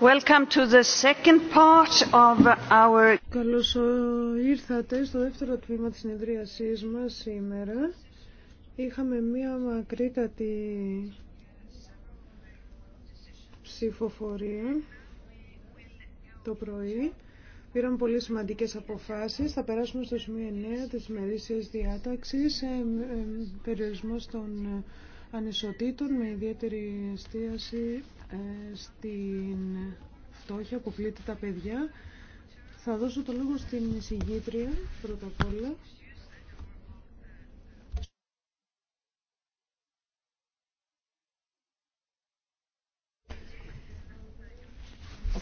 Welcome to the second part of our... Καλώς ήρθατε στο δεύτερο τμήμα της συνεδρίασής μας σήμερα. Είχαμε μία μακρύτατη ψηφοφορία το πρωί. Πήραμε πολύ σημαντικές αποφάσεις. Θα περάσουμε στο σημείο 9 της μερίσιας διάταξης, ε, ε, περιορισμός των ανισοτήτων με ιδιαίτερη εστίαση ε, στην φτώχεια που πλήττει τα παιδιά. Θα δώσω το λόγο στην εισηγήτρια πρώτα απ' όλα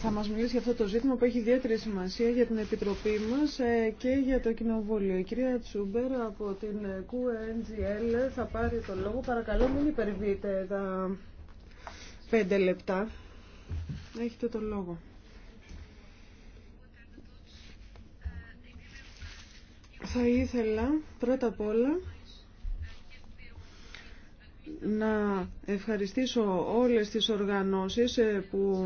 θα μας μιλήσει για αυτό το ζήτημα που έχει ιδιαίτερη σημασία για την Επιτροπή μας ε, και για το Κοινοβούλιο. Η κυρία Τσούμπερ από την QNGL θα πάρει το λόγο. Παρακαλώ μην υπερβείτε τα πέντε λεπτά. Έχετε το λόγο. Θα ήθελα πρώτα απ' όλα να ευχαριστήσω όλες τις οργανώσεις ε, που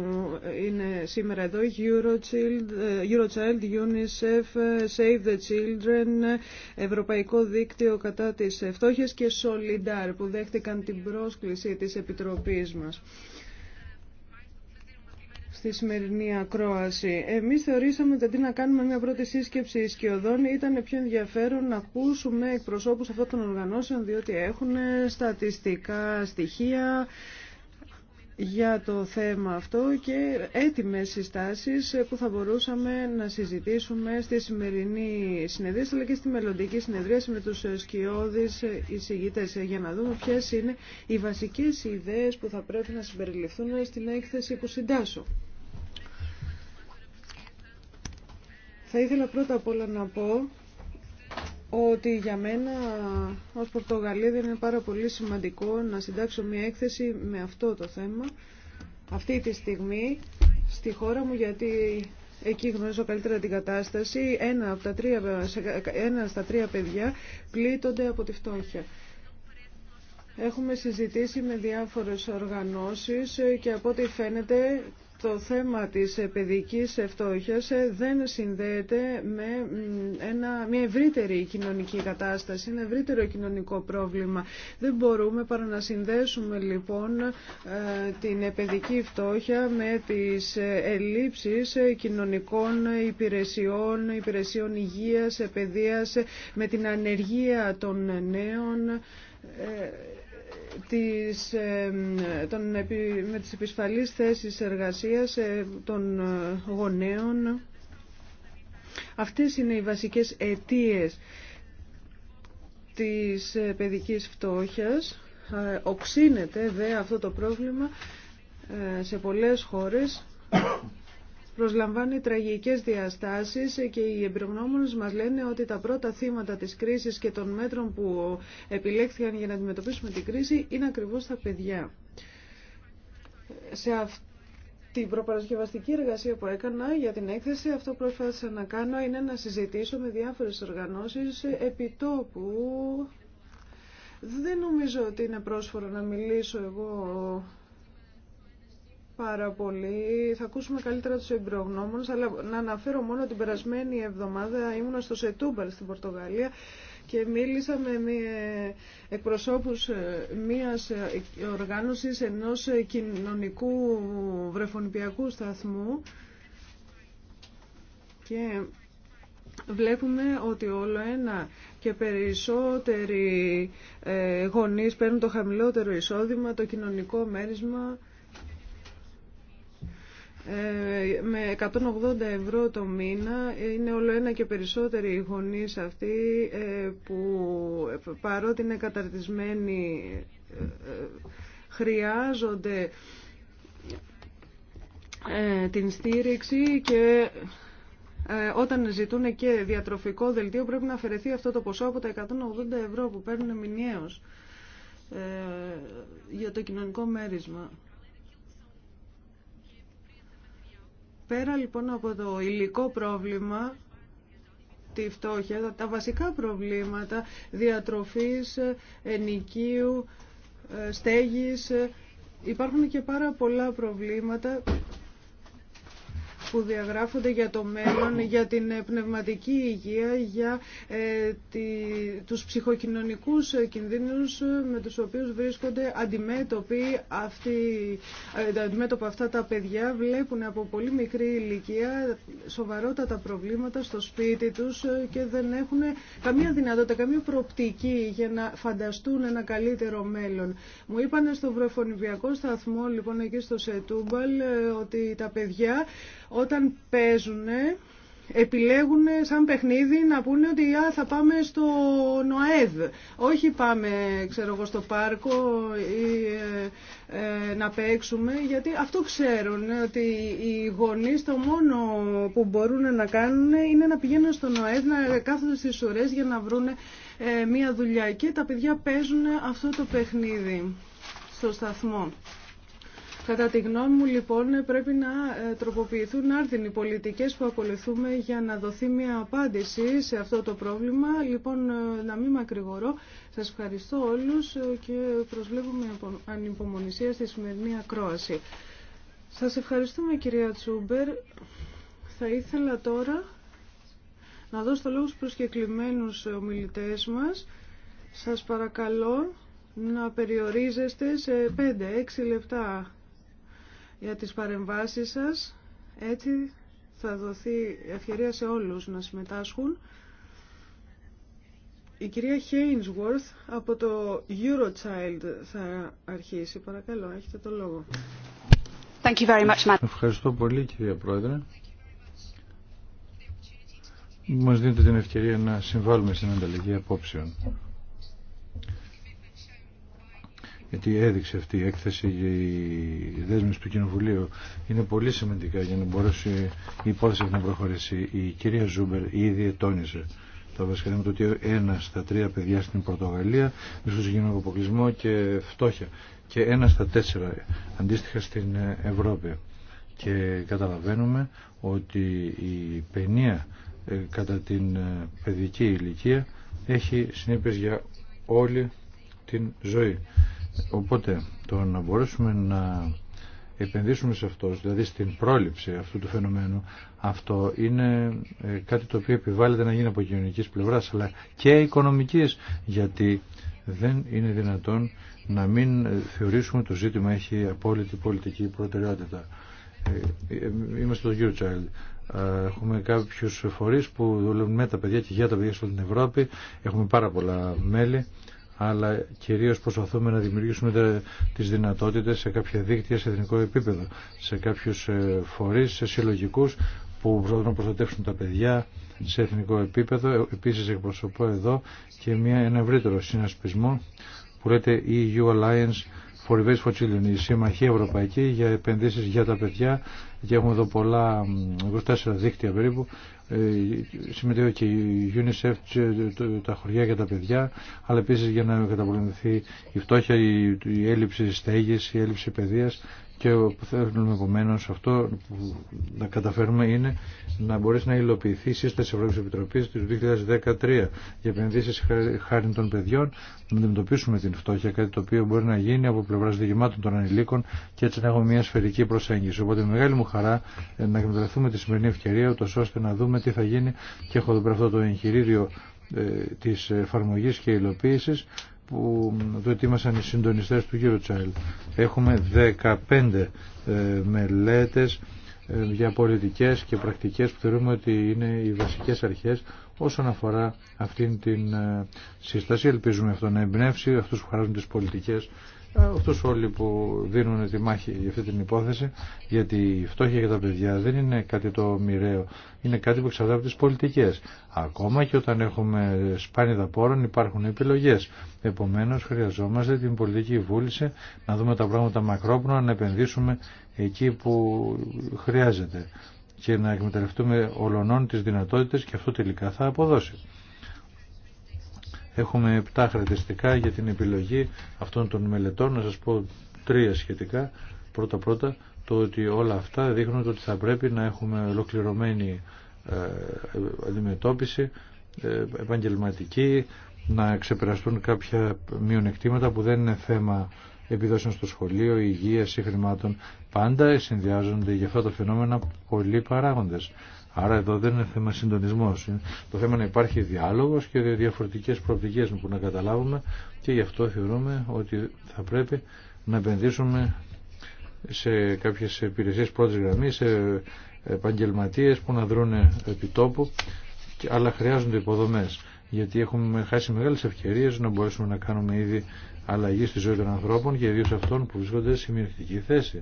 είναι σήμερα εδώ, Eurochild, ε, Eurochild UNICEF, Save the Children, Ευρωπαϊκό Δίκτυο κατά της Φτώχειας και Solidar που δέχτηκαν την πρόσκληση της Επιτροπής μας στη σημερινή ακρόαση. Εμεί θεωρήσαμε ότι αντί να κάνουμε μια πρώτη σύσκεψη σκιωδών ήταν πιο ενδιαφέρον να ακούσουμε εκπροσώπου αυτών των οργανώσεων διότι έχουν στατιστικά στοιχεία για το θέμα αυτό και έτοιμες συστάσεις που θα μπορούσαμε να συζητήσουμε στη σημερινή συνεδρία αλλά και στη μελλοντική συνεδρία με τους σκιώδεις εισηγητές για να δούμε ποιες είναι οι βασικές ιδέες που θα πρέπει να συμπεριληφθούν στην έκθεση που συντάσσω. Θα ήθελα πρώτα απ' όλα να πω ότι για μένα ως Πορτογαλίδη είναι πάρα πολύ σημαντικό να συντάξω μια έκθεση με αυτό το θέμα αυτή τη στιγμή στη χώρα μου γιατί εκεί γνωρίζω καλύτερα την κατάσταση ένα, από τα τρία, ένα στα τρία παιδιά πλήττονται από τη φτώχεια. Έχουμε συζητήσει με διάφορες οργανώσεις και από ό,τι φαίνεται το θέμα της παιδικής φτώχειας ε, δεν συνδέεται με ένα, μια ευρύτερη κοινωνική κατάσταση, ένα ευρύτερο κοινωνικό πρόβλημα. Δεν μπορούμε παρά να συνδέσουμε λοιπόν ε, την παιδική φτώχεια με τις ε, ελλείψεις κοινωνικών υπηρεσιών, υπηρεσιών υγείας, παιδείας, με την ανεργία των νέων τις, με τις επισφαλείς θέσεις εργασίας ε, των ε, γονέων. Αυτές είναι οι βασικές αιτίες της ε, παιδικής φτώχειας. Οξύνεται δε αυτό το πρόβλημα σε πολλές χώρες προσλαμβάνει τραγικές διαστάσεις και οι εμπειρογνώμονες μας λένε ότι τα πρώτα θύματα της κρίσης και των μέτρων που επιλέχθηκαν για να αντιμετωπίσουμε την κρίση είναι ακριβώς τα παιδιά. Σε αυτή την προπαρασκευαστική εργασία που έκανα για την έκθεση, αυτό που προσπάθησα να κάνω είναι να συζητήσω με διάφορες οργανώσεις επιτόπου. Δεν νομίζω ότι είναι πρόσφορο να μιλήσω εγώ πάρα πολύ. Θα ακούσουμε καλύτερα τους εμπειρογνώμονες, αλλά να αναφέρω μόνο την περασμένη εβδομάδα ήμουν στο Σετούμπαλ στην Πορτογαλία και μίλησα με εκπροσώπους ε, μιας ε, οργάνωσης ενός ε, κοινωνικού βρεφονιπιακού σταθμού και βλέπουμε ότι όλο ένα και περισσότεροι γονείς παίρνουν το χαμηλότερο εισόδημα, το κοινωνικό μέρισμα ε, με 180 ευρώ το μήνα είναι όλο ένα και περισσότεροι οι γονείς αυτοί ε, που παρότι είναι καταρτισμένοι ε, χρειάζονται την στήριξη και όταν ζητούν και διατροφικό δελτίο πρέπει να αφαιρεθεί αυτό το ποσό από τα 180 ευρώ που παίρνουν μηνιαίως για το κοινωνικό μέρισμα. Πέρα λοιπόν από το υλικό πρόβλημα, τη φτώχεια, τα βασικά προβλήματα διατροφής, ε, ενοικίου, ε, στέγης, ε, υπάρχουν και πάρα πολλά προβλήματα που διαγράφονται για το μέλλον, για την ε, πνευματική υγεία, για ε, τη, τους ψυχοκοινωνικούς ε, κινδύνους με τους οποίους βρίσκονται αντιμέτωποι αυτοί, αντιμέτωπα αυτά τα παιδιά βλέπουν από πολύ μικρή ηλικία σοβαρότατα προβλήματα στο σπίτι τους και δεν έχουν καμία δυνατότητα, καμία προοπτική για να φανταστούν ένα καλύτερο μέλλον. Μου είπαν στο βρεφονιβιακό σταθμό, λοιπόν, εκεί στο Σετούμπαλ, ότι τα παιδιά όταν παίζουν επιλέγουν σαν παιχνίδι να πούνε ότι α, θα πάμε στο ΝΟΕΔ. Όχι πάμε ξέρω εγώ, στο πάρκο ή ε, ε, να παίξουμε, γιατί αυτό ξέρουν ότι οι γονείς το μόνο που μπορούν να κάνουν είναι να πηγαίνουν στο ΝΟΕΔ, να κάθονται στις ουρές για να βρουν ε, μία δουλειά. Και τα παιδιά παίζουν αυτό το παιχνίδι στο σταθμό. Κατά τη γνώμη μου λοιπόν πρέπει να ε, τροποποιηθούν άρδιν οι πολιτικές που ακολουθούμε για να δοθεί μια απάντηση σε αυτό το πρόβλημα. Λοιπόν ε, να μην μακρηγορώ. Σας ευχαριστώ όλους ε, και προσβλέπουμε ανυπομονησία στη σημερινή ακρόαση. Σας ευχαριστούμε κυρία Τσούμπερ. Θα ήθελα τώρα να δώσω το λόγο στους προσκεκλημένους ομιλητές μας. Σας παρακαλώ να περιορίζεστε σε 5-6 λεπτά για τις παρεμβάσεις σας. Έτσι θα δοθεί ευκαιρία σε όλους να συμμετάσχουν. Η κυρία Χέινσουόρθ από το Eurochild θα αρχίσει. Παρακαλώ, έχετε το λόγο. Thank you very much, Ευχαριστώ πολύ κυρία Πρόεδρε. Μας δίνετε την ευκαιρία να συμβάλλουμε στην ανταλλαγή απόψεων γιατί έδειξε αυτή η έκθεση για η δέσμευση του Κοινοβουλίου είναι πολύ σημαντικά για να μπορέσει η υπόθεση να προχωρήσει. Η κυρία Ζούμπερ ήδη τόνισε το βασικά το ότι ένα στα τρία παιδιά στην Πορτογαλία ίσως γίνονται αποκλεισμό και φτώχεια και ένα στα τέσσερα αντίστοιχα στην Ευρώπη. Και καταλαβαίνουμε ότι η παινία ε, κατά την ε, παιδική ηλικία έχει συνέπειες για όλη την ζωή. Οπότε το να μπορέσουμε να επενδύσουμε σε αυτό, δηλαδή στην πρόληψη αυτού του φαινομένου, αυτό είναι ε, κάτι το οποίο επιβάλλεται να γίνει από κοινωνική πλευρά αλλά και οικονομική, γιατί δεν είναι δυνατόν να μην θεωρήσουμε το ζήτημα έχει απόλυτη πολιτική προτεραιότητα. Ε, ε, είμαστε το Eurochild. Έχουμε κάποιους φορείς που δουλεύουν με τα παιδιά και για τα παιδιά στην Ευρώπη. Έχουμε πάρα πολλά μέλη αλλά κυρίως προσπαθούμε να δημιουργήσουμε τις δυνατότητες σε κάποια δίκτυα σε εθνικό επίπεδο, σε κάποιους ε, φορείς, σε συλλογικούς που προσπαθούν να προστατεύσουν τα παιδιά σε εθνικό επίπεδο. Ε, επίσης εκπροσωπώ εδώ και μια, ένα ευρύτερο συνασπισμό που λέτε EU Alliance for Events for Children, η Συμμαχία Ευρωπαϊκή για επενδύσεις για τα παιδιά και έχουμε εδώ πολλά 24 δίκτυα περίπου ε, συμμετέχει και η UNICEF τα χωριά και τα παιδιά αλλά επίσης για να καταπολεμηθεί η φτώχεια, η έλλειψη στέγης, η έλλειψη παιδείας και που θέλουμε επομένω αυτό που να καταφέρουμε είναι να μπορέσει να υλοποιηθεί η σύσταση τη Ευρωπαϊκή Επιτροπή του 2013 για επενδύσει χάρη των παιδιών, να αντιμετωπίσουμε την φτώχεια, κάτι το οποίο μπορεί να γίνει από πλευρά διηγημάτων των ανηλίκων και έτσι να έχουμε μια σφαιρική προσέγγιση. Οπότε μεγάλη μου χαρά ε, να εκμεταλλευτούμε τη σημερινή ευκαιρία, ούτω ώστε να δούμε τι θα γίνει και έχω εδώ πέρα αυτό το εγχειρίδιο ε, της εφαρμογής και υλοποίησης που το ετοίμασαν οι συντονιστές του Eurochild. Έχουμε 15 ε, μελέτες ε, για πολιτικές και πρακτικές που θεωρούμε ότι είναι οι βασικές αρχές όσον αφορά αυτήν την ε, σύσταση. Ελπίζουμε αυτό να εμπνεύσει αυτούς που χαράζουν τις πολιτικές ε, αυτούς όλοι που δίνουν τη μάχη για αυτή την υπόθεση γιατί η φτώχεια για τα παιδιά δεν είναι κάτι το μοιραίο είναι κάτι που εξαρτάται από τις πολιτικές ακόμα και όταν έχουμε σπάνιδα πόρων υπάρχουν επιλογές επομένως χρειαζόμαστε την πολιτική βούληση να δούμε τα πράγματα μακρόπνοα να επενδύσουμε εκεί που χρειάζεται και να εκμεταλλευτούμε ολονών τις δυνατότητες και αυτό τελικά θα αποδώσει Έχουμε επτά χαρακτηριστικά για την επιλογή αυτών των μελετών. Να σας πω τρία σχετικά. Πρώτα-πρώτα το ότι όλα αυτά δείχνουν ότι θα πρέπει να έχουμε ολοκληρωμένη ε, αντιμετώπιση ε, επαγγελματική, να ξεπεραστούν κάποια μειονεκτήματα που δεν είναι θέμα επιδόσεων στο σχολείο, υγείας ή χρημάτων. Πάντα συνδυάζονται για αυτά τα φαινόμενα πολλοί παράγοντες. Άρα εδώ δεν είναι θέμα συντονισμό. Το θέμα είναι να υπάρχει διάλογο και διαφορετικέ προοπτικέ που να καταλάβουμε και γι' αυτό θεωρούμε ότι θα πρέπει να επενδύσουμε σε κάποιες υπηρεσίε πρώτη γραμμή, σε επαγγελματίε που να δρούν επί τόπου, αλλά χρειάζονται υποδομέ. Γιατί έχουμε χάσει μεγάλε ευκαιρίε να μπορέσουμε να κάνουμε ήδη αλλαγή στη ζωή των ανθρώπων και ιδίω αυτών που βρίσκονται σε μειονεκτική θέση.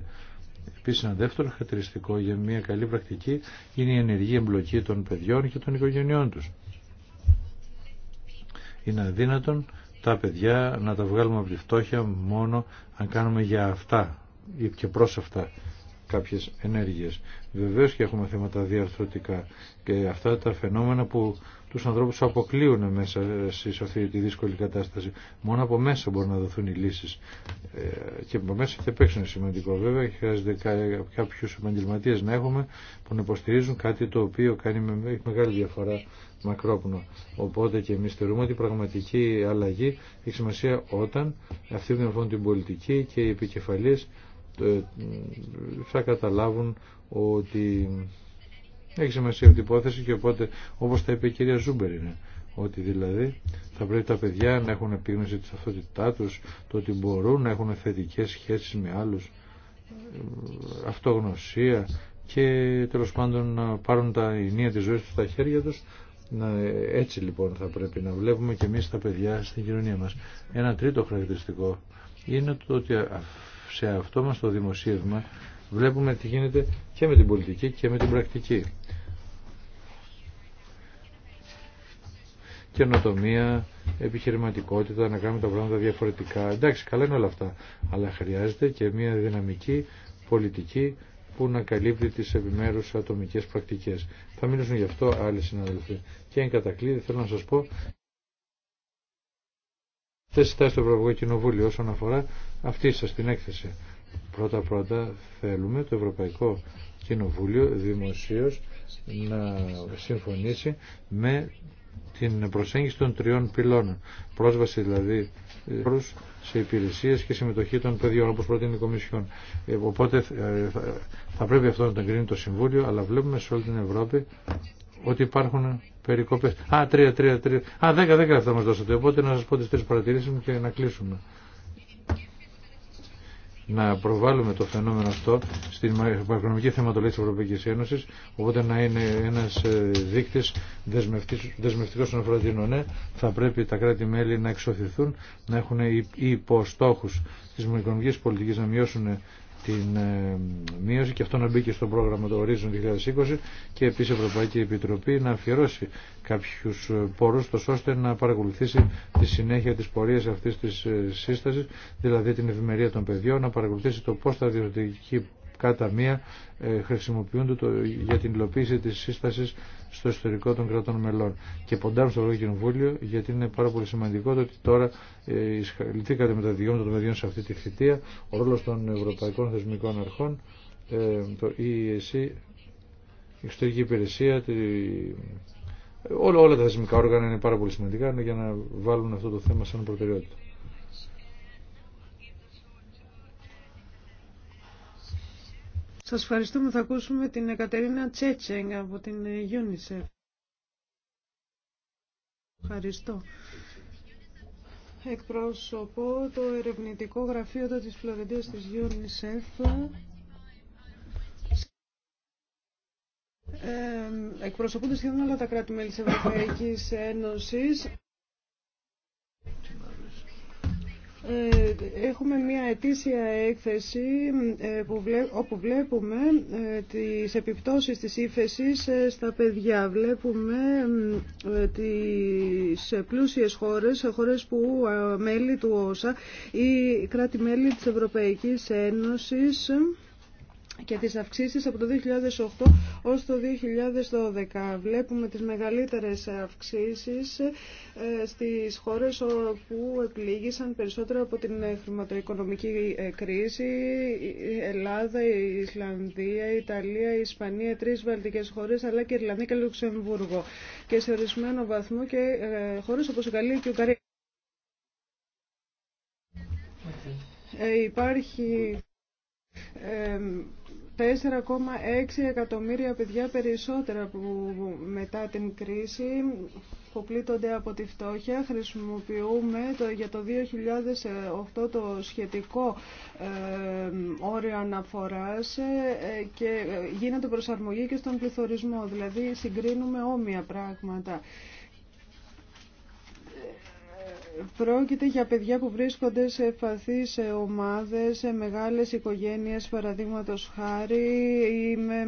Επίση, ένα δεύτερο χαρακτηριστικό για μια καλή πρακτική είναι η ενεργή εμπλοκή των παιδιών και των οικογενειών τους. Είναι αδύνατον τα παιδιά να τα βγάλουμε από τη φτώχεια μόνο αν κάνουμε για αυτά ή και προς αυτά κάποιες ενέργειες. Βεβαίως και έχουμε θέματα διαρθρωτικά και αυτά τα φαινόμενα που τους ανθρώπους που αποκλείουν μέσα σε αυτή τη δύσκολη κατάσταση. Μόνο από μέσα μπορούν να δοθούν οι λύσεις. Ε, και από μέσα θα παίξουν σημαντικό βέβαια. Χρειάζεται κάποιους επαγγελματίε να έχουμε που να υποστηρίζουν κάτι το οποίο κάνει μεγάλη διαφορά μακρόπνο. Οπότε και εμείς θεωρούμε ότι η πραγματική αλλαγή έχει σημασία όταν αυτοί που δημιουργούν την πολιτική και οι επικεφαλείς ε, θα καταλάβουν ότι έχει σημασία την υπόθεση και οπότε όπως τα είπε η κυρία Ζούμπερ είναι ότι δηλαδή θα πρέπει τα παιδιά να έχουν επίγνωση της αυτοτητά τους, το ότι μπορούν να έχουν θετικές σχέσεις με άλλους, ε, αυτογνωσία και τέλο πάντων να πάρουν τα ενία της ζωής τους στα χέρια τους. έτσι λοιπόν θα πρέπει να βλέπουμε και εμείς τα παιδιά στην κοινωνία μας. Ένα τρίτο χαρακτηριστικό είναι το ότι σε αυτό μας το δημοσίευμα βλέπουμε τι γίνεται και με την πολιτική και με την πρακτική. καινοτομία, επιχειρηματικότητα, να κάνουμε τα πράγματα διαφορετικά. Εντάξει, καλά είναι όλα αυτά. Αλλά χρειάζεται και μια δυναμική πολιτική που να καλύπτει τις επιμέρους ατομικές πρακτικές. Θα μιλήσουν γι' αυτό άλλοι συναδελφοί. Και εν κατακλείδη θέλω να σας πω συστάσει το Ευρωπαϊκό Κοινοβούλιο όσον αφορά αυτή σας την έκθεση. Πρώτα-πρώτα θέλουμε το Ευρωπαϊκό Κοινοβούλιο δημοσίως να συμφωνήσει με την προσέγγιση των τριών πυλώνων. Πρόσβαση δηλαδή σε υπηρεσίε και συμμετοχή των παιδιών όπω προτείνει η Κομισιόν. Ε, οπότε ε, θα πρέπει αυτό να το εγκρίνει το Συμβούλιο αλλά βλέπουμε σε όλη την Ευρώπη ότι υπάρχουν περικόπες. Α, τρία, τρία, τρία. Α, δέκα, δέκα αυτά μας δώσατε. Οπότε να σα πω τι τρει παρατηρήσει μου και να κλείσουμε να προβάλλουμε το φαινόμενο αυτό στην μακροοικονομική θεματολογία της Ευρωπαϊκής Ένωσης, οπότε να είναι ένας ε, δείκτης δεσμευτικός στον αφορά την ΟΝΕ, θα πρέπει τα κράτη-μέλη να εξωθηθούν, να έχουν υποστόχους της μακροοικονομικής πολιτικής να μειώσουν ε, την ε, μείωση και αυτό να μπήκε στο πρόγραμμα του Horizon 2020 και επίσης η Ευρωπαϊκή Επιτροπή να αφιερώσει κάποιους ε, πόρους τόσο ώστε να παρακολουθήσει τη συνέχεια της πορείας αυτής της ε, σύστασης, δηλαδή την ευημερία των παιδιών, να παρακολουθήσει το πώς τα διορθωτική κατά μία χρησιμοποιούνται για την υλοποίηση της σύστασης στο ιστορικό των κρατών μελών. Και ποντάμε στο Ευρωπαϊκό Κοινοβούλιο γιατί είναι πάρα πολύ σημαντικό το ότι τώρα εισχαληθήκατε με τα δικαιώματα των παιδιών σε αυτή τη θητεία. Ο ρόλο των Ευρωπαϊκών Θεσμικών Αρχών, ε, το EEC, η εξωτερική υπηρεσία, τη... Ε, όλα, όλα τα θεσμικά όργανα είναι πάρα πολύ σημαντικά για να βάλουν αυτό το θέμα σαν προτεραιότητα. Σας ευχαριστούμε. Θα ακούσουμε την Εκατερίνα Τσέτσεγκ από την UNICEF. Ευχαριστώ. Εκπρόσωπο το ερευνητικό γραφείο της Φλωρεντίας της UNICEF. Ε, εκπροσωπούνται σχεδόν όλα τα κράτη-μέλη της Ευρωπαϊκής Ένωσης. Ε, έχουμε μια ετήσια έκθεση ε, όπου βλέπουμε ε, τις επιπτώσεις της ύφεσης στα παιδιά. Βλέπουμε τις πλούσιες χώρες, χώρες που μέλη του ΩΣΑ ή κράτη-μέλη της Ευρωπαϊκής Ένωσης και τις αυξήσεις από το 2008 ως το 2012. Βλέπουμε τις μεγαλύτερες αυξήσεις ε, στις χώρες όπου επλήγησαν περισσότερο από την χρηματοοικονομική ε, κρίση. Ελλάδα, Ισλανδία, Ιταλία, Ισπανία, τρεις βαλτικές χώρες, αλλά και η Ιρλανδία και Λουξεμβούργο. Και σε ορισμένο βαθμό και ε, χώρες όπως η Γαλλία και η Ουγγαρία. υπάρχει... 4,6 εκατομμύρια παιδιά περισσότερα που μετά την κρίση που πλήττονται από τη φτώχεια. Χρησιμοποιούμε το, για το 2008 το σχετικό ε, όριο αναφοράς ε, και ε, γίνεται προσαρμογή και στον πληθωρισμό. Δηλαδή συγκρίνουμε όμοια πράγματα. Πρόκειται για παιδιά που βρίσκονται σε σε ομάδες, σε μεγάλες οικογένειες, παραδείγματο χάρη, ή με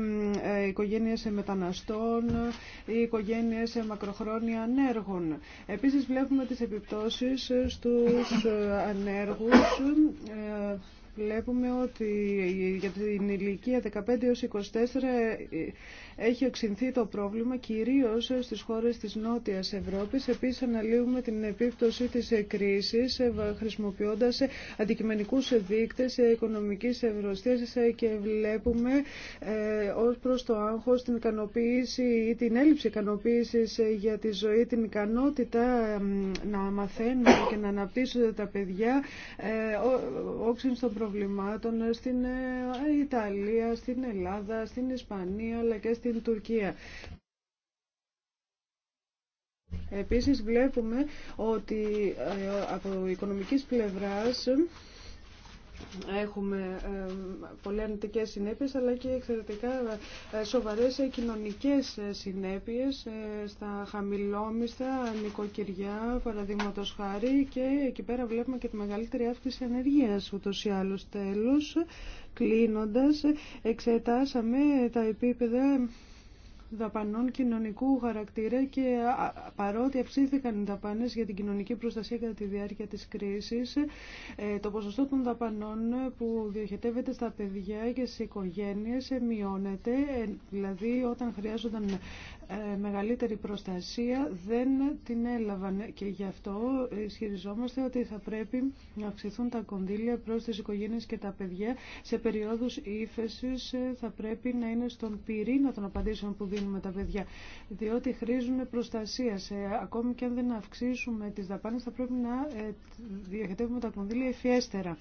ε, οικογένειες μεταναστών, ή οικογένειες μακροχρόνια ανέργων. Επίσης βλέπουμε τις επιπτώσεις στους ε, ανέργους ε, βλέπουμε ότι για την ηλικία 15 έως 24 ε, έχει οξυνθεί το πρόβλημα κυρίως στις χώρες της Νότιας Ευρώπης. Επίσης αναλύουμε την επίπτωση της κρίσης ε, χρησιμοποιώντας ε, αντικειμενικούς δείκτες οικονομικής ευρωστίας και βλέπουμε ως προς το άγχος την ικανοποίηση ή την έλλειψη ικανοποίησης για τη ζωή, την ικανότητα να μαθαίνουν και να αναπτύσσονται τα παιδιά, στον στον προβλημάτων στην ε, Ιταλία, στην Ελλάδα, στην Ισπανία αλλά και στην Τουρκία. Επίσης βλέπουμε ότι ε, από οικονομικής πλευράς έχουμε ε, πολύ αρνητικέ συνέπειες αλλά και εξαιρετικά ε, σοβαρές ε, κοινωνικές συνέπειες στα χαμηλόμιστα νοικοκυριά παραδείγματο χάρη και εκεί πέρα βλέπουμε και τη μεγαλύτερη αύξηση ανεργίας ούτως ή άλλως τέλος κλείνοντας εξετάσαμε τα επίπεδα δαπανών κοινωνικού χαρακτήρα και παρότι αυξήθηκαν οι δαπάνες για την κοινωνική προστασία κατά τη διάρκεια της κρίσης, ε, το ποσοστό των δαπανών που διοχετεύεται στα παιδιά και στις οικογένειες μειώνεται, ε, δηλαδή όταν χρειάζονταν ε, μεγαλύτερη προστασία δεν την έλαβαν και γι' αυτό ισχυριζόμαστε ότι θα πρέπει να αυξηθούν τα κονδύλια προς τις οικογένειες και τα παιδιά σε περίοδους ύφεση θα πρέπει να είναι στον πυρήνα των απαντήσεων που δίνουν με τα παιδιά, διότι χρήζουν προστασία. ακόμη και αν δεν αυξήσουμε τις δαπάνες θα πρέπει να ε, διαχετεύουμε τα κονδύλια ευφιέστερα.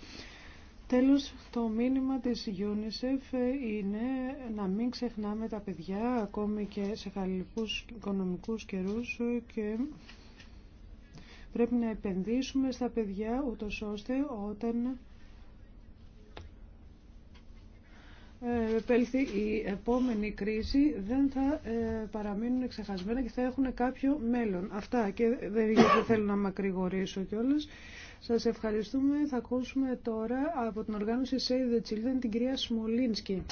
Τέλος, το μήνυμα της UNICEF είναι να μην ξεχνάμε τα παιδιά ακόμη και σε χαλικούς οικονομικούς καιρούς και πρέπει να επενδύσουμε στα παιδιά ούτως ώστε όταν Ε, επέλθει η επόμενη κρίση δεν θα ε, παραμείνουν εξεχασμένα και θα έχουν κάποιο μέλλον. Αυτά και δεν θέλω να μακρηγορήσω κιόλα. Σας ευχαριστούμε. Θα ακούσουμε τώρα από την οργάνωση Save the Children την κυρία Σμολίνσκι.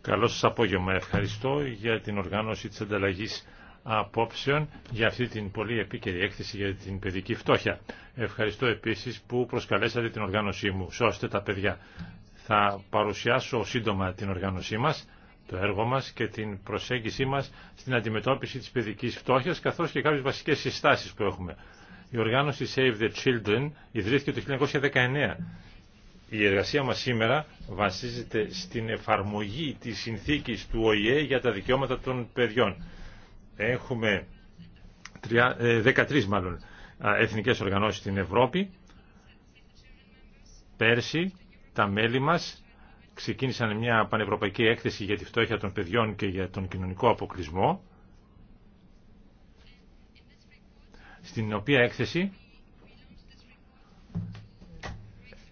Καλώς σας απόγευμα. Ευχαριστώ για την οργάνωση της ανταλλαγής απόψεων για αυτή την πολύ επίκαιρη έκθεση για την παιδική φτώχεια. Ευχαριστώ επίσης που προσκαλέσατε την οργάνωσή μου. Σώστε τα παιδιά. Θα παρουσιάσω σύντομα την οργάνωσή μας, το έργο μας και την προσέγγισή μας στην αντιμετώπιση της παιδικής φτώχειας καθώς και κάποιες βασικές συστάσεις που έχουμε. Η οργάνωση Save the Children ιδρύθηκε το 1919. Η εργασία μας σήμερα βασίζεται στην εφαρμογή της συνθήκης του ΟΗΕ για τα δικαιώματα των παιδιών Έχουμε 13 ε, μάλλον εθνικές οργανώσεις στην Ευρώπη. Πέρσι τα μέλη μας ξεκίνησαν μια πανευρωπαϊκή έκθεση για τη φτώχεια των παιδιών και για τον κοινωνικό αποκλεισμό στην οποία έκθεση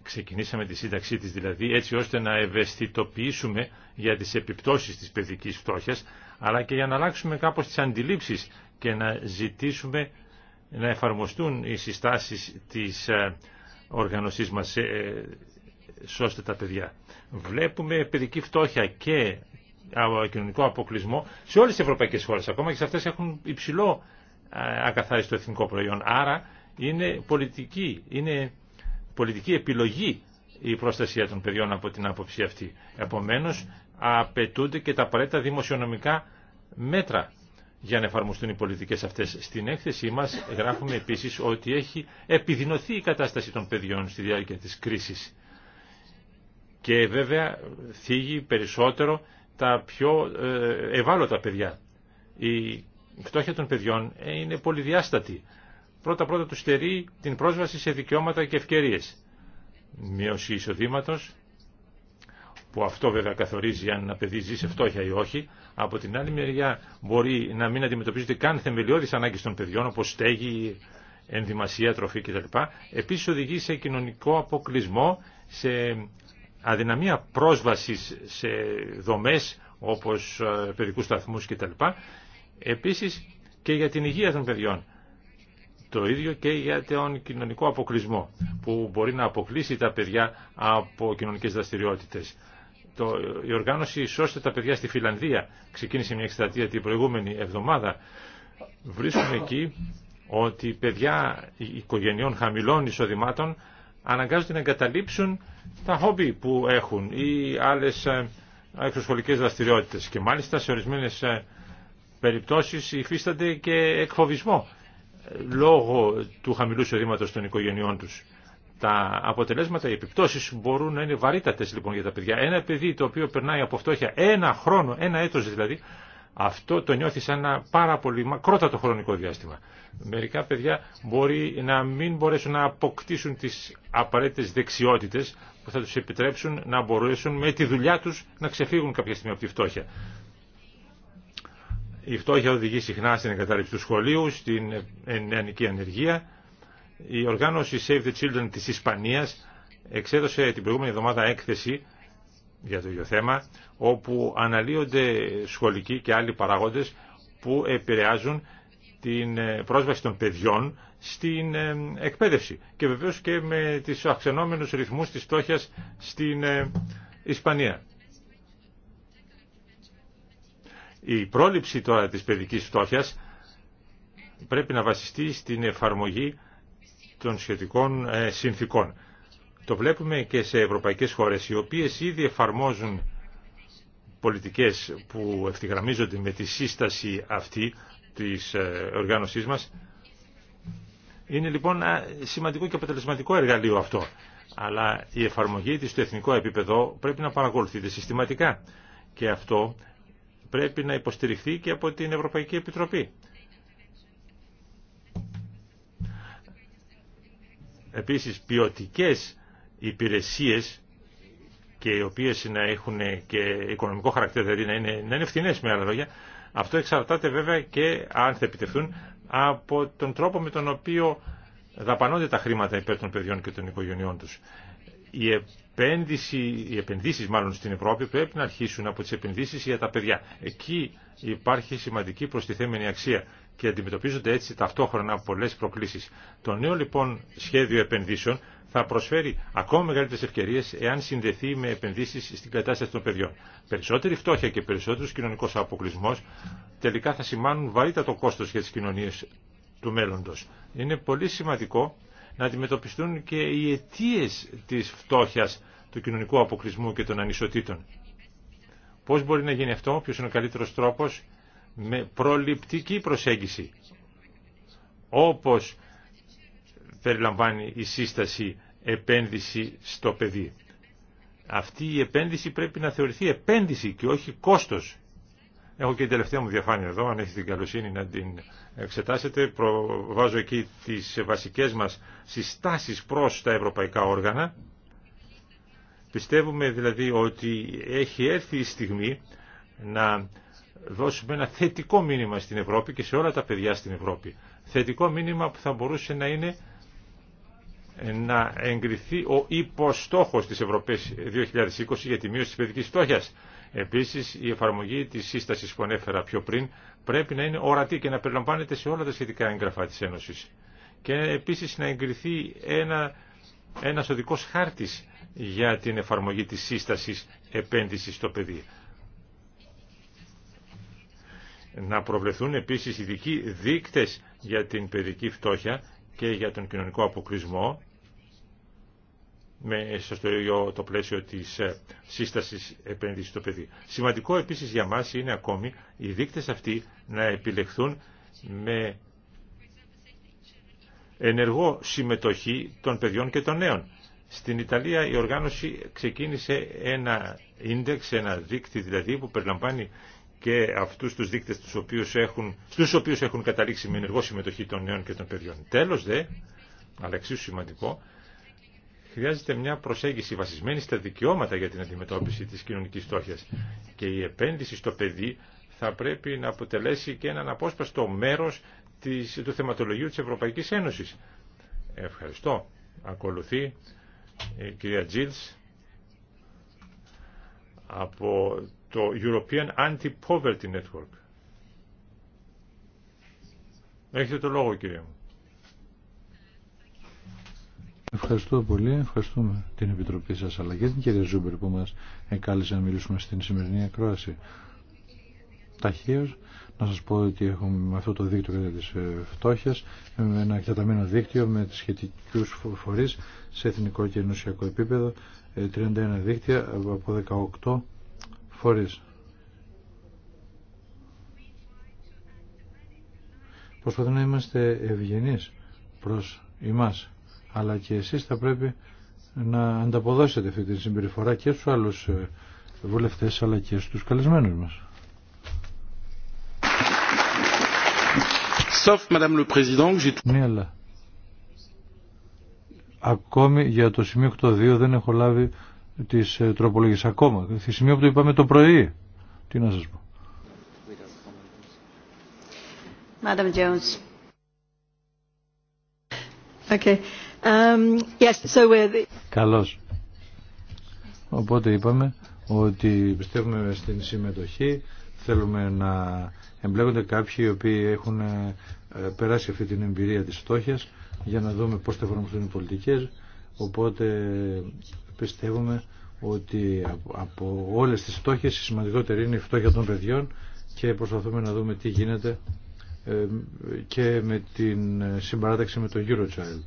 ξεκινήσαμε τη σύνταξή της δηλαδή έτσι ώστε να ευαισθητοποιήσουμε για τις επιπτώσεις της παιδικής φτώχειας αλλά και για να αλλάξουμε κάπως τις αντιλήψεις και να ζητήσουμε να εφαρμοστούν οι συστάσεις της ε, οργανωσής μας ε, ε, «Σώστε τα παιδιά». Βλέπουμε παιδική φτώχεια και κοινωνικό αποκλεισμό σε όλες τις ευρωπαϊκές χώρες, ακόμα και σε αυτές έχουν υψηλό ακαθάριστο εθνικό προϊόν. Άρα είναι πολιτική, είναι επιλογή η προστασία των παιδιών από την άποψη αυτή. Επομένως απαιτούνται και τα απαραίτητα δημοσιονομικά μέτρα για να εφαρμοστούν οι πολιτικές αυτές. Στην έκθεσή μας γράφουμε επίσης ότι έχει επιδεινωθεί η κατάσταση των παιδιών στη διάρκεια της κρίσης και βέβαια θίγει περισσότερο τα πιο ε, ευάλωτα παιδιά. Η φτώχεια των παιδιών είναι πολυδιάστατη. Πρώτα-πρώτα του στερεί την πρόσβαση σε δικαιώματα και ευκαιρίες. Μείωση εισοδήματος, που αυτό βέβαια καθορίζει αν ένα παιδί ζει σε φτώχεια ή όχι, από την άλλη μεριά μπορεί να μην αντιμετωπίζονται καν θεμελιώδεις ανάγκες των παιδιών όπως στέγη, ενδυμασία, τροφή κτλ. Επίσης οδηγεί σε κοινωνικό αποκλεισμό, σε αδυναμία πρόσβασης σε δομές όπως ε, παιδικούς σταθμούς κτλ. Επίσης και για την υγεία των παιδιών. Το ίδιο και για τον κοινωνικό αποκλεισμό που μπορεί να αποκλείσει τα παιδιά από κοινωνικές δραστηριότητες το, η οργάνωση «Σώστε τα παιδιά στη Φιλανδία» ξεκίνησε μια εκστρατεία την προηγούμενη εβδομάδα. Βρίσκουμε εκεί ότι παιδιά οικογενειών χαμηλών εισοδημάτων αναγκάζονται να εγκαταλείψουν τα χόμπι που έχουν ή άλλες ε, εξωσχολικέ δραστηριότητες και μάλιστα σε ορισμένες ε, περιπτώσεις υφίστανται και εκφοβισμό λόγω του χαμηλού εισοδήματο των οικογενειών τους. Τα αποτελέσματα, οι επιπτώσει μπορούν να είναι βαρύτατε λοιπόν για τα παιδιά. Ένα παιδί το οποίο περνάει από φτώχεια ένα χρόνο, ένα έτος δηλαδή, αυτό το νιώθει σαν ένα πάρα πολύ μακρότατο χρονικό διάστημα. Μερικά παιδιά μπορεί να μην μπορέσουν να αποκτήσουν τι απαραίτητε δεξιότητε που θα του επιτρέψουν να μπορέσουν με τη δουλειά του να ξεφύγουν κάποια στιγμή από τη φτώχεια. Η φτώχεια οδηγεί συχνά στην εγκατάλειψη του σχολείου, στην ε, νεανική ανεργία η οργάνωση Save the Children της Ισπανίας εξέδωσε την προηγούμενη εβδομάδα έκθεση για το ίδιο θέμα, όπου αναλύονται σχολικοί και άλλοι παράγοντες που επηρεάζουν την ε, πρόσβαση των παιδιών στην ε, εκπαίδευση και βεβαίως και με τις αυξανόμενους ρυθμούς της φτώχειας στην ε, Ισπανία. Η πρόληψη τώρα της παιδικής φτώχειας πρέπει να βασιστεί στην εφαρμογή των σχετικών ε, συνθήκων. Το βλέπουμε και σε ευρωπαϊκές χώρες οι οποίες ήδη εφαρμόζουν πολιτικές που ευθυγραμμίζονται με τη σύσταση αυτή της ε, οργάνωσής μας. Είναι λοιπόν ε, σημαντικό και αποτελεσματικό εργαλείο αυτό. Αλλά η εφαρμογή της στο εθνικό επίπεδο πρέπει να παρακολουθείται συστηματικά. Και αυτό πρέπει να υποστηριχθεί και από την Ευρωπαϊκή Επιτροπή. επίσης ποιοτικές υπηρεσίες και οι οποίες να έχουν και οικονομικό χαρακτήρα, δηλαδή να είναι, να φθηνές με άλλα λόγια, αυτό εξαρτάται βέβαια και αν θα επιτευχθούν από τον τρόπο με τον οποίο δαπανώνται τα χρήματα υπέρ των παιδιών και των οικογενειών τους. Η επένδυση, οι επενδύσεις μάλλον στην Ευρώπη πρέπει να αρχίσουν από τις επενδύσεις για τα παιδιά. Εκεί υπάρχει σημαντική προστιθέμενη αξία και αντιμετωπίζονται έτσι ταυτόχρονα πολλέ προκλήσει. Το νέο λοιπόν σχέδιο επενδύσεων θα προσφέρει ακόμα μεγαλύτερε ευκαιρίε εάν συνδεθεί με επενδύσει στην κατάσταση των παιδιών. Περισσότερη φτώχεια και περισσότερο κοινωνικό αποκλεισμό τελικά θα σημάνουν βαρύτατο κόστο για τι κοινωνίε του μέλλοντο. Είναι πολύ σημαντικό να αντιμετωπιστούν και οι αιτίε τη φτώχεια του κοινωνικού αποκλεισμού και των ανισοτήτων. Πώς μπορεί να γίνει αυτό, ποιος είναι ο καλύτερος τρόπος, με προληπτική προσέγγιση όπως περιλαμβάνει η σύσταση επένδυση στο παιδί. Αυτή η επένδυση πρέπει να θεωρηθεί επένδυση και όχι κόστος. Έχω και την τελευταία μου διαφάνεια εδώ, αν έχετε την καλοσύνη να την εξετάσετε. Προβάζω εκεί τις βασικές μας συστάσεις προς τα ευρωπαϊκά όργανα. Πιστεύουμε δηλαδή ότι έχει έρθει η στιγμή να δώσουμε ένα θετικό μήνυμα στην Ευρώπη και σε όλα τα παιδιά στην Ευρώπη. Θετικό μήνυμα που θα μπορούσε να είναι να εγκριθεί ο υποστόχος της Ευρωπαϊκής 2020 για τη μείωση της παιδικής φτώχειας. Επίσης, η εφαρμογή της σύστασης που ανέφερα πιο πριν πρέπει να είναι ορατή και να περιλαμβάνεται σε όλα τα σχετικά έγγραφα της Ένωσης. Και επίσης να εγκριθεί ένα, ένας οδικός χάρτης για την εφαρμογή της σύστασης επένδυσης στο παιδί. Να προβλεφθούν επίσης ειδικοί δείκτες για την παιδική φτώχεια και για τον κοινωνικό αποκλεισμό με στο το πλαίσιο της ε, σύστασης επένδυσης στο παιδί. Σημαντικό επίσης για μας είναι ακόμη οι δείκτες αυτοί να επιλεχθούν με ενεργό συμμετοχή των παιδιών και των νέων. Στην Ιταλία η οργάνωση ξεκίνησε ένα ίντεξ, ένα δείκτη δηλαδή που περιλαμβάνει και αυτούς τους δείκτες τους οποίους έχουν, στους οποίους έχουν καταλήξει με ενεργό συμμετοχή των νέων και των παιδιών. Τέλος δε, αλλά εξίσου σημαντικό, χρειάζεται μια προσέγγιση βασισμένη στα δικαιώματα για την αντιμετώπιση της κοινωνικής στόχιας και η επένδυση στο παιδί θα πρέπει να αποτελέσει και έναν απόσπαστο μέρος του θεματολογίου της Ευρωπαϊκής Ένωσης. Ευχαριστώ. Ακολουθεί η κυρία Τζίλς από το European Anti-Poverty Network. Έχετε το λόγο κύριε μου. Ευχαριστώ πολύ, ευχαριστούμε την Επιτροπή σας αλλά και την κυρία Ζούμπερ που μας εκάλεσε να μιλήσουμε στην σημερινή ακρόαση. Ταχείως, να σας πω ότι έχουμε με αυτό το δίκτυο κατά της ε, φτώχειας ένα εκτεταμένο δίκτυο με τις σχετικούς φορείς σε εθνικό και ενωσιακό επίπεδο 31 ε, δίκτυα από 18 φορείς. Προσπαθούμε να είμαστε ευγενείς προς εμάς, αλλά και εσείς θα πρέπει να ανταποδώσετε αυτή τη συμπεριφορά και στους άλλους ε, βουλευτές, αλλά και στους καλεσμένους μας. Ναι, αλλά ακόμη για το σημείο 8.2 δεν έχω λάβει Τη ε, τροπολογίες ακόμα. Στη σημεία που το είπαμε το πρωί. Τι να σας πω. Madam um, Καλώς. Οπότε είπαμε ότι πιστεύουμε στην συμμετοχή, θέλουμε να εμπλέκονται κάποιοι οι οποίοι έχουν ε, περάσει αυτή την εμπειρία της φτώχειας για να δούμε πώς θα εφαρμοστούν οι πολιτικές. Οπότε πιστεύουμε ότι από όλες τις φτώχειες η σημαντικότερη είναι η φτώχεια των παιδιών και προσπαθούμε να δούμε τι γίνεται ε, και με την ε, συμπαράταξη με το Eurochild.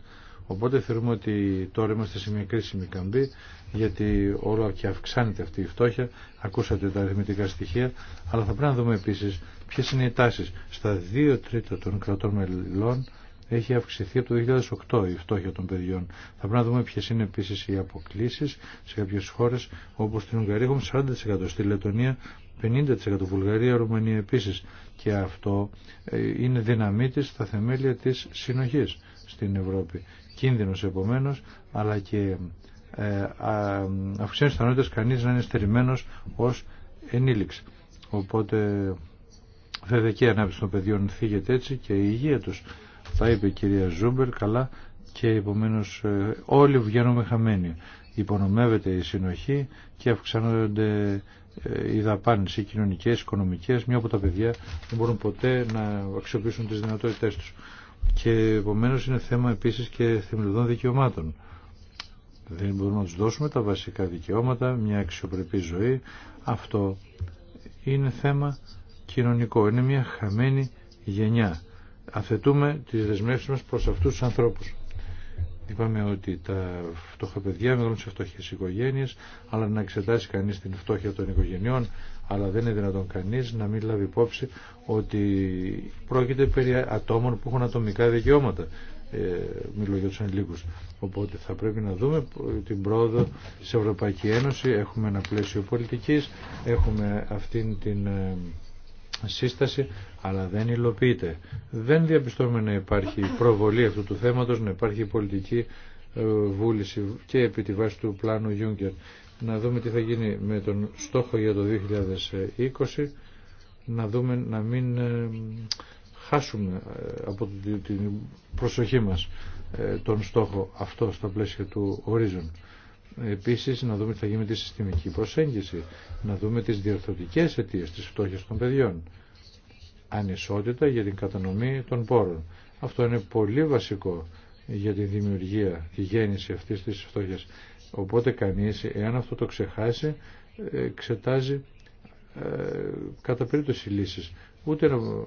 Οπότε θεωρούμε ότι τώρα είμαστε σε μια κρίσιμη καμπή γιατί όλο και αυξάνεται αυτή η φτώχεια. Ακούσατε τα αριθμητικά στοιχεία, αλλά θα πρέπει να δούμε επίσης ποιες είναι οι τάσεις. Στα δύο τρίτα των κρατών μελών έχει αυξηθεί από το 2008 η φτώχεια των παιδιών. Θα πρέπει να δούμε ποιε είναι επίση οι αποκλήσει σε κάποιε χώρε όπω στην Ουγγαρία έχουμε 40%, στη Λετωνία 50%, Βουλγαρία, Ρουμανία επίση. Και αυτό ε, είναι δυναμή τη στα θεμέλια τη συνοχή στην Ευρώπη. Κίνδυνο επομένω, αλλά και ε, αυξημένε πιθανότητε κανεί να είναι στερημένο ω ενήλιξ. Οπότε βέβαια και η ανάπτυξη των παιδιών θίγεται έτσι και η υγεία τους. Αυτά είπε η κυρία Ζούμπερ καλά και επομένως ε, όλοι βγαίνουμε χαμένοι. Υπονομεύεται η συνοχή και αυξάνονται ε, οι δαπάνες, οι κοινωνικές, οι οικονομικές, μια από τα παιδιά δεν μπορούν ποτέ να αξιοποιήσουν τις δυνατότητές τους. Και επομένως είναι θέμα επίσης και θεμελιωδών δικαιωμάτων. Δεν μπορούμε να τους δώσουμε τα βασικά δικαιώματα, μια αξιοπρεπή ζωή. Αυτό είναι θέμα κοινωνικό. Είναι μια χαμένη γενιά αθετούμε τις δεσμεύσεις μας προς αυτούς τους ανθρώπους. Είπαμε ότι τα φτωχά παιδιά μεγαλώνουν σε φτωχέ οικογένειε, αλλά να εξετάσει κανεί την φτώχεια των οικογενειών, αλλά δεν είναι δυνατόν κανεί να μην λάβει υπόψη ότι πρόκειται περί ατόμων που έχουν ατομικά δικαιώματα. Ε, μιλώ για του ανηλίκου. Οπότε θα πρέπει να δούμε την πρόοδο τη Ευρωπαϊκή Ένωση. Έχουμε ένα πλαίσιο πολιτική, έχουμε αυτήν την. Ε, σύσταση, αλλά δεν υλοποιείται. Δεν διαπιστώνουμε να υπάρχει προβολή αυτού του θέματος, να υπάρχει πολιτική ε, βούληση και επί τη βάση του πλάνου Juncker. Να δούμε τι θα γίνει με τον στόχο για το 2020, να δούμε να μην ε, χάσουμε ε, από την προσοχή μας τον στόχο αυτό στα πλαίσια του ορίζον. Επίσης να δούμε τι θα γίνει με τη συστημική προσέγγιση, να δούμε τις διορθωτικές αιτίες της φτώχειας των παιδιών, ανισότητα για την κατανομή των πόρων. Αυτό είναι πολύ βασικό για τη δημιουργία, τη γέννηση αυτής της φτώχειας. Οπότε κανείς, εάν αυτό το ξεχάσει, ε, εξετάζει ε, κατά περίπτωση λύσεις ούτε να ε,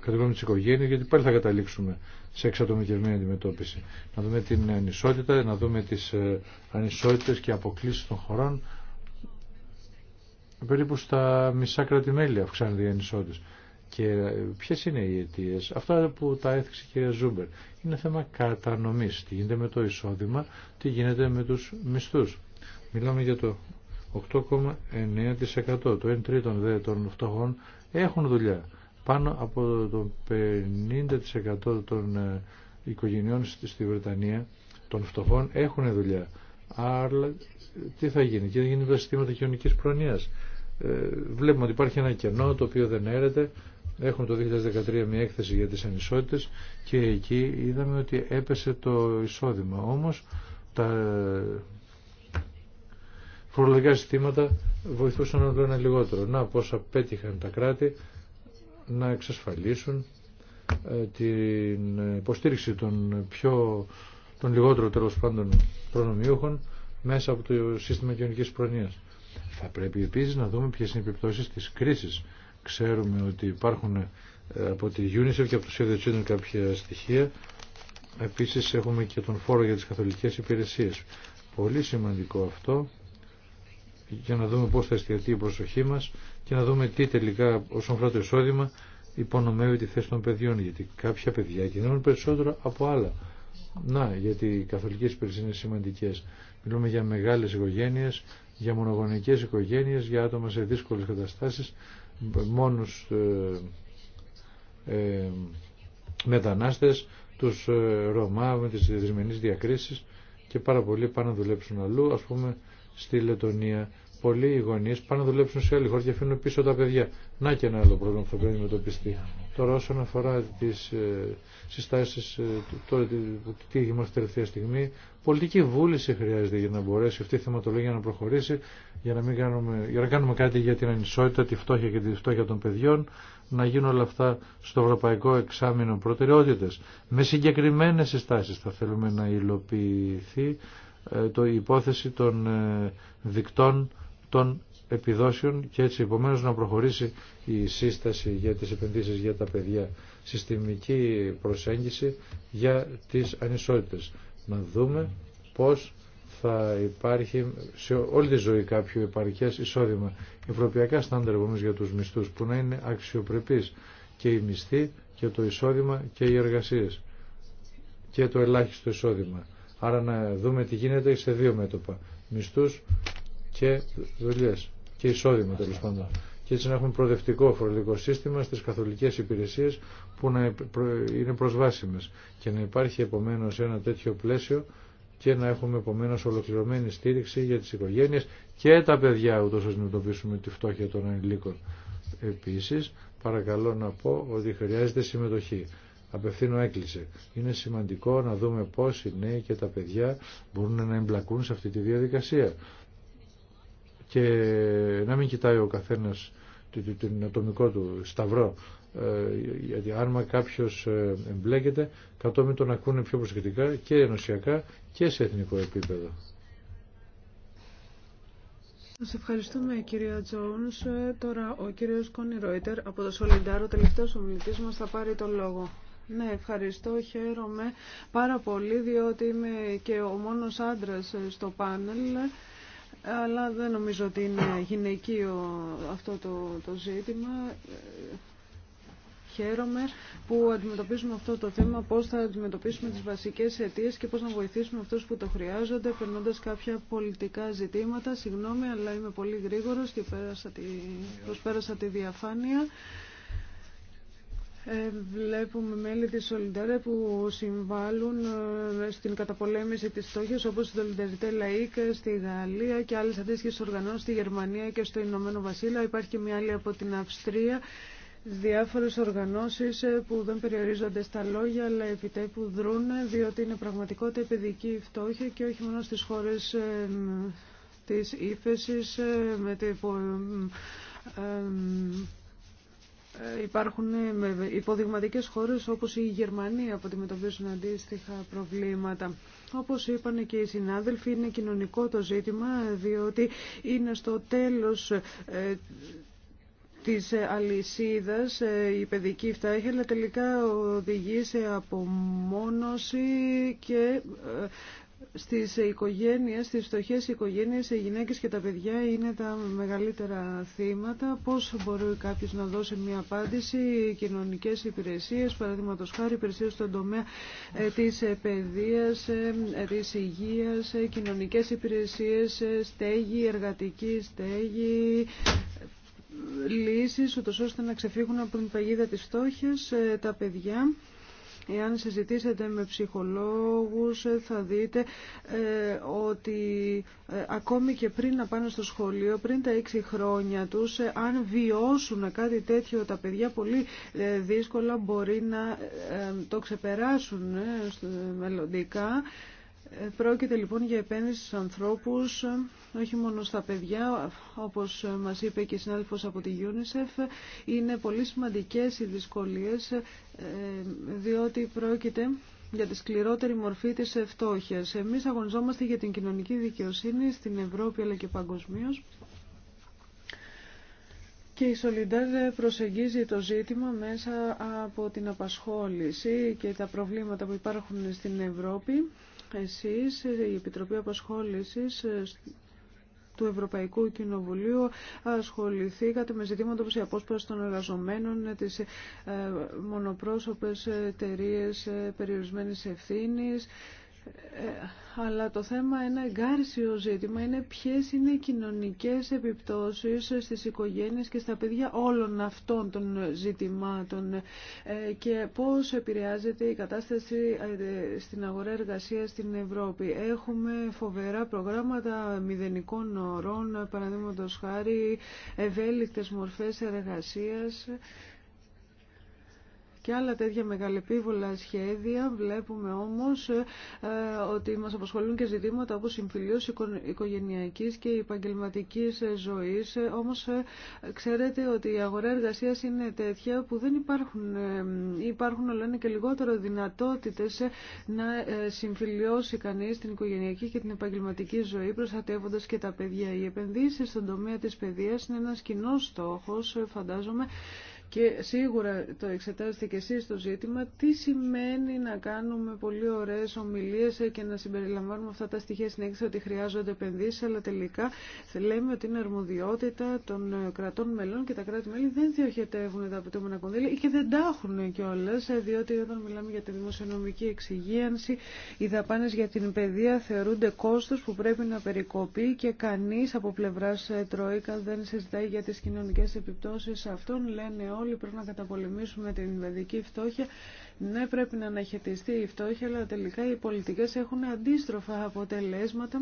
κατηγορούμε τι οικογένειε, γιατί πάλι θα καταλήξουμε σε εξατομικευμένη αντιμετώπιση. Να δούμε την ανισότητα, να δούμε τις ε, ανισότητε και αποκλήσει των χωρών. Περίπου στα μισά κρατημέλη αυξάνονται οι ανισότητε. Και ε, ποιε είναι οι αιτίε, αυτά που τα έθιξε η κυρία Ζούμπερ. Είναι θέμα κατανομή. Τι γίνεται με το εισόδημα, τι γίνεται με του μισθού. Μιλάμε για το 8,9%. Το 1 τρίτον δε των φτωχών έχουν δουλειά. Πάνω από το 50% των ε, οικογενειών στη Βρετανία, των φτωχών, έχουν δουλειά. Αλλά τι θα γίνει, Και θα γίνει τα συστήματα κοινωνική προνοία. Ε, βλέπουμε ότι υπάρχει ένα κενό το οποίο δεν έρεται. Έχουν το 2013 μια έκθεση για τις ανισότητες και εκεί είδαμε ότι έπεσε το εισόδημα. Όμως τα φορολογικά συστήματα βοηθούσαν όλο ένα λιγότερο. Να πώς απέτυχαν τα κράτη να εξασφαλίσουν ε, την υποστήριξη των πιο των λιγότερο τέλο πάντων προνομιούχων μέσα από το σύστημα κοινωνική προνοία. Θα πρέπει επίση να δούμε ποιε είναι οι επιπτώσει τη κρίση. Ξέρουμε ότι υπάρχουν ε, από τη UNICEF και από το CDC κάποια στοιχεία. Επίση έχουμε και τον φόρο για τι καθολικέ υπηρεσίε. Πολύ σημαντικό αυτό για να δούμε πώς θα εστιατεί η προσοχή μας και να δούμε τι τελικά όσον αφορά το εισόδημα υπονομεύει τη θέση των παιδιών γιατί κάποια παιδιά κινούν περισσότερο από άλλα. Να, γιατί οι καθολικές υπηρεσίες είναι σημαντικές. Μιλούμε για μεγάλες οικογένειες, για μονογονικές οικογένειες, για άτομα σε δύσκολες καταστάσεις, μόνους ε, ε, μετανάστες, τους ε, Ρωμά με τις διακρίσεις και πάρα πολλοί πάνε να δουλέψουν αλλού, ας πούμε στη Λετωνία. Πολλοί γονεί πάνε να δουλέψουν σε άλλη χώρα και αφήνουν πίσω τα παιδιά. Να και ένα άλλο πρόβλημα που θα πρέπει να αντιμετωπιστεί. Τώρα, όσον αφορά τι ε, συστάσει, ε, τι έχει μέχρι τελευταία στιγμή, πολιτική βούληση χρειάζεται για να μπορέσει αυτή η θεματολογία να προχωρήσει, για να, μην κάνουμε, για να κάνουμε κάτι για την ανισότητα, τη φτώχεια και τη φτώχεια των παιδιών, να γίνουν όλα αυτά στο Ευρωπαϊκό Εξάμεινο Προτεραιότητε. Με συγκεκριμένε συστάσει θα θέλουμε να υλοποιηθεί ε, το, υπόθεση των ε, δικτών των επιδόσεων και έτσι επομένως να προχωρήσει η σύσταση για τις επενδύσεις για τα παιδιά, συστημική προσέγγιση για τις ανισότητες. Να δούμε πώς θα υπάρχει σε όλη τη ζωή κάποιο επαρκές εισόδημα. Ευρωπαϊκά στάνταρ για τους μισθούς που να είναι αξιοπρεπείς και οι μισθοί και το εισόδημα και οι εργασίες και το ελάχιστο εισόδημα. Άρα να δούμε τι γίνεται σε δύο μέτωπα. μισθού και δουλειέ και εισόδημα τέλο πάντων. Και έτσι να έχουμε προοδευτικό φορολογικό σύστημα στις καθολικές υπηρεσίες που να είναι προσβάσιμε και να υπάρχει επομένως ένα τέτοιο πλαίσιο και να έχουμε επομένω ολοκληρωμένη στήριξη για τις οικογένειες και τα παιδιά ούτω ώστε να αντιμετωπίσουμε τη φτώχεια των ανηλίκων. Επίση, παρακαλώ να πω ότι χρειάζεται συμμετοχή απευθύνω έκλεισε. Είναι σημαντικό να δούμε πώς οι νέοι και τα παιδιά μπορούν να εμπλακούν σε αυτή τη διαδικασία. Και να μην κοιτάει ο καθένας την ατομικό του σταυρό. Ε, γιατί αν κάποιος ε, εμπλέκεται, κατόπιν τον ακούνε πιο προσεκτικά και ενωσιακά και σε εθνικό επίπεδο. Σας ευχαριστούμε κυρία Τζόουνς. Ε, τώρα ο κύριος Κόνι Ρόιτερ από το Σολιντάρο, τελευταίος ομιλητής μας, θα πάρει τον λόγο. Ναι, ευχαριστώ. Χαίρομαι πάρα πολύ διότι είμαι και ο μόνος άντρας στο πάνελ αλλά δεν νομίζω ότι είναι γυναικείο αυτό το, το ζήτημα. Χαίρομαι που αντιμετωπίζουμε αυτό το θέμα, πώς θα αντιμετωπίσουμε τις βασικές αιτίες και πώς να βοηθήσουμε αυτούς που το χρειάζονται, περνώντας κάποια πολιτικά ζητήματα. Συγγνώμη, αλλά είμαι πολύ γρήγορος και πέρασα τη, προσπέρασα τη διαφάνεια. Ε, βλέπουμε μέλη της Solidarity που συμβάλλουν ε, στην καταπολέμηση της στόχης όπως η Solidarité Laïque στη Γαλλία και άλλες αντίστοιχε οργανώσεις στη Γερμανία και στο Ηνωμένο Βασίλειο. Υπάρχει και μια άλλη από την Αυστρία διάφορες οργανώσεις ε, που δεν περιορίζονται στα λόγια αλλά επιτέπου δρούν διότι είναι πραγματικότητα παιδική φτώχεια και όχι μόνο στις χώρες της ύφεσης με ε, υπάρχουν ε, υποδειγματικές χώρες όπως η Γερμανία που αντιμετωπίζουν αντίστοιχα προβλήματα. Όπως είπαν και οι συνάδελφοι, είναι κοινωνικό το ζήτημα διότι είναι στο τέλος ε, της αλυσίδας η παιδική φτάχη αλλά τελικά οδηγεί σε απομόνωση και στις οικογένειες, στις φτωχές οικογένειες, οι γυναίκες και τα παιδιά είναι τα μεγαλύτερα θύματα. Πώς μπορεί κάποιος να δώσει μια απάντηση, οι κοινωνικές υπηρεσίες, παραδείγματο χάρη υπηρεσίες στον τομέα ε, της παιδείας, ε, της υγείας, ε, κοινωνικές υπηρεσίες, στέγη, εργατική στέγη, λύσεις, ούτως ώστε να ξεφύγουν από την παγίδα της φτώχειας τα παιδιά. Εάν συζητήσετε με ψυχολόγους θα δείτε ε, ότι ε, ακόμη και πριν να πάνε στο σχολείο, πριν τα έξι χρόνια τους, ε, αν βιώσουν κάτι τέτοιο τα παιδιά πολύ δύσκολα μπορεί να το ξεπεράσουν μελλοντικά. Πρόκειται λοιπόν για επένδυση στους ανθρώπους, όχι μόνο στα παιδιά, όπως μας είπε και η συνάδελφος από τη UNICEF. Είναι πολύ σημαντικές οι δυσκολίες, ε, διότι πρόκειται για τη σκληρότερη μορφή της φτώχειας. Εμείς αγωνιζόμαστε για την κοινωνική δικαιοσύνη στην Ευρώπη αλλά και παγκοσμίω. Και η Σολιντάρ προσεγγίζει το ζήτημα μέσα από την απασχόληση και τα προβλήματα που υπάρχουν στην Ευρώπη εσείς, η Επιτροπή Απασχόλησης ε, του Ευρωπαϊκού Κοινοβουλίου ασχοληθήκατε με ζητήματα όπως η απόσπαση των εργαζομένων, ε, τις ε, μονοπρόσωπες εταιρείε περιορισμένης ευθύνης, ε, αλλά το θέμα, ένα εγκάρσιο ζήτημα είναι ποιες είναι οι κοινωνικές επιπτώσεις στις οικογένειες και στα παιδιά όλων αυτών των ζητημάτων ε, και πώς επηρεάζεται η κατάσταση ε, στην αγορά εργασίας στην Ευρώπη. Έχουμε φοβερά προγράμματα μηδενικών ορών, παραδείγματος χάρη ευέλικτες μορφές εργασίας και άλλα τέτοια μεγαλεπίβολα σχέδια. Βλέπουμε όμως ε, ότι μας απασχολούν και ζητήματα όπως συμφιλίωση οικογενειακής και επαγγελματικής ε, ζωής. Ε, όμως ξέρετε ότι η αγορά εργασίας είναι τέτοια που δεν υπάρχουν, υπάρχουν όλα είναι και λιγότερο δυνατότητες να συμφιλιώσει κανείς την οικογενειακή και την επαγγελματική ζωή προστατεύοντας και τα παιδιά. Οι επενδύσεις στον τομέα της παιδείας είναι ένας κοινό στόχος, φαντάζομαι, και σίγουρα το εξετάζετε και εσείς το ζήτημα, τι σημαίνει να κάνουμε πολύ ωραίες ομιλίες και να συμπεριλαμβάνουμε αυτά τα στοιχεία στην ότι χρειάζονται επενδύσεις, αλλά τελικά λέμε ότι είναι αρμοδιότητα των κρατών μελών και τα κράτη-μέλη δεν διοχετεύουν τα απαιτούμενα κονδύλια και δεν τα έχουν κιόλα, διότι όταν μιλάμε για τη δημοσιονομική εξυγίανση, οι δαπάνε για την παιδεία θεωρούνται κόστο που πρέπει να περικοπεί και κανεί από πλευρά Τρόικα δεν συζητάει για τι κοινωνικέ επιπτώσει αυτών. Λένε όλοι πρέπει να καταπολεμήσουμε την παιδική φτώχεια. Ναι, πρέπει να αναχαιτιστεί η φτώχεια, αλλά τελικά οι πολιτικές έχουν αντίστροφα αποτελέσματα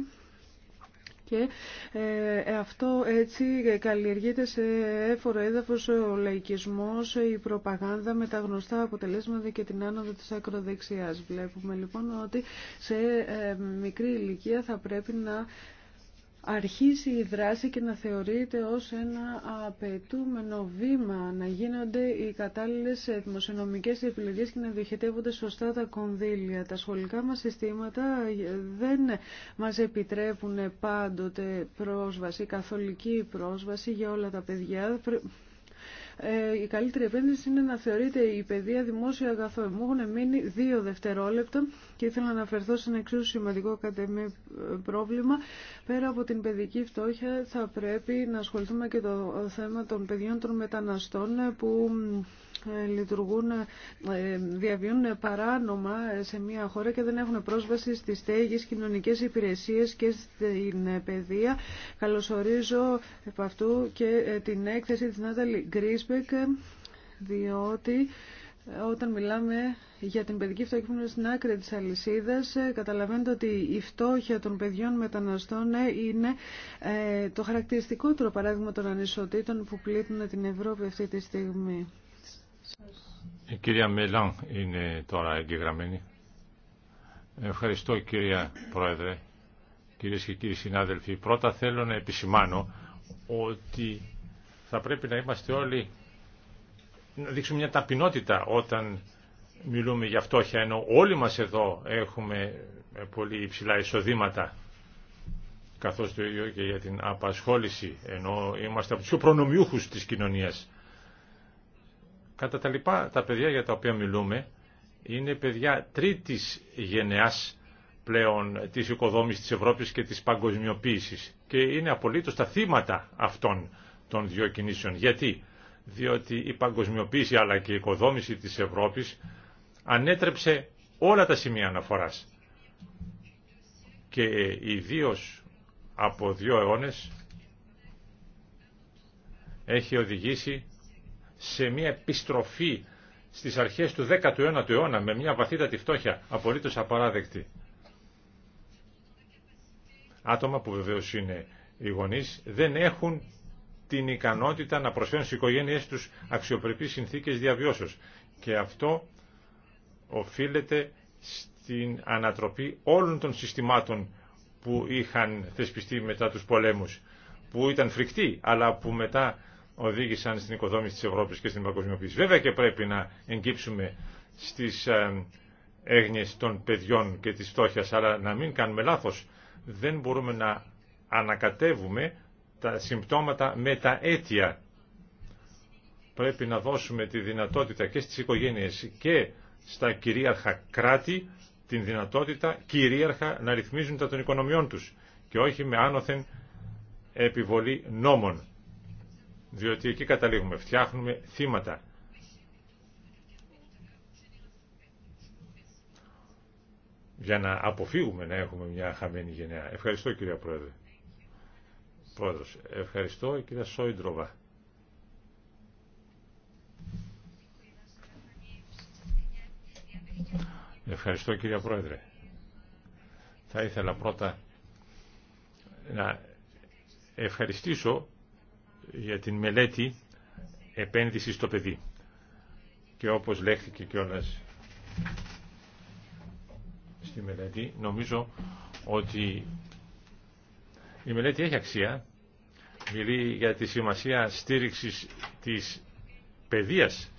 και ε, ε, αυτό έτσι καλλιεργείται σε έφορο έδαφος ο λαϊκισμός, η προπαγάνδα με τα γνωστά αποτελέσματα και την άνοδο της ακροδεξιάς. Βλέπουμε λοιπόν ότι σε ε, μικρή ηλικία θα πρέπει να αρχίσει η δράση και να θεωρείται ως ένα απαιτούμενο βήμα να γίνονται οι κατάλληλες δημοσιονομικές επιλογές και να διοχετεύονται σωστά τα κονδύλια. Τα σχολικά μας συστήματα δεν μας επιτρέπουν πάντοτε πρόσβαση, καθολική πρόσβαση για όλα τα παιδιά. Ε, η καλύτερη επένδυση είναι να θεωρείται η παιδεία δημόσιο αγαθό. Μου έχουν μείνει δύο δευτερόλεπτα και ήθελα να αναφερθώ σε ένα εξίσου σημαντικό κατά πρόβλημα. Πέρα από την παιδική φτώχεια θα πρέπει να ασχοληθούμε και το θέμα των παιδιών των μεταναστών που ε, λειτουργούν, ε, διαβιούν παράνομα σε μια χώρα και δεν έχουν πρόσβαση στις στέγες, κοινωνικές υπηρεσίες και στην παιδεία. Καλωσορίζω από αυτού και ε, την έκθεση της Νάταλη Γκρίσπεκ, διότι όταν μιλάμε για την παιδική φτώχεια στην άκρη της αλυσίδας, καταλαβαίνετε ότι η φτώχεια των παιδιών μεταναστών είναι το χαρακτηριστικότερο παράδειγμα των ανισοτήτων που πλήττουν την Ευρώπη αυτή τη στιγμή. Η κυρία Μελάν είναι τώρα εγγεγραμμένη. Ευχαριστώ κυρία Πρόεδρε, κυρίες και κύριοι συνάδελφοι. Πρώτα θέλω να επισημάνω ότι θα πρέπει να είμαστε όλοι να δείξουμε μια ταπεινότητα όταν μιλούμε για φτώχεια, ενώ όλοι μας εδώ έχουμε πολύ υψηλά εισοδήματα, καθώς το ίδιο και για την απασχόληση, ενώ είμαστε από τους πιο προνομιούχους της κοινωνίας. Κατά τα λοιπά, τα παιδιά για τα οποία μιλούμε είναι παιδιά τρίτης γενεάς πλέον της οικοδόμησης της Ευρώπης και της παγκοσμιοποίησης και είναι απολύτως τα θύματα αυτών των δύο κινήσεων. Γιατί? Διότι η παγκοσμιοποίηση αλλά και η οικοδόμηση της Ευρώπης ανέτρεψε όλα τα σημεία αναφοράς και ιδίω από δύο αιώνες έχει οδηγήσει σε μια επιστροφή στις αρχές του 19ου αιώνα με μια βαθύτατη φτώχεια απολύτως απαράδεκτη. Άτομα που βεβαίω είναι οι γονεί, δεν έχουν την ικανότητα να προσφέρουν στι οικογένειε τους αξιοπρεπείς συνθήκες διαβιώσεως. Και αυτό οφείλεται στην ανατροπή όλων των συστημάτων που είχαν θεσπιστεί μετά τους πολέμους, που ήταν φρικτοί, αλλά που μετά οδήγησαν στην οικοδόμηση της Ευρώπης και στην παγκοσμιοποίηση. Βέβαια και πρέπει να εγκύψουμε στις ε, έγνοιες των παιδιών και της φτώχειας, αλλά να μην κάνουμε λάθος. Δεν μπορούμε να ανακατεύουμε τα συμπτώματα με τα αίτια. Πρέπει να δώσουμε τη δυνατότητα και στις οικογένειες και στα κυρίαρχα κράτη την δυνατότητα κυρίαρχα να ρυθμίζουν τα των οικονομιών τους και όχι με άνωθεν επιβολή νόμων διότι εκεί καταλήγουμε, φτιάχνουμε θύματα. για να αποφύγουμε να έχουμε μια χαμένη γενιά. Ευχαριστώ κυρία Πρόεδρε. Πρόεδρος, ευχαριστώ κυρία Σόιντροβα. Ευχαριστώ κυρία Πρόεδρε. Θα ήθελα πρώτα να ευχαριστήσω για την μελέτη επένδυση στο παιδί. Και όπως λέχθηκε κιόλας στη μελέτη, νομίζω ότι η μελέτη έχει αξία. Μιλεί για τη σημασία στήριξης της παιδείας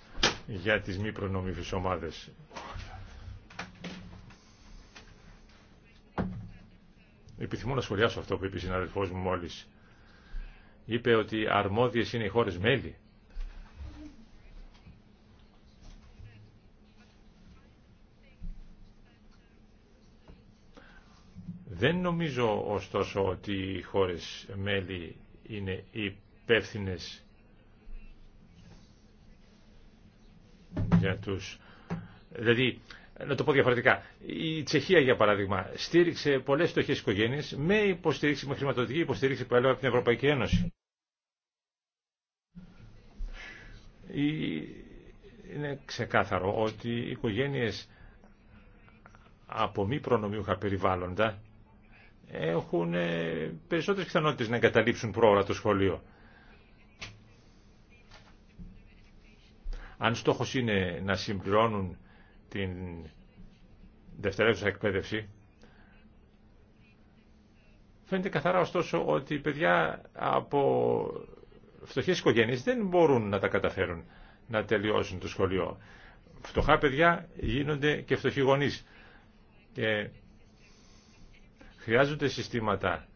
για τις μη προνομιούς ομάδες. Επιθυμώ να σχολιάσω αυτό που είπε η συναδελφός μου μόλις είπε ότι αρμόδιες είναι οι χώρες μέλη. Δεν νομίζω ωστόσο ότι οι χώρες μέλη είναι υπεύθυνε για τους... Δηλαδή, να το πω διαφορετικά, η Τσεχία για παράδειγμα στήριξε πολλές φτωχές οικογένειες με υποστήριξη, με χρηματοδοτική υποστήριξη που έλαβε από την Ευρωπαϊκή Ένωση. Είναι ξεκάθαρο ότι οι οικογένειες από μη προνομιούχα περιβάλλοντα έχουν ε, περισσότερες πιθανότητες να εγκαταλείψουν πρόωρα το σχολείο. Αν στόχος είναι να συμπληρώνουν την δευτερεύουσα εκπαίδευση, φαίνεται καθαρά ωστόσο ότι οι παιδιά από φτωχές οικογένειες δεν μπορούν να τα καταφέρουν να τελειώσουν το σχολείο. Φτωχά παιδιά γίνονται και φτωχοί γονείς. Και ε, χρειάζονται συστήματα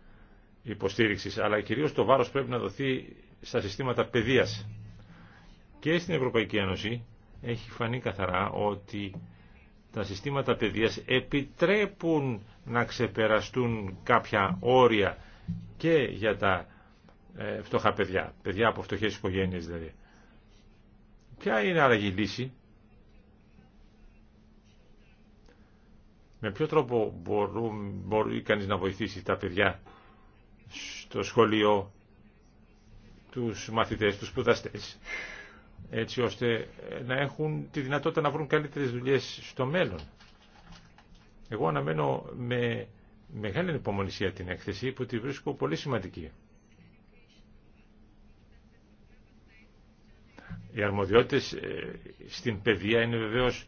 υποστήριξης, αλλά κυρίως το βάρος πρέπει να δοθεί στα συστήματα παιδείας. Και στην Ευρωπαϊκή Ένωση έχει φανεί καθαρά ότι τα συστήματα παιδείας επιτρέπουν να ξεπεραστούν κάποια όρια και για τα ε, φτωχά παιδιά, παιδιά από φτωχέ οικογένειε δηλαδή. Ποια είναι άραγε η λύση, με ποιο τρόπο μπορούν, μπορεί κανείς να βοηθήσει τα παιδιά στο σχολείο, τους μαθητές, τους σπουδαστέ, έτσι ώστε να έχουν τη δυνατότητα να βρουν καλύτερες δουλειές στο μέλλον. Εγώ αναμένω με μεγάλη υπομονησία την έκθεση που τη βρίσκω πολύ σημαντική. Οι αρμοδιότητες ε, στην παιδεία είναι βεβαίως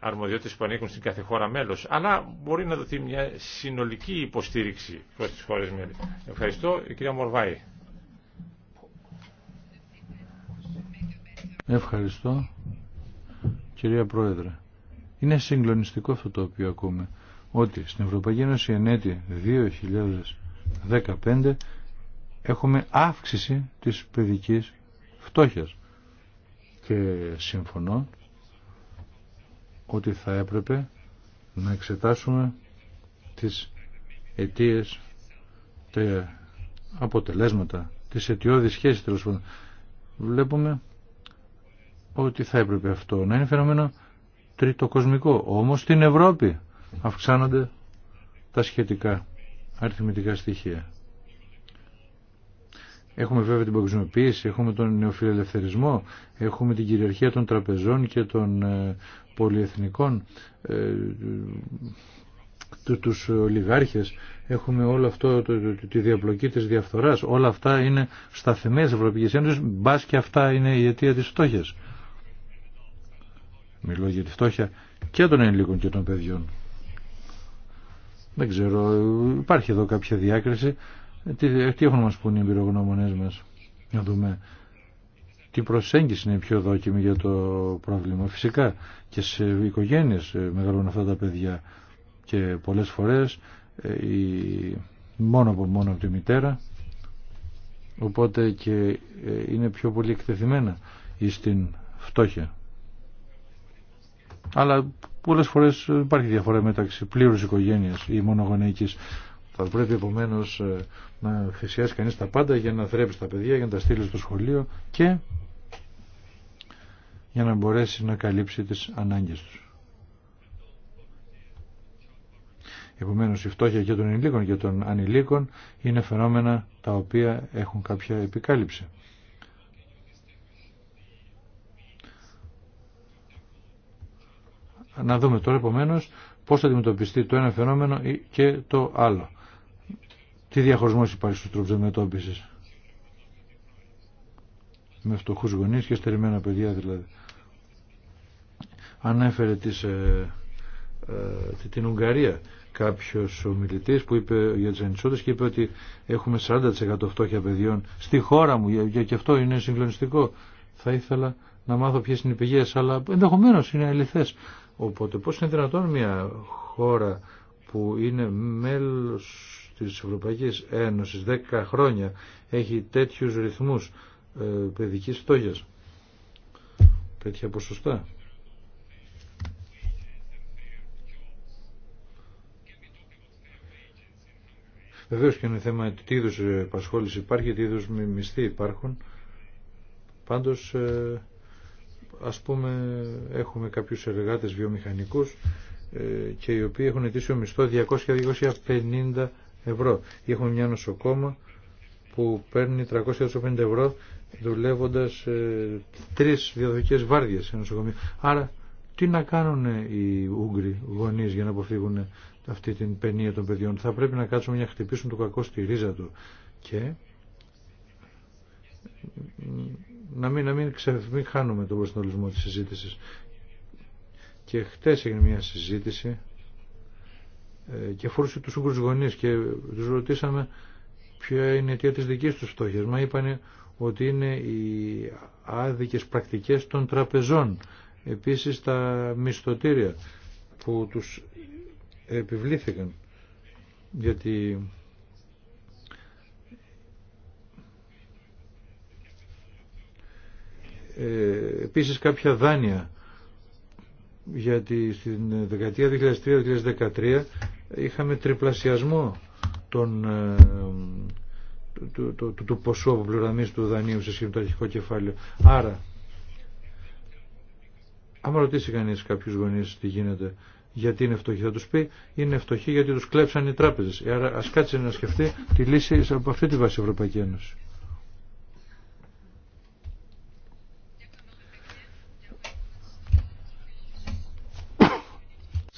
αρμοδιότητες που ανήκουν στην κάθε χώρα μέλος, αλλά μπορεί να δοθεί μια συνολική υποστήριξη προς τις χώρες μέλη. Ευχαριστώ, η κυρία Μορβάη. Ευχαριστώ, κυρία Πρόεδρε. Είναι συγκλονιστικό αυτό το οποίο ακούμε, ότι στην Ευρωπαϊκή Ένωση εν 2015 έχουμε αύξηση της παιδικής φτώχειας και συμφωνώ ότι θα έπρεπε να εξετάσουμε τις αιτίες, τα αποτελέσματα, τις αιτιώδεις σχέσεις τέλος Βλέπουμε ότι θα έπρεπε αυτό να είναι φαινόμενο τριτοκοσμικό. Όμως στην Ευρώπη αυξάνονται τα σχετικά αριθμητικά στοιχεία. Έχουμε βέβαια την παγκοσμιοποίηση, έχουμε τον νεοφιλελευθερισμό, έχουμε την κυριαρχία των τραπεζών και των ε, πολυεθνικών, ε, τους ολιγάρχες, έχουμε όλο αυτό, τη διαπλοκή της διαφθοράς, όλα αυτά είναι στα θεμέλια της Ευρωπαϊκής Ένωσης, και αυτά είναι η αιτία της φτώχειας. Μιλώ για τη φτώχεια και των ενηλίκων και των παιδιών. Δεν ξέρω, υπάρχει εδώ κάποια διάκριση ε, τι, ε, τι έχουν να μας πούν οι εμπειρογνώμονές μας, να δούμε τι προσέγγιση είναι πιο δόκιμη για το πρόβλημα. Φυσικά και σε οικογένειες ε, μεγαλώνουν αυτά τα παιδιά και πολλές φορές η, μόνο από μόνο από τη μητέρα οπότε και είναι πιο πολύ εκτεθειμένα στην φτώχεια. Αλλά πολλές φορές υπάρχει διαφορά μεταξύ πλήρους οικογένειας ή μονογονεϊκής. Θα πρέπει επομένω ε, να θυσιάσει κανεί τα πάντα για να θρέψει τα παιδιά, για να τα στείλει στο σχολείο και για να μπορέσει να καλύψει τις ανάγκες τους. Επομένως η φτώχεια και των ενηλίκων και των ανηλίκων είναι φαινόμενα τα οποία έχουν κάποια επικάλυψη. Να δούμε τώρα επομένως πώς θα αντιμετωπιστεί το ένα φαινόμενο και το άλλο. Τι διαχωρισμό υπάρχει στους τρόπους αντιμετώπιση. με φτωχού γονεί και στερημένα παιδιά δηλαδή. Ανέφερε τις, ε, ε, την Ουγγαρία κάποιος ομιλητής που είπε για τι ανισότητε και είπε ότι έχουμε 40% φτώχεια παιδιών στη χώρα μου και αυτό είναι συγκλονιστικό. Θα ήθελα να μάθω ποιε είναι οι πηγέ, αλλά ενδεχομένω είναι αληθέ. Οπότε πώ είναι δυνατόν μια χώρα που είναι μέλος της Ευρωπαϊκής Ένωσης 10 χρόνια έχει τέτοιους ρυθμούς ε, παιδικής φτώχειας. Τέτοια ποσοστά. Βεβαίω και είναι θέμα τι είδου επασχόληση υπάρχει, τι είδου μισθοί υπάρχουν. Πάντω, ε, ας πούμε, έχουμε κάποιους εργάτες βιομηχανικούς ε, και οι οποίοι έχουν ετήσιο μισθό 200-250 ευρώ. Έχουμε μια νοσοκόμα που παίρνει 350 ευρώ δουλεύοντας ε, τρεις διαδοχικές βάρδιες σε νοσοκομείο. Άρα τι να κάνουν οι Ούγγροι γονείς για να αποφύγουν αυτή την παινία των παιδιών. Θα πρέπει να κάτσουμε για να χτυπήσουν το κακό στη ρίζα του και να μην, να μην, ξε, χάνουμε τον προσανατολισμό της συζήτησης. Και χτες έγινε μια συζήτηση ε, και φόρουσε τους Ούγκρους γονείς και τους ρωτήσαμε ποια είναι η αιτία της δικής τους φτώχειας. Μα είπανε ότι είναι οι άδικες πρακτικές των τραπεζών. Επίσης τα μισθωτήρια που τους επιβλήθηκαν γιατί ε, επίσης κάποια δάνεια γιατί στην δεκαετία 2003-2013 είχαμε τριπλασιασμό των, ε, του, του, του, του ποσού αποπληρωμή του δανείου σε σχέση με το αρχικό κεφάλαιο. Άρα, άμα ρωτήσει κανείς κάποιους γονείς τι γίνεται, γιατί είναι φτωχοί. Θα του πει είναι φτωχοί γιατί του κλέψαν οι τράπεζε. Ε, άρα α κάτσει να σκεφτεί τη λύση από αυτή τη βάση Ευρωπαϊκή Ένωση.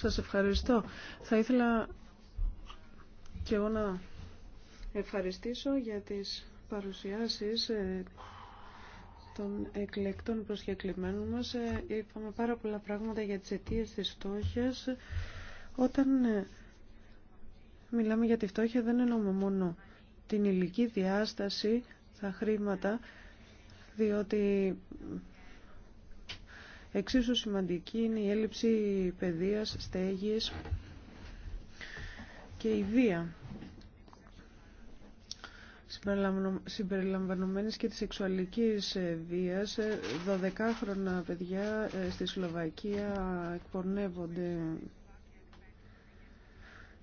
Σας ευχαριστώ. Θα ήθελα και εγώ να ευχαριστήσω για τις παρουσιάσεις ε, των εκλεκτών προσκεκλημένων μας. Ε, είπαμε πάρα πολλά πράγματα για τις αιτίε της φτώχειας. Όταν ε, μιλάμε για τη φτώχεια δεν εννοούμε μόνο την ηλική διάσταση, τα χρήματα, διότι Εξίσου σημαντική είναι η έλλειψη παιδείας, στέγης και η βία συμπεριλαμβανομένης και της σεξουαλικής ε, βίας. 12χρονα ε, παιδιά ε, στη Σλοβακία εκπορνεύονται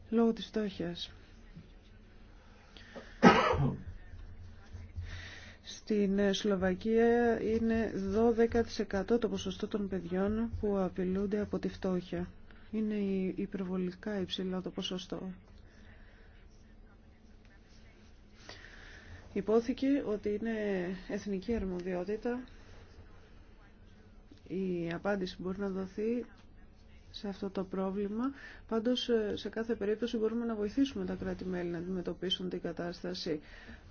λόγω της φτώχειας. Στην ε, Σλοβακία είναι 12% το ποσοστό των παιδιών που απειλούνται από τη φτώχεια. Είναι υπερβολικά υψηλό το ποσοστό. Υπόθηκε ότι είναι εθνική αρμοδιότητα. Η απάντηση που μπορεί να δοθεί σε αυτό το πρόβλημα. Πάντως, ε, σε κάθε περίπτωση μπορούμε να βοηθήσουμε τα κράτη-μέλη να αντιμετωπίσουν την κατάσταση.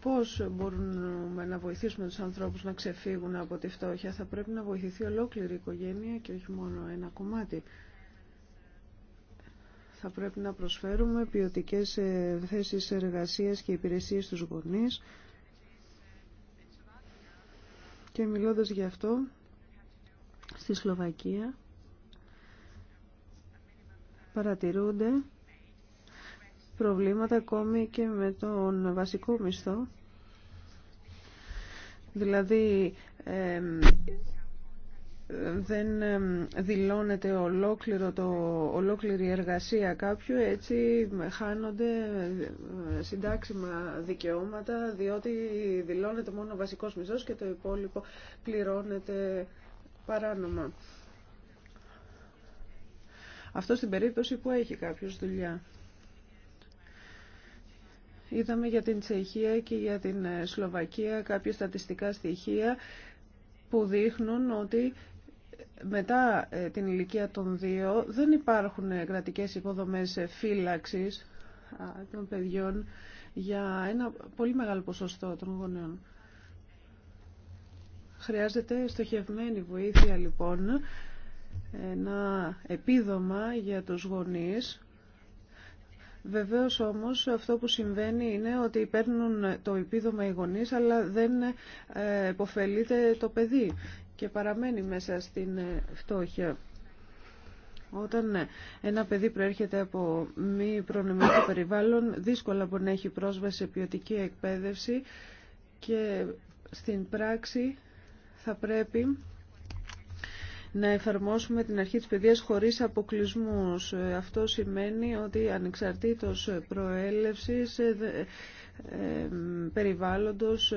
Πώς μπορούμε να βοηθήσουμε τους ανθρώπους να ξεφύγουν από τη φτώχεια. Θα πρέπει να βοηθηθεί ολόκληρη η οικογένεια και όχι μόνο ένα κομμάτι. Θα πρέπει να προσφέρουμε ποιοτικές ε, θέσεις εργασίας και υπηρεσίες στους γονείς. Και μιλώντας γι' αυτό, στη Σλοβακία παρατηρούνται προβλήματα ακόμη και με τον βασικό μισθό. Δηλαδή δεν δηλώνεται ολόκληρο το, ολόκληρη εργασία κάποιου, έτσι χάνονται ε, συντάξιμα δικαιώματα, διότι δηλώνεται μόνο ο βασικός μισθός και το υπόλοιπο πληρώνεται παράνομα. Αυτό στην περίπτωση που έχει κάποιος δουλειά. Είδαμε για την Τσεχία και για την ε, Σλοβακία κάποια στατιστικά στοιχεία που δείχνουν ότι μετά ε, την ηλικία των δύο δεν υπάρχουν κρατικές υποδομές ε, φύλαξης των παιδιών για ένα πολύ μεγάλο ποσοστό των γονέων. Χρειάζεται στοχευμένη βοήθεια λοιπόν ένα επίδομα για τους γονείς. Βεβαίως όμως αυτό που συμβαίνει είναι ότι παίρνουν το επίδομα οι γονείς αλλά δεν ε, υποφελείται το παιδί και παραμένει μέσα στην ε, φτώχεια. Όταν ε, ένα παιδί προέρχεται από μη προνομιακό περιβάλλον, δύσκολα μπορεί να έχει πρόσβαση σε ποιοτική εκπαίδευση και στην πράξη θα πρέπει να εφαρμόσουμε την αρχή της παιδείας χωρίς αποκλεισμούς. Ε, αυτό σημαίνει ότι ανεξαρτήτως προέλευσης, ε, ε, περιβάλλοντος,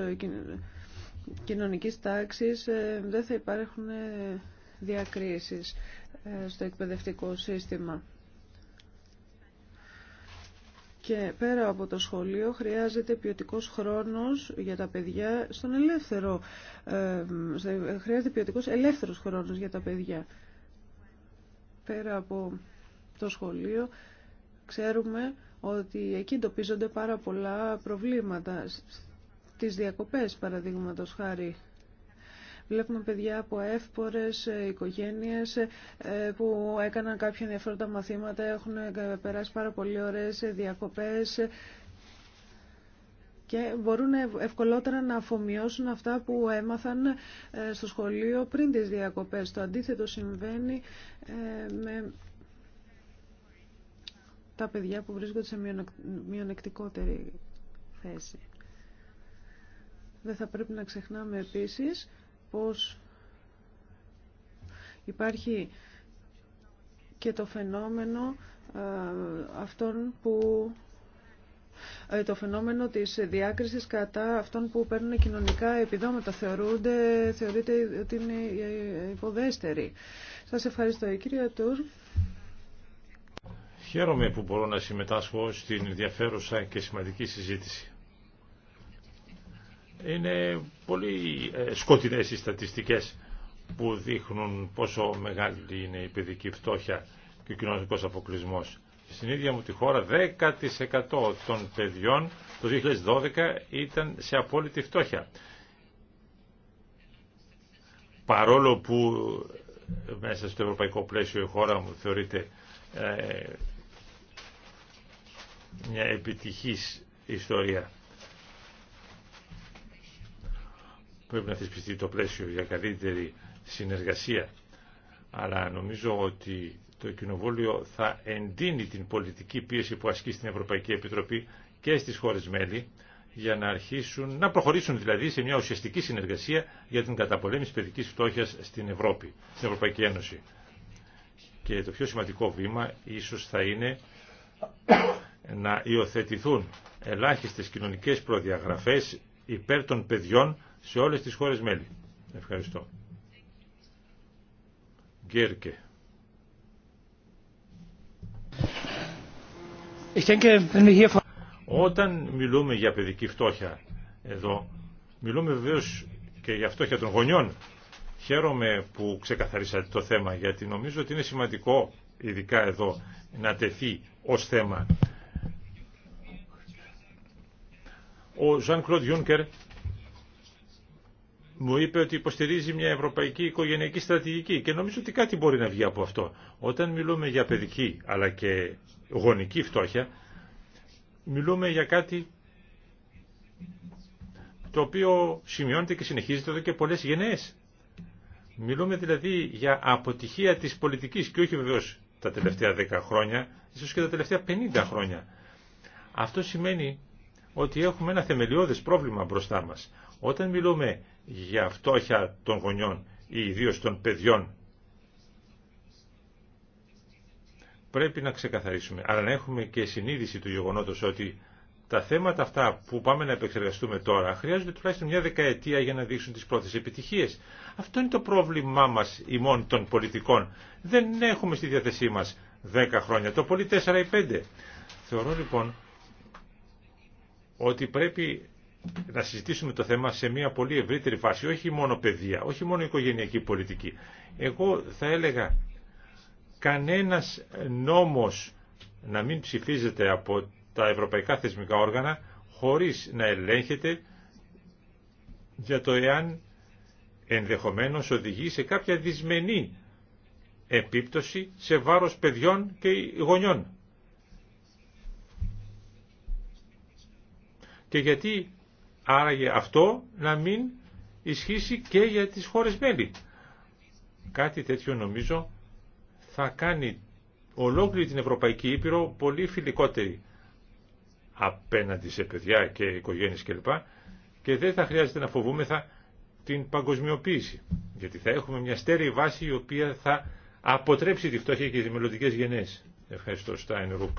κοινωνικής τάξης δεν θα υπάρχουν διακρίσεις στο εκπαιδευτικό σύστημα. Και πέρα από το σχολείο χρειάζεται ποιοτικό χρόνος για τα παιδιά στον ελεύθερο. Ε, χρειάζεται ποιοτικός ελεύθερος χρόνος για τα παιδιά. Πέρα από το σχολείο ξέρουμε ότι εκεί εντοπίζονται πάρα πολλά προβλήματα. Τις διακοπές παραδείγματος χάρη Βλέπουμε παιδιά από εύπορες ε, οικογένειες ε, που έκαναν κάποια ενδιαφέροντα μαθήματα, έχουν περάσει πάρα πολύ ωραίε ε, διακοπές και μπορούν ευκολότερα να αφομοιώσουν αυτά που έμαθαν στο σχολείο πριν τις διακοπές. Το αντίθετο συμβαίνει με τα παιδιά που βρίσκονται σε μειονεκτικότερη θέση. Δεν θα πρέπει να ξεχνάμε επίσης πως υπάρχει και το φαινόμενο ε, αυτών που ε, το φαινόμενο της διάκρισης κατά αυτών που παίρνουν κοινωνικά επιδόματα θεωρούνται, θεωρείται ότι είναι υποδέστεροι. Σας ευχαριστώ. Κύριε Τουρ. Χαίρομαι που μπορώ να συμμετάσχω στην ενδιαφέρουσα και σημαντική συζήτηση. Είναι πολύ ε, σκοτεινές οι στατιστικές που δείχνουν πόσο μεγάλη είναι η παιδική φτώχεια και ο κοινωνικό αποκλεισμό. Στην ίδια μου τη χώρα 10% των παιδιών το 2012 ήταν σε απόλυτη φτώχεια. Παρόλο που ε, μέσα στο ευρωπαϊκό πλαίσιο η χώρα μου θεωρείται ε, μια επιτυχής ιστορία. Πρέπει να θεσπιστεί το πλαίσιο για καλύτερη συνεργασία. Αλλά νομίζω ότι το Κοινοβούλιο θα εντείνει την πολιτική πίεση που ασκεί στην Ευρωπαϊκή Επιτροπή και στις χώρες μέλη για να αρχίσουν, να προχωρήσουν δηλαδή σε μια ουσιαστική συνεργασία για την καταπολέμηση παιδικής φτώχειας στην Ευρώπη, στην Ευρωπαϊκή Ένωση. Και το πιο σημαντικό βήμα ίσως θα είναι να υιοθετηθούν ελάχιστες κοινωνικές προδιαγραφές υπέρ των παιδιών σε όλες τις χώρες μέλη. Ευχαριστώ. Γκέρκε. Όταν μιλούμε για παιδική φτώχεια εδώ, μιλούμε βεβαίω και για φτώχεια των γονιών. Χαίρομαι που ξεκαθαρίσατε το θέμα, γιατί νομίζω ότι είναι σημαντικό, ειδικά εδώ, να τεθεί ως θέμα. Ο Ζαν Κλοντ Γιούνκερ μου είπε ότι υποστηρίζει μια ευρωπαϊκή οικογενειακή στρατηγική και νομίζω ότι κάτι μπορεί να βγει από αυτό. Όταν μιλούμε για παιδική αλλά και γονική φτώχεια, μιλούμε για κάτι το οποίο σημειώνεται και συνεχίζεται εδώ και πολλές γενναίες. Μιλούμε δηλαδή για αποτυχία της πολιτικής και όχι βεβαίως τα τελευταία 10 χρόνια, ίσως και τα τελευταία 50 χρόνια. Αυτό σημαίνει ότι έχουμε ένα θεμελιώδες πρόβλημα μπροστά μας. Όταν μιλούμε για φτώχεια των γονιών ή ιδίως των παιδιών. Πρέπει να ξεκαθαρίσουμε, αλλά να έχουμε και συνείδηση του γεγονότος ότι τα θέματα αυτά που πάμε να επεξεργαστούμε τώρα χρειάζονται τουλάχιστον μια δεκαετία για να δείξουν τις πρώτες επιτυχίες. Αυτό είναι το πρόβλημά μας ημών των πολιτικών. Δεν έχουμε στη διάθεσή μας 10 χρόνια, το πολύ 4 ή 5. Θεωρώ λοιπόν ότι πρέπει να συζητήσουμε το θέμα σε μια πολύ ευρύτερη φάση, όχι μόνο παιδεία, όχι μόνο οικογενειακή πολιτική. Εγώ θα έλεγα κανένας νόμος να μην ψηφίζεται από τα ευρωπαϊκά θεσμικά όργανα χωρίς να ελέγχεται για το εάν ενδεχομένως οδηγεί σε κάποια δυσμενή επίπτωση σε βάρος παιδιών και γονιών. Και γιατί άραγε αυτό να μην ισχύσει και για τις χώρες μέλη. Κάτι τέτοιο νομίζω θα κάνει ολόκληρη την Ευρωπαϊκή Ήπειρο πολύ φιλικότερη απέναντι σε παιδιά και οικογένειες κλπ. Και δεν θα χρειάζεται να φοβούμεθα την παγκοσμιοποίηση. Γιατί θα έχουμε μια στέρεη βάση η οποία θα αποτρέψει τη φτώχεια και τις μελλοντικές γενναίες. Ευχαριστώ Στάιν Ρουκ.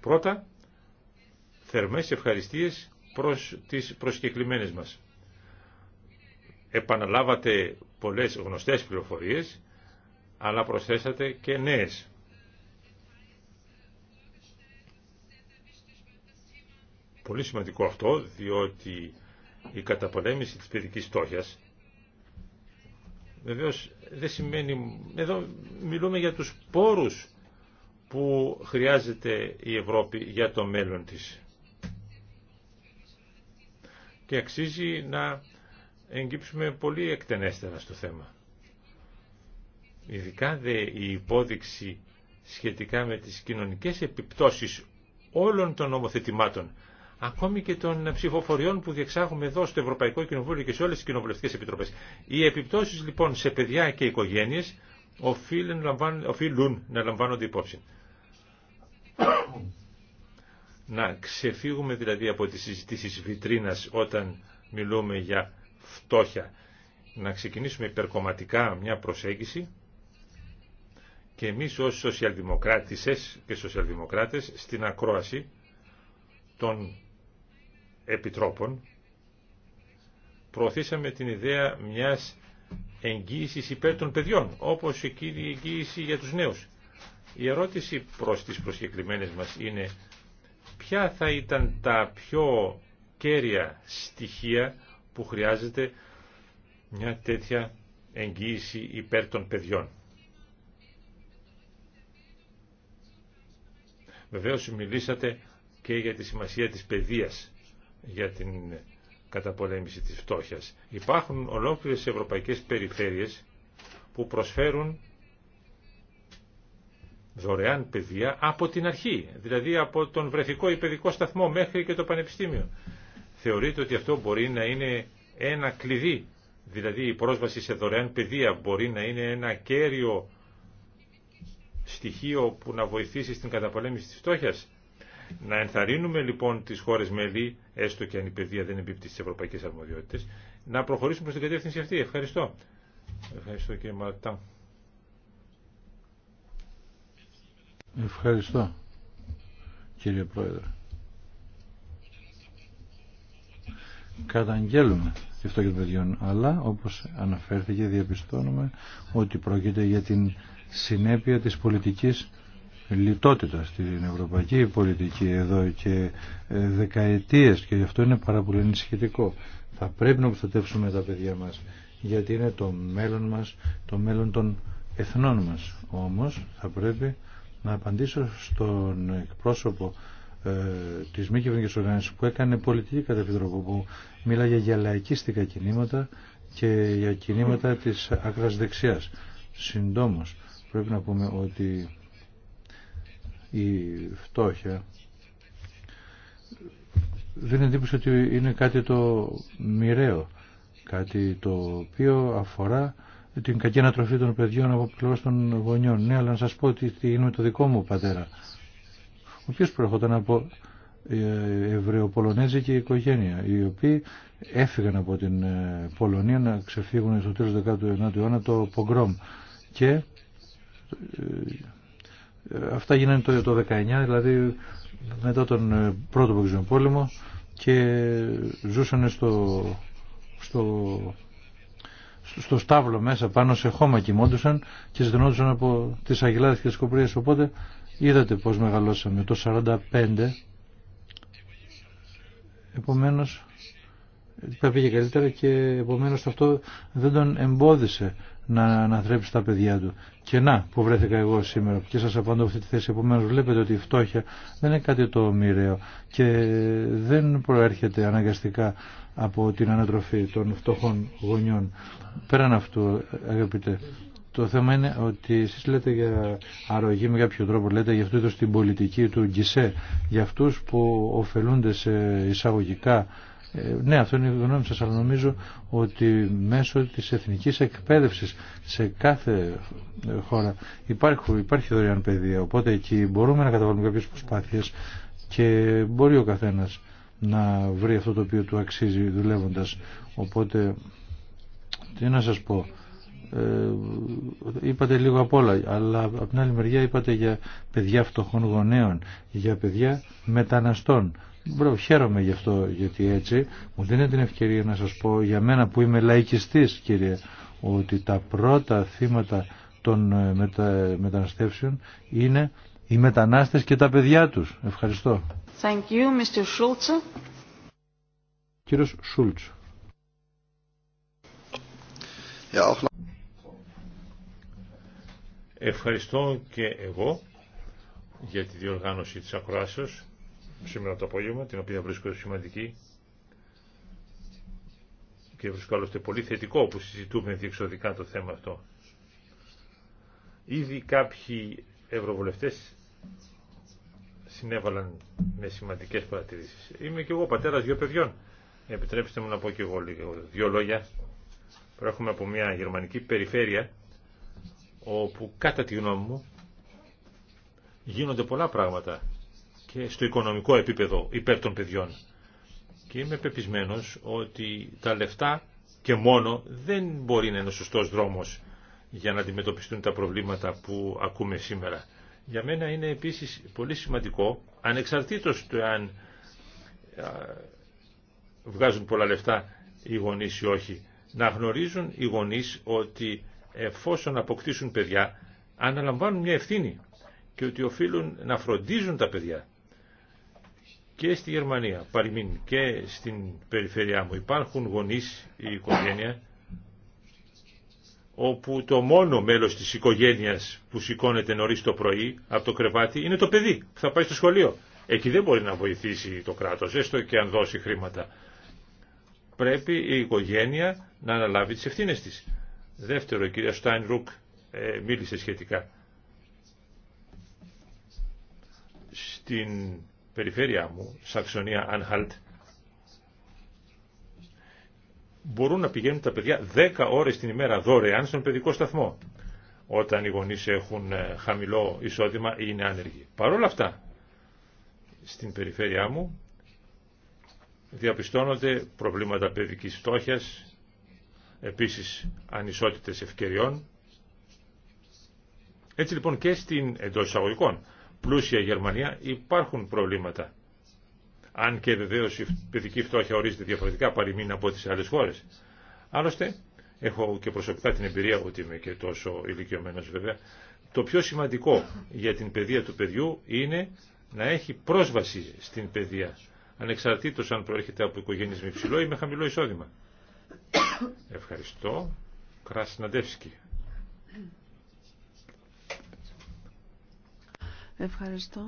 Πρώτα θερμές ευχαριστίες προς τις προσκεκλημένες μας. Επαναλάβατε πολλές γνωστές πληροφορίες, αλλά προσθέσατε και νέες. Πολύ σημαντικό αυτό, διότι η καταπολέμηση της παιδικής στόχιας βεβαίως δεν σημαίνει... Εδώ μιλούμε για τους πόρους που χρειάζεται η Ευρώπη για το μέλλον της και αξίζει να εγκύψουμε πολύ εκτενέστερα στο θέμα. Ειδικά δε η υπόδειξη σχετικά με τις κοινωνικές επιπτώσεις όλων των νομοθετημάτων, ακόμη και των ψηφοφοριών που διεξάγουμε εδώ στο Ευρωπαϊκό Κοινοβούλιο και σε όλες τις κοινοβουλευτικές επιτροπές. Οι επιπτώσεις λοιπόν σε παιδιά και οικογένειες οφείλουν, οφείλουν να λαμβάνονται υπόψη. Να ξεφύγουμε δηλαδή από τις συζητήσεις βιτρίνας όταν μιλούμε για φτώχεια. Να ξεκινήσουμε υπερκομματικά μια προσέγγιση και εμείς ως σοσιαλδημοκράτησες και σοσιαλδημοκράτες στην ακρόαση των επιτρόπων προωθήσαμε την ιδέα μιας εγγύησης υπέρ των παιδιών, όπως εκείνη η εγγύηση για τους νέους. Η ερώτηση προς τις προσκεκριμένες μας είναι ποια θα ήταν τα πιο κέρια στοιχεία που χρειάζεται μια τέτοια εγγύηση υπέρ των παιδιών. Βεβαίως μιλήσατε και για τη σημασία της παιδείας για την καταπολέμηση της φτώχειας. Υπάρχουν ολόκληρες ευρωπαϊκές περιφέρειες που προσφέρουν δωρεάν παιδεία από την αρχή, δηλαδή από τον βρεφικό ή παιδικό σταθμό μέχρι και το πανεπιστήμιο. Θεωρείται ότι αυτό μπορεί να είναι ένα κλειδί, δηλαδή η πρόσβαση σε δωρεάν παιδεία μπορεί να είναι ένα κέριο στοιχείο που να βοηθήσει στην καταπολέμηση της φτώχειας. Να ενθαρρύνουμε λοιπόν τις χώρες μέλη, έστω και αν η παιδεία δεν εμπίπτει στις ευρωπαϊκές αρμοδιότητες, να προχωρήσουμε προς την κατεύθυνση αυτή. Ευχαριστώ. Ευχαριστώ κύριε Μαρτάν. Ευχαριστώ, κύριε Πρόεδρε. Καταγγέλουμε τη φτώχεια των παιδιών, αλλά όπως αναφέρθηκε διαπιστώνουμε ότι πρόκειται για την συνέπεια της πολιτικής λιτότητα στην ευρωπαϊκή πολιτική εδώ και ε, δεκαετίες και γι' αυτό είναι πάρα πολύ ενισχυτικό. Θα πρέπει να προστατεύσουμε τα παιδιά μας γιατί είναι το μέλλον μας, το μέλλον των εθνών μας. Όμως θα πρέπει να απαντήσω στον εκπρόσωπο ε, της μη οργάνωση που έκανε πολιτική τρόπο που μίλαγε για λαϊκίστικα κινήματα και για κινήματα της άκρας δεξιάς. Συντόμως πρέπει να πούμε ότι η φτώχεια δεν εντύπωση ότι είναι κάτι το μοιραίο, κάτι το οποίο αφορά την κακή ανατροφή των παιδιών από πλευρά των γονιών. Ναι, αλλά να σα πω ότι είναι το δικό μου πατέρα, ο οποίο προερχόταν από Εβραιοπολωνέζικη οικογένεια, οι οποίοι έφυγαν από την ε, Πολωνία να ξεφύγουν στο τέλος του 19ου αιώνα το Πογκρόμ. Και ε, ε, αυτά γίνανε το, 19, δηλαδή μετά τον πρώτο παγκόσμιο πόλεμο και ζούσαν στο, στο στο στάβλο μέσα πάνω σε χώμα κοιμόντουσαν και ζητωνόντουσαν από τις αγελάδες και τις κοπρίες οπότε είδατε πως μεγαλώσαμε το 45 επομένως τα πήγε καλύτερα και επομένως αυτό δεν τον εμπόδισε να αναθρέψει τα παιδιά του. Και να, που βρέθηκα εγώ σήμερα και σας απαντώ αυτή τη θέση. επομένω βλέπετε ότι η φτώχεια δεν είναι κάτι το μοιραίο και δεν προέρχεται αναγκαστικά από την ανατροφή των φτωχών γονιών. Πέραν αυτού, αγαπητέ, το θέμα είναι ότι εσείς λέτε για αρρωγή με κάποιο τρόπο, λέτε για αυτό την πολιτική του Γκισέ, για αυτούς που ωφελούνται σε εισαγωγικά ε, ναι, αυτό είναι η γνώμη σας, αλλά νομίζω ότι μέσω της εθνικής εκπαίδευσης σε κάθε ε, χώρα υπάρχει, υπάρχει δωρεάν παιδεία, οπότε εκεί μπορούμε να καταβάλουμε κάποιες προσπάθειες και μπορεί ο καθένας να βρει αυτό το οποίο του αξίζει δουλεύοντας. Οπότε, τι να σας πω, ε, είπατε λίγο απ' όλα, αλλά από την άλλη μεριά είπατε για παιδιά φτωχών γονέων, για παιδιά μεταναστών. Μπρο, χαίρομαι γι' αυτό, γιατί έτσι μου δίνει την ευκαιρία να σας πω για μένα που είμαι λαϊκιστής, κύριε, ότι τα πρώτα θύματα των ε, μετα... μεταναστεύσεων είναι οι μετανάστες και τα παιδιά τους. Ευχαριστώ. Thank you, Mr. Schultz. Κύριος Σούλτς. Ευχαριστώ και εγώ για τη διοργάνωση της ακροάσεως σήμερα το απόγευμα, την οποία βρίσκω σημαντική και βρίσκω άλλωστε πολύ θετικό που συζητούμε διεξοδικά το θέμα αυτό. Ήδη κάποιοι ευρωβουλευτές συνέβαλαν με σημαντικές παρατηρήσεις. Είμαι και εγώ πατέρας δύο παιδιών. Επιτρέψτε μου να πω και εγώ δύο λόγια. Προέρχομαι από μια γερμανική περιφέρεια όπου κατά τη γνώμη μου γίνονται πολλά πράγματα στο οικονομικό επίπεδο υπέρ των παιδιών. Και είμαι πεπισμένος ότι τα λεφτά και μόνο δεν μπορεί να είναι ο σωστός δρόμος για να αντιμετωπιστούν τα προβλήματα που ακούμε σήμερα. Για μένα είναι επίσης πολύ σημαντικό, ανεξαρτήτως του αν βγάζουν πολλά λεφτά οι γονείς ή όχι, να γνωρίζουν οι γονείς ότι εφόσον αποκτήσουν παιδιά, αναλαμβάνουν μια ευθύνη και ότι οφείλουν να φροντίζουν τα παιδιά και στη Γερμανία, παριμήν, και στην περιφερειά μου, υπάρχουν γονείς η οικογένεια όπου το μόνο μέλος της οικογένειας που σηκώνεται νωρίς το πρωί από το κρεβάτι είναι το παιδί που θα πάει στο σχολείο. Εκεί δεν μπορεί να βοηθήσει το κράτος, έστω και αν δώσει χρήματα. Πρέπει η οικογένεια να αναλάβει τις ευθύνες της. Δεύτερο, η κυρία Στάινρουκ ε, μίλησε σχετικά. Στην περιφέρεια μου, Σαξονία Ανχάλτ, μπορούν να πηγαίνουν τα παιδιά 10 ώρες την ημέρα δωρεάν στον παιδικό σταθμό όταν οι γονείς έχουν ε, χαμηλό εισόδημα ή είναι άνεργοι. Παρ' όλα αυτά, στην περιφέρειά μου διαπιστώνονται προβλήματα παιδικής φτώχειας, επίσης ανισότητες ευκαιριών. Έτσι λοιπόν και στην εντό εισαγωγικών πλούσια Γερμανία υπάρχουν προβλήματα. Αν και βεβαίω η παιδική φτώχεια ορίζεται διαφορετικά παροιμήν από τι άλλε χώρε. Άλλωστε, έχω και προσωπικά την εμπειρία ότι είμαι και τόσο ηλικιωμένο βέβαια. Το πιο σημαντικό για την παιδεία του παιδιού είναι να έχει πρόσβαση στην παιδεία. Ανεξαρτήτως αν προέρχεται από οικογένειε με υψηλό ή με χαμηλό εισόδημα. Ευχαριστώ. Κρασναντεύσκη. Ευχαριστώ.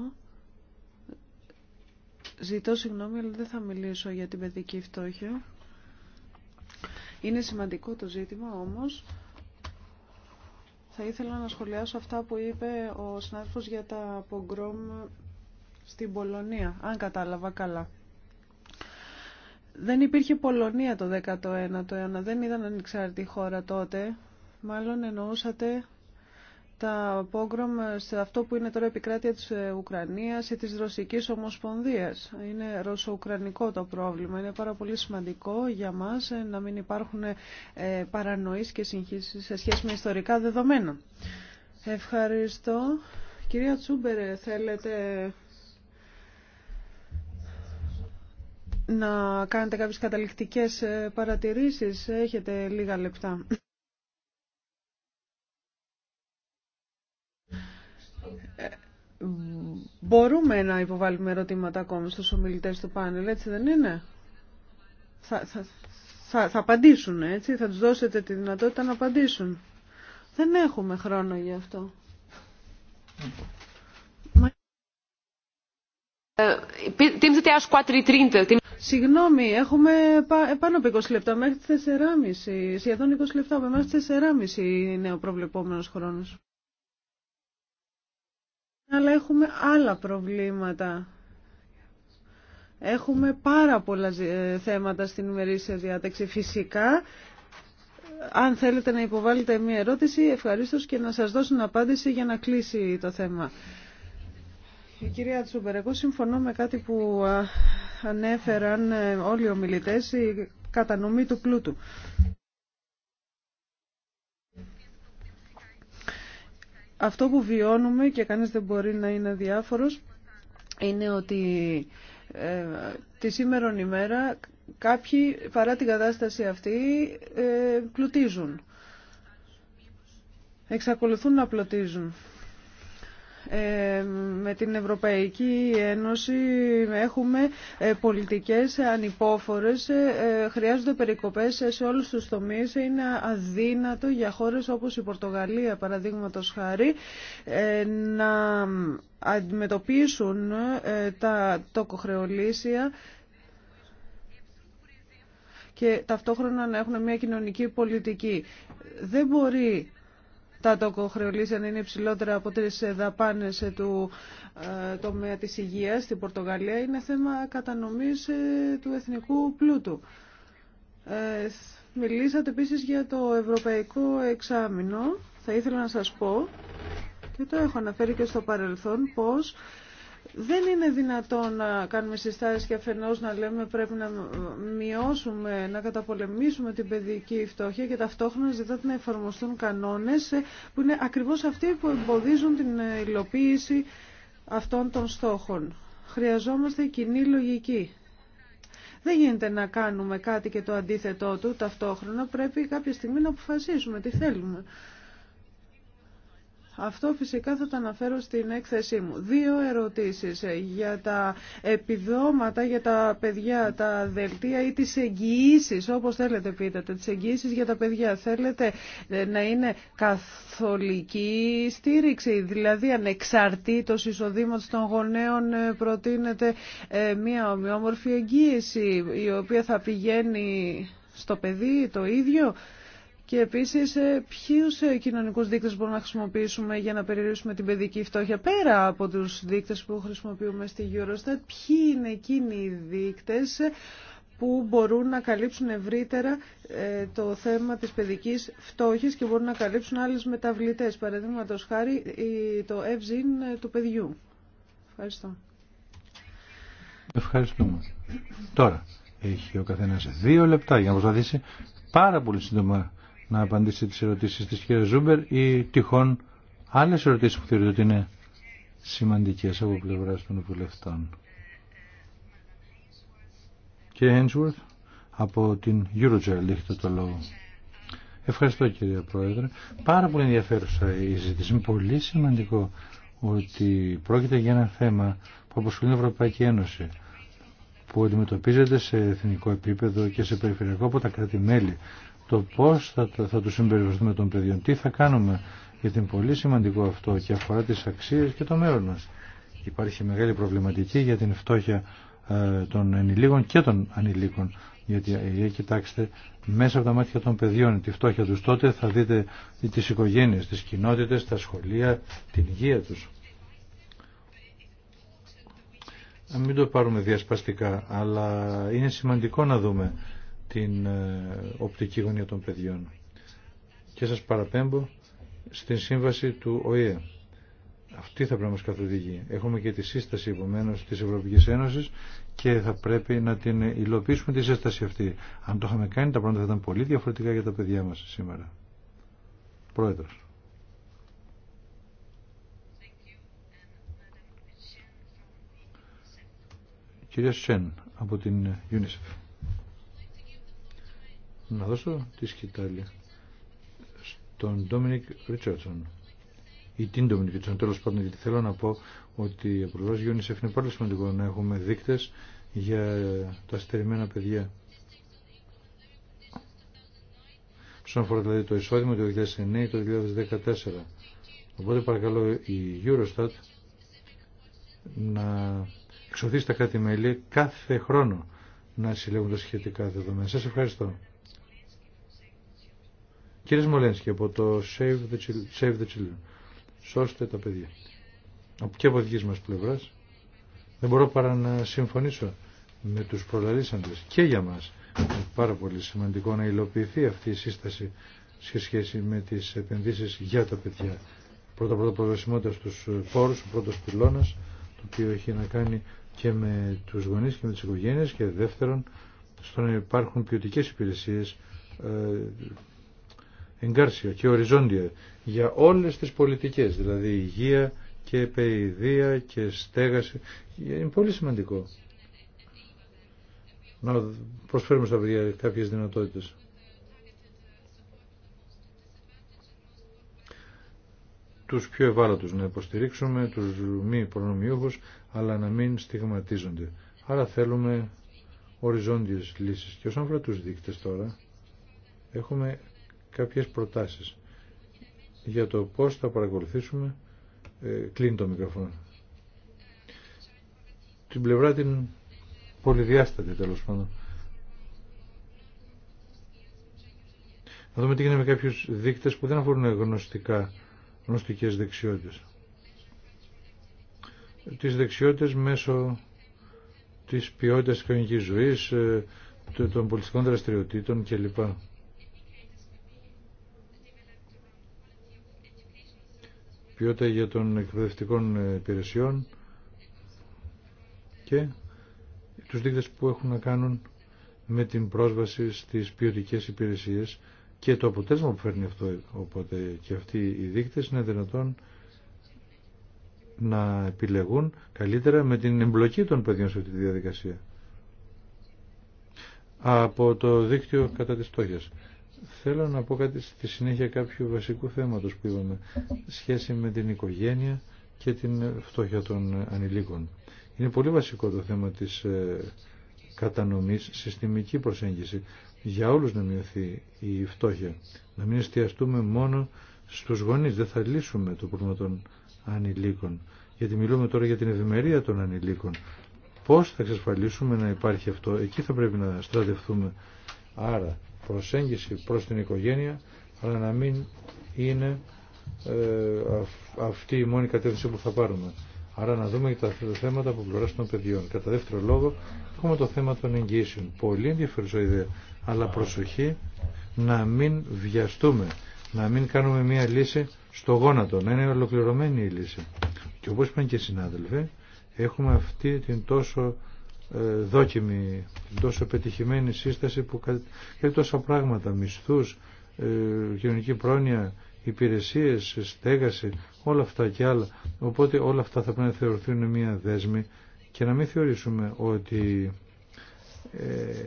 Ζητώ συγγνώμη, αλλά δεν θα μιλήσω για την παιδική φτώχεια. Είναι σημαντικό το ζήτημα, όμως θα ήθελα να σχολιάσω αυτά που είπε ο συνάδελφος για τα πογκρόμ στην Πολωνία, αν κατάλαβα καλά. Δεν υπήρχε Πολωνία το 19ο αιώνα, δεν ήταν ανεξάρτητη χώρα τότε. Μάλλον εννοούσατε τα πόγκρομ σε αυτό που είναι τώρα επικράτεια της Ουκρανίας ή της Ρωσικής Ομοσπονδίας. Είναι ρωσο-ουκρανικό το πρόβλημα. Είναι πάρα πολύ σημαντικό για μας ε, να μην υπάρχουν ε, παρανοήσεις και συγχύσεις σε σχέση με ιστορικά δεδομένα. Ευχαριστώ. Κυρία Τσούμπερε, θέλετε να κάνετε κάποιες καταληκτικές ε, παρατηρήσεις. Έχετε λίγα λεπτά. Μπορούμε να υποβάλουμε ερωτήματα ακόμη στους ομιλητές του πάνελ, έτσι δεν είναι. Θα, θα, απαντήσουν, έτσι, θα τους δώσετε τη δυνατότητα να απαντήσουν. Δεν έχουμε χρόνο γι' αυτό. Συγγνώμη, έχουμε πάνω από 20 λεπτά μέχρι τις 4.30. Σχεδόν 20 λεπτά από εμάς 4.30 είναι ο προβλεπόμενος χρόνος αλλά έχουμε άλλα προβλήματα. Έχουμε πάρα πολλά ε, θέματα στην ημερήσια διάταξη. Φυσικά, αν θέλετε να υποβάλλετε μία ερώτηση, ευχαριστώ και να σας δώσουν απάντηση για να κλείσει το θέμα. Η κυρία Τσούμπερ, εγώ συμφωνώ με κάτι που ανέφεραν ε, όλοι οι ομιλητές, η κατανομή του πλούτου. Αυτό που βιώνουμε και κανείς δεν μπορεί να είναι διάφορος είναι ότι ε, τη σήμερον ημέρα κάποιοι παρά την κατάσταση αυτή ε, πλουτίζουν. Εξακολουθούν να πλουτίζουν. Ε, με την Ευρωπαϊκή Ένωση έχουμε ε, πολιτικές ανυπόφορες, ε, χρειάζονται περικοπές σε όλους τους τομείς. Είναι αδύνατο για χώρες όπως η Πορτογαλία, παραδείγματος χάρη, να αντιμετωπίσουν τα τοκοχρεολύσια και ταυτόχρονα να έχουν μια κοινωνική πολιτική. Δεν μπορεί τα τοκοχρεωλήσια να είναι υψηλότερα από τρει δαπάνε του ε, τομέα της υγείας στην Πορτογαλία είναι θέμα κατανομής ε, του εθνικού πλούτου. Ε, μιλήσατε επίσης για το ευρωπαϊκό εξάμεινο. Θα ήθελα να σας πω και το έχω αναφέρει και στο παρελθόν πως δεν είναι δυνατόν να κάνουμε συστάσεις και αφενός να λέμε πρέπει να μειώσουμε, να καταπολεμήσουμε την παιδική φτώχεια και ταυτόχρονα ζητάτε να εφαρμοστούν κανόνες που είναι ακριβώς αυτοί που εμποδίζουν την υλοποίηση αυτών των στόχων. Χρειαζόμαστε κοινή λογική. Δεν γίνεται να κάνουμε κάτι και το αντίθετό του ταυτόχρονα. Πρέπει κάποια στιγμή να αποφασίσουμε τι θέλουμε. Αυτό φυσικά θα το αναφέρω στην έκθεσή μου. Δύο ερωτήσεις ε, για τα επιδόματα για τα παιδιά, τα δελτία ή τις εγγυήσεις, όπως θέλετε πείτε, τις εγγυήσεις για τα παιδιά. Θέλετε ε, να είναι καθολική στήριξη, δηλαδή ανεξαρτήτως εισοδήματος των γονέων ε, προτείνεται μια ομοιόμορφη εγγύηση η οποία θα πηγαίνει στο παιδί το ίδιο. Και επίσης ε, ποιους ε, κοινωνικού δείκτες μπορούμε να χρησιμοποιήσουμε για να περιορίσουμε την παιδική φτώχεια πέρα από του δείκτες που χρησιμοποιούμε στη Eurostat. Ποιοι είναι εκείνοι οι δείκτες ε, που μπορούν να καλύψουν ευρύτερα το θέμα της παιδικής φτώχειας και μπορούν να καλύψουν άλλες μεταβλητές. Παραδείγματο χάρη το ευζήν του παιδιού. Ευχαριστώ. Ευχαριστούμε. Τώρα έχει ο καθένας δύο λεπτά για να προσπαθήσει πάρα πολύ σύντομα να απαντήσει τις ερωτήσεις της κυρία Ζούμπερ ή τυχόν άλλες ερωτήσεις που θεωρείτε ότι είναι σημαντικές από πλευρά των βουλευτών. Κύριε Hainsworth, από την Eurogel έχετε το λόγο. Ευχαριστώ κύριε Πρόεδρε. Πάρα πολύ ενδιαφέρουσα η συζήτηση. Είναι πολύ σημαντικό ότι πρόκειται για ένα θέμα που αποσχολεί την Ευρωπαϊκή Ένωση που αντιμετωπίζεται σε εθνικό επίπεδο και σε περιφερειακό από τα κράτη-μέλη το πώς θα, θα τους συμπεριφερθούμε των παιδιών, τι θα κάνουμε γιατί είναι πολύ σημαντικό αυτό και αφορά τις αξίες και το μέλλον μας. Υπάρχει μεγάλη προβληματική για την φτώχεια ε, των ενηλίκων και των ανηλίκων. Γιατί ε, ε, κοιτάξτε μέσα από τα μάτια των παιδιών τη φτώχεια τους τότε θα δείτε τις οικογένειες, τις κοινότητες, τα σχολεία, την υγεία τους. μην το πάρουμε διασπαστικά, αλλά είναι σημαντικό να δούμε την ε, οπτική γωνία των παιδιών. Και σας παραπέμπω στην σύμβαση του ΟΗΕ. Αυτή θα πρέπει να μας καθοδηγεί. Έχουμε και τη σύσταση επομένω της Ευρωπαϊκής Ένωσης και θα πρέπει να την υλοποιήσουμε τη σύσταση αυτή. Αν το είχαμε κάνει τα πράγματα θα ήταν πολύ διαφορετικά για τα παιδιά μας σήμερα. Πρόεδρος. Κυρία Σεν από την UNICEF να δώσω τη σκητάλη στον Ντόμινικ Ρίτσαρτσον ή την Ντόμινικ Ρίτσαρτσον τέλο πάντων γιατί θέλω να πω ότι ο Προβάς UNICEF είναι πάρα σημαντικό να έχουμε δείκτες για τα στερημένα παιδιά. Στον αφορά δηλαδή το εισόδημα το 2009 το 2014. Οπότε παρακαλώ η Eurostat να εξωθεί στα κράτη-μέλη κάθε χρόνο να συλλέγουν τα σχετικά δεδομένα. Σας ευχαριστώ. Κύριε Σμολένσκι από το Save the Children, Save the Children. σώστε τα παιδιά. Από και από δική μα πλευρά, δεν μπορώ παρά να συμφωνήσω με του προλαλήσαντε και για μα. Είναι πάρα πολύ σημαντικό να υλοποιηθεί αυτή η σύσταση σε σχέση με τι επενδύσει για τα παιδιά. Πρώτα πρώτα προβλησιμότητα στου πόρου, ο πρώτο πυλώνα, το οποίο έχει να κάνει και με του γονεί και με τι οικογένειε και δεύτερον στο να υπάρχουν ποιοτικέ υπηρεσίε. Ε, εγκάρσιο και οριζόντια για όλες τις πολιτικές, δηλαδή υγεία και παιδεία και στέγαση. Είναι πολύ σημαντικό να προσφέρουμε στα παιδιά κάποιες δυνατότητες. Τους πιο ευάλωτους να υποστηρίξουμε, τους μη προνομιούχους, αλλά να μην στιγματίζονται. Άρα θέλουμε οριζόντιες λύσεις. Και όσον αφορά τους δείκτες τώρα, έχουμε κάποιες προτάσεις για το πώς θα παρακολουθήσουμε ε, κλείνει το μικρόφωνο την πλευρά την πολυδιάστατη τέλος πάντων να δούμε τι γίνεται με κάποιους δείκτες που δεν αφορούν γνωστικά γνωστικές δεξιότητες τις δεξιότητες μέσω της ποιότητας της κοινωνικής ζωής ε, των πολιτικών δραστηριοτήτων κλπ. ποιότητα για των εκπαιδευτικών υπηρεσιών και τους δείκτες που έχουν να κάνουν με την πρόσβαση στις ποιοτικές υπηρεσίες και το αποτέλεσμα που φέρνει αυτό οπότε και αυτοί οι δείκτες είναι δυνατόν να επιλεγούν καλύτερα με την εμπλοκή των παιδιών σε αυτή τη διαδικασία από το δίκτυο κατά της στόχες. Θέλω να πω κάτι στη συνέχεια κάποιου βασικού θέματος που είπαμε, σχέση με την οικογένεια και την φτώχεια των ανηλίκων. Είναι πολύ βασικό το θέμα της ε, κατανομής, συστημική προσέγγιση. Για όλους να μειωθεί η φτώχεια. Να μην εστιαστούμε μόνο στους γονείς. Δεν θα λύσουμε το πρόβλημα των ανηλίκων. Γιατί μιλούμε τώρα για την ευημερία των ανηλίκων. Πώς θα εξασφαλίσουμε να υπάρχει αυτό. Εκεί θα πρέπει να στρατευτούμε. Άρα προσέγγιση προς την οικογένεια αλλά να μην είναι ε, αυτή η μόνη κατεύθυνση που θα πάρουμε. Άρα να δούμε και τα θέματα που πλευρά των παιδιών. Κατά δεύτερο λόγο, έχουμε το θέμα των εγγύσεων. Πολύ ενδιαφέρουσα ιδέα. Αλλά προσοχή να μην βιαστούμε. Να μην κάνουμε μία λύση στο γόνατο. Να είναι ολοκληρωμένη η λύση. Και όπως είπαν και οι συνάδελφοι, έχουμε αυτή την τόσο ε, δόκιμη, τόσο πετυχημένη σύσταση που κάνει τόσα πράγματα, μισθούς, ε, κοινωνική πρόνοια, υπηρεσίες, στέγαση, όλα αυτά και άλλα. Οπότε όλα αυτά θα πρέπει να θεωρηθούν μια δέσμη και να μην θεωρήσουμε ότι ε,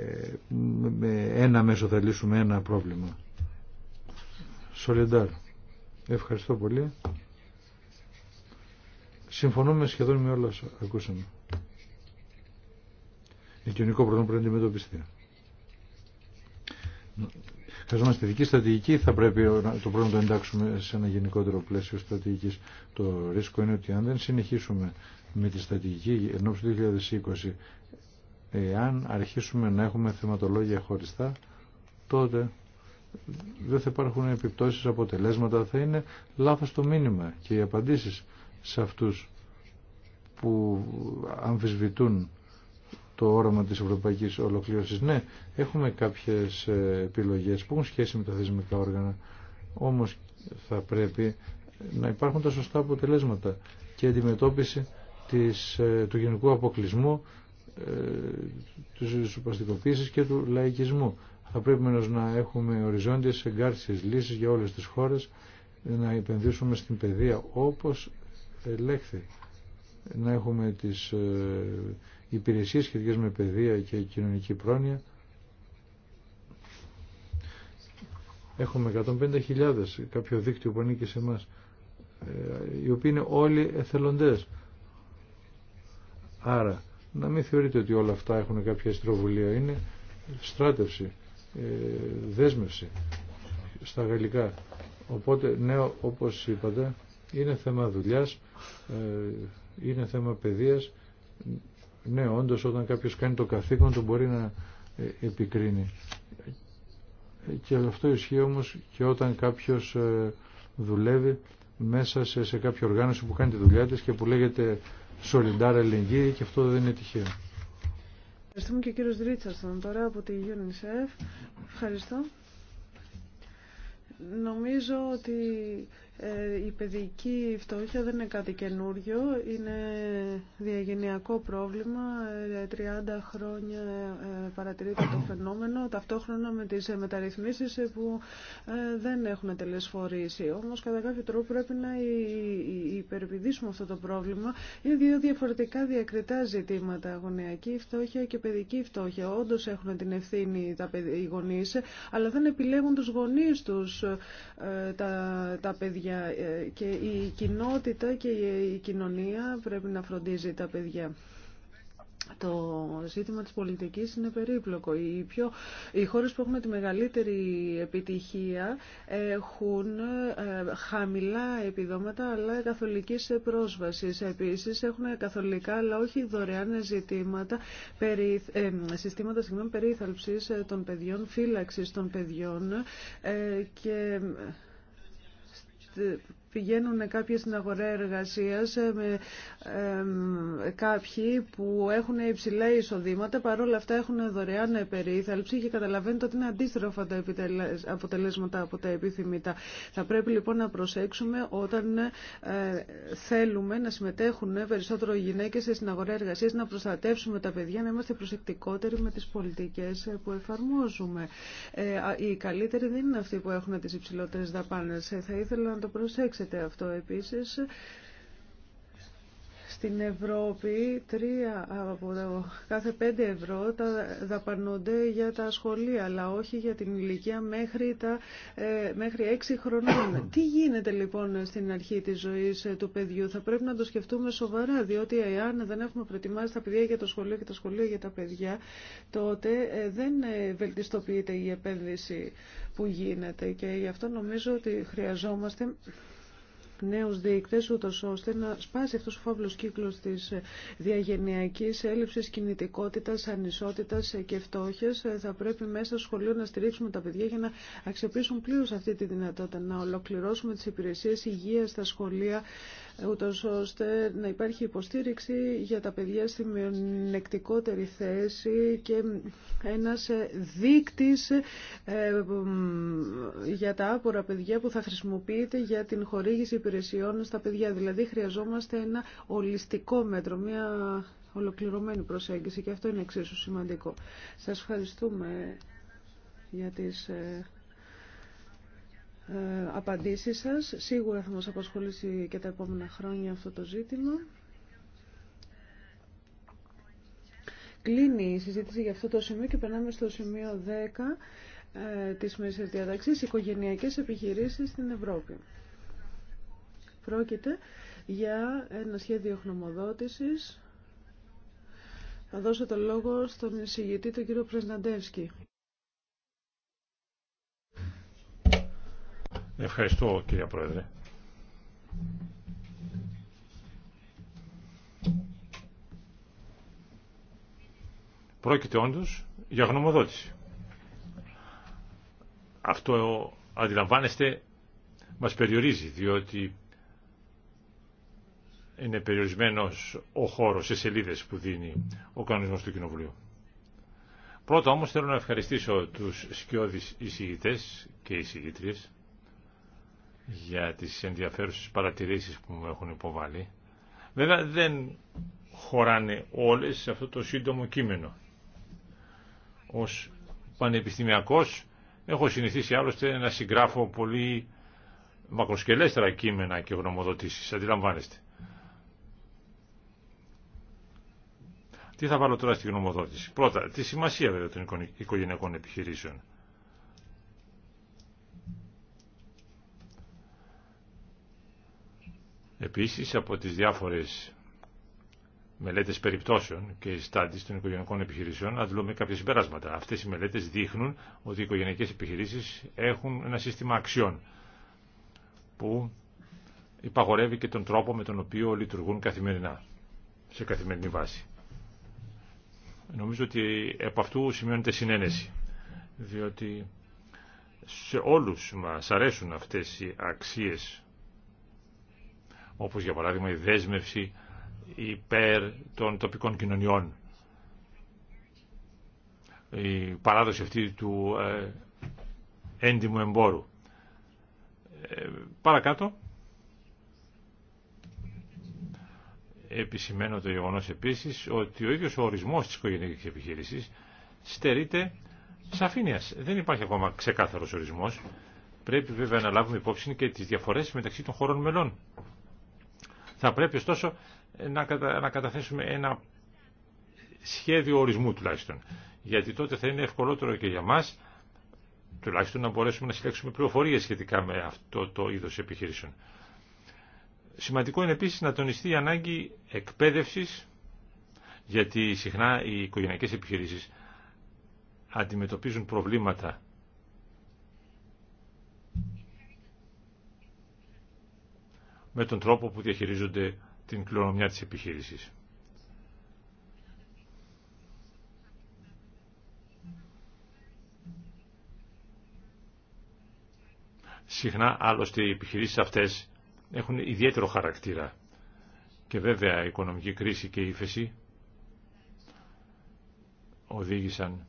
ένα μέσο θα λύσουμε ένα πρόβλημα. Σολεντάρ. Ευχαριστώ πολύ. Συμφωνούμε σχεδόν με όλα όσα ακούσαμε είναι κοινωνικό πρόβλημα πρέπει να αντιμετωπιστεί. Χρειαζόμαστε δική στρατηγική, θα πρέπει το πρόβλημα να το εντάξουμε σε ένα γενικότερο πλαίσιο στρατηγική. Το ρίσκο είναι ότι αν δεν συνεχίσουμε με τη στρατηγική ενώ του 2020, εάν αρχίσουμε να έχουμε θεματολόγια χωριστά, τότε δεν θα υπάρχουν επιπτώσεις, αποτελέσματα, θα είναι λάθος το μήνυμα και οι απαντήσεις σε αυτούς που αμφισβητούν το όραμα της ευρωπαϊκής ολοκλήρωσης. Ναι, έχουμε κάποιες ε, επιλογές που έχουν σχέση με τα θεσμικά όργανα, όμως θα πρέπει να υπάρχουν τα σωστά αποτελέσματα και αντιμετώπιση της, ε, του γενικού αποκλεισμού, ε, της οπαστικοποίησης και του λαϊκισμού. Θα πρέπει να έχουμε οριζόντιες εγκάρσεις λύσεις για όλες τις χώρες, να επενδύσουμε στην παιδεία όπως ελέγχθη να έχουμε τις ε, υπηρεσίες σχετικές με παιδεία και κοινωνική πρόνοια. Έχουμε 150.000 κάποιο δίκτυο που ανήκει σε εμάς, ε, οι οποίοι είναι όλοι εθελοντές. Άρα, να μην θεωρείτε ότι όλα αυτά έχουν κάποια στροβουλία. Είναι στράτευση, ε, δέσμευση στα γαλλικά. Οπότε, νέο ναι, όπως είπατε, είναι θέμα δουλειάς, είναι θέμα παιδείας. Ναι, όντως όταν κάποιος κάνει το καθήκον τον μπορεί να ε, επικρίνει. Και αυτό ισχύει όμως και όταν κάποιος ε, δουλεύει μέσα σε, σε κάποια οργάνωση που κάνει τη δουλειά της και που λέγεται Solidar και αυτό δεν είναι τυχαίο. Ευχαριστούμε και ο κύριος Ρίτσαρσον τώρα από τη UNICEF. Ευχαριστώ. Νομίζω ότι ε, η παιδική φτώχεια δεν είναι κάτι καινούριο, είναι διαγενειακό πρόβλημα. 30 ε, χρόνια ε, παρατηρείται το φαινόμενο, ταυτόχρονα με τις μεταρρυθμίσεις που δεν έχουν τελεσφορήσει. Όμως κατά κάποιο τρόπο πρέπει να υπερπηδήσουμε αυτό το πρόβλημα. Είναι δύο διαφορετικά διακριτά ζητήματα, γονεακή φτώχεια και παιδική φτώχεια. Όντω έχουν την ευθύνη τα οι γονείς, αλλά δεν επιλέγουν τους γονείς τους τα παιδιά ε, και η κοινότητα και η κοινωνία πρέπει να φροντίζει τα παιδιά. Το ζήτημα της πολιτικής είναι περίπλοκο. Οι, πιο, οι χώρες που έχουν τη μεγαλύτερη επιτυχία έχουν ε, χαμηλά επιδόματα αλλά καθολικής πρόσβαση. Επίσης έχουν καθολικά αλλά όχι δωρεάν ζητήματα, περί, ε, συστήματα συγγνώμη, περίθαλψης των παιδιών, φύλαξης των παιδιών ε, και... Ευχαριστώ πηγαίνουν κάποιοι στην αγορά εργασίας, ε, με, ε, κάποιοι που έχουν υψηλά εισοδήματα, παρόλα αυτά έχουν δωρεάν περίθαλψη και καταλαβαίνετε ότι είναι αντίστροφα τα αποτελέσματα από τα επιθυμητά. Θα πρέπει λοιπόν να προσέξουμε όταν ε, θέλουμε να συμμετέχουν περισσότερο οι γυναίκες στην αγορά εργασίας, να προστατεύσουμε τα παιδιά, να είμαστε προσεκτικότεροι με τις πολιτικές που εφαρμόζουμε. Ε, οι καλύτεροι δεν είναι αυτοί που έχουν τις υψηλότερες δαπάνες. Ε, θα ήθελα να το προσέξουμε αυτό επίσης. Στην Ευρώπη, τρία από κάθε πέντε ευρώ τα δαπανούνται για τα σχολεία, αλλά όχι για την ηλικία μέχρι, τα, ε, μέχρι έξι χρονών. Τι γίνεται λοιπόν στην αρχή της ζωής ε, του παιδιού. Θα πρέπει να το σκεφτούμε σοβαρά, διότι εάν δεν έχουμε προετοιμάσει τα παιδιά για το σχολείο και τα σχολεία για τα παιδιά, τότε ε, δεν βελτιστοποιείται η επένδυση που γίνεται. Και γι' αυτό νομίζω ότι χρειαζόμαστε νέους διεκτές ούτως ώστε να σπάσει αυτός ο φαύλος κύκλος της διαγενειακής έλλειψης κινητικότητας, ανισότητας και φτώχειας. Θα πρέπει μέσα στο σχολείο να στηρίξουμε τα παιδιά για να αξιοποιήσουν πλήρως αυτή τη δυνατότητα, να ολοκληρώσουμε τις υπηρεσίες υγείας στα σχολεία ούτως ώστε να υπάρχει υποστήριξη για τα παιδιά στη μειονεκτικότερη θέση και ένας δείκτης ε, για τα άπορα παιδιά που θα χρησιμοποιείται για την χορήγηση υπηρεσίας υπηρεσιών στα παιδιά. Δηλαδή χρειαζόμαστε ένα ολιστικό μέτρο, μια ολοκληρωμένη προσέγγιση και αυτό είναι εξίσου σημαντικό. Σας ευχαριστούμε για τις ε, ε, απαντήσεις σας. Σίγουρα θα μας απασχολήσει και τα επόμενα χρόνια αυτό το ζήτημα. Κλείνει η συζήτηση για αυτό το σημείο και περνάμε στο σημείο 10 ε, της Μέσης Διαταξής «Οικογενειακές επιχειρήσεις στην Ευρώπη». Πρόκειται για ένα σχέδιο χνομοδότησης. Θα δώσω το λόγο στον εισηγητή, τον κύριο Πρεσναντεύσκη. Ευχαριστώ, κύριε Πρόεδρε. Πρόκειται όντως για γνωμοδότηση. Αυτό αντιλαμβάνεστε μας περιορίζει, διότι είναι περιορισμένος ο χώρος σε σελίδες που δίνει ο κανονισμός του Κοινοβουλίου. Πρώτα όμως θέλω να ευχαριστήσω τους σκιώδεις εισηγητές και εισηγήτριες για τις ενδιαφέρουσες παρατηρήσεις που μου έχουν υποβάλει. Βέβαια δεν χωράνε όλες σε αυτό το σύντομο κείμενο. Ως πανεπιστημιακός έχω συνηθίσει άλλωστε να συγγράφω πολύ μακροσκελέστερα κείμενα και γνωμοδοτήσεις, αντιλαμβάνεστε. Τι θα βάλω τώρα στη γνωμοδότηση. Πρώτα, τη σημασία βέβαια των οικογενειακών επιχειρήσεων. Επίσης από τις διάφορες μελέτες περιπτώσεων και στάντης των οικογενειακών επιχειρήσεων αντλούμε κάποια συμπεράσματα. Αυτές οι μελέτες δείχνουν ότι οι οικογενειακές επιχειρήσεις έχουν ένα σύστημα αξιών που υπαγορεύει και τον τρόπο με τον οποίο λειτουργούν καθημερινά, σε καθημερινή βάση. Νομίζω ότι από αυτού σημειώνεται συνένεση, διότι σε όλους μας αρέσουν αυτές οι αξίες, όπως για παράδειγμα η δέσμευση υπέρ των τοπικών κοινωνιών. Η παράδοση αυτή του ε, έντιμου εμπόρου. Ε, παρακάτω, επισημαίνω το γεγονό επίσης ότι ο ίδιος ο ορισμός της οικογενειακή επιχείρησης στερείται σαφήνειας. Δεν υπάρχει ακόμα ξεκάθαρο ορισμός. Πρέπει βέβαια να λάβουμε υπόψη και τις διαφορές μεταξύ των χωρών μελών. Θα πρέπει ωστόσο να, να καταθέσουμε ένα σχέδιο ορισμού τουλάχιστον. Γιατί τότε θα είναι ευκολότερο και για μα, τουλάχιστον να μπορέσουμε να συλλέξουμε πληροφορίε σχετικά με αυτό το είδο επιχειρήσεων. Σημαντικό είναι επίσης να τονιστεί η ανάγκη εκπαίδευσης, γιατί συχνά οι οικογενειακές επιχειρήσεις αντιμετωπίζουν προβλήματα με τον τρόπο που διαχειρίζονται την κληρονομιά της επιχείρησης. Συχνά άλλωστε οι επιχειρήσεις αυτές έχουν ιδιαίτερο χαρακτήρα. Και βέβαια η οικονομική κρίση και η ύφεση οδήγησαν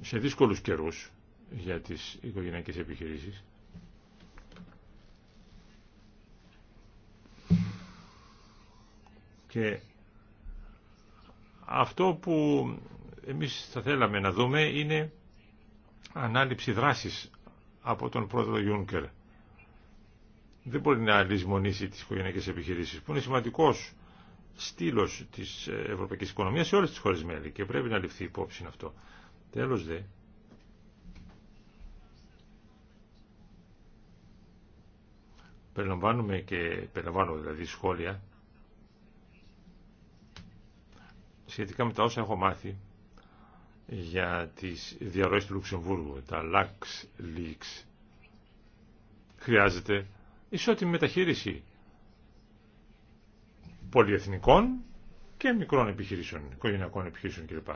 σε δύσκολους καιρούς για τις οικογενειακές επιχειρήσεις. Και αυτό που εμείς θα θέλαμε να δούμε είναι ανάληψη δράσης από τον πρόεδρο Γιούνκερ δεν μπορεί να λησμονήσει τις οικογενειακές επιχειρήσεις που είναι σημαντικός στήλος της ε, ευρωπαϊκής οικονομίας σε όλες τις χώρες μέλη και πρέπει να ληφθεί υπόψη αυτό. Τέλος δε. Περιλαμβάνουμε και περιλαμβάνω δηλαδή σχόλια σχετικά με τα όσα έχω μάθει για τις διαρροές του Λουξεμβούργου, τα Lux Leaks. Χρειάζεται ισότιμη μεταχείριση πολυεθνικών και μικρών επιχειρήσεων, οικογενειακών επιχειρήσεων κλπ.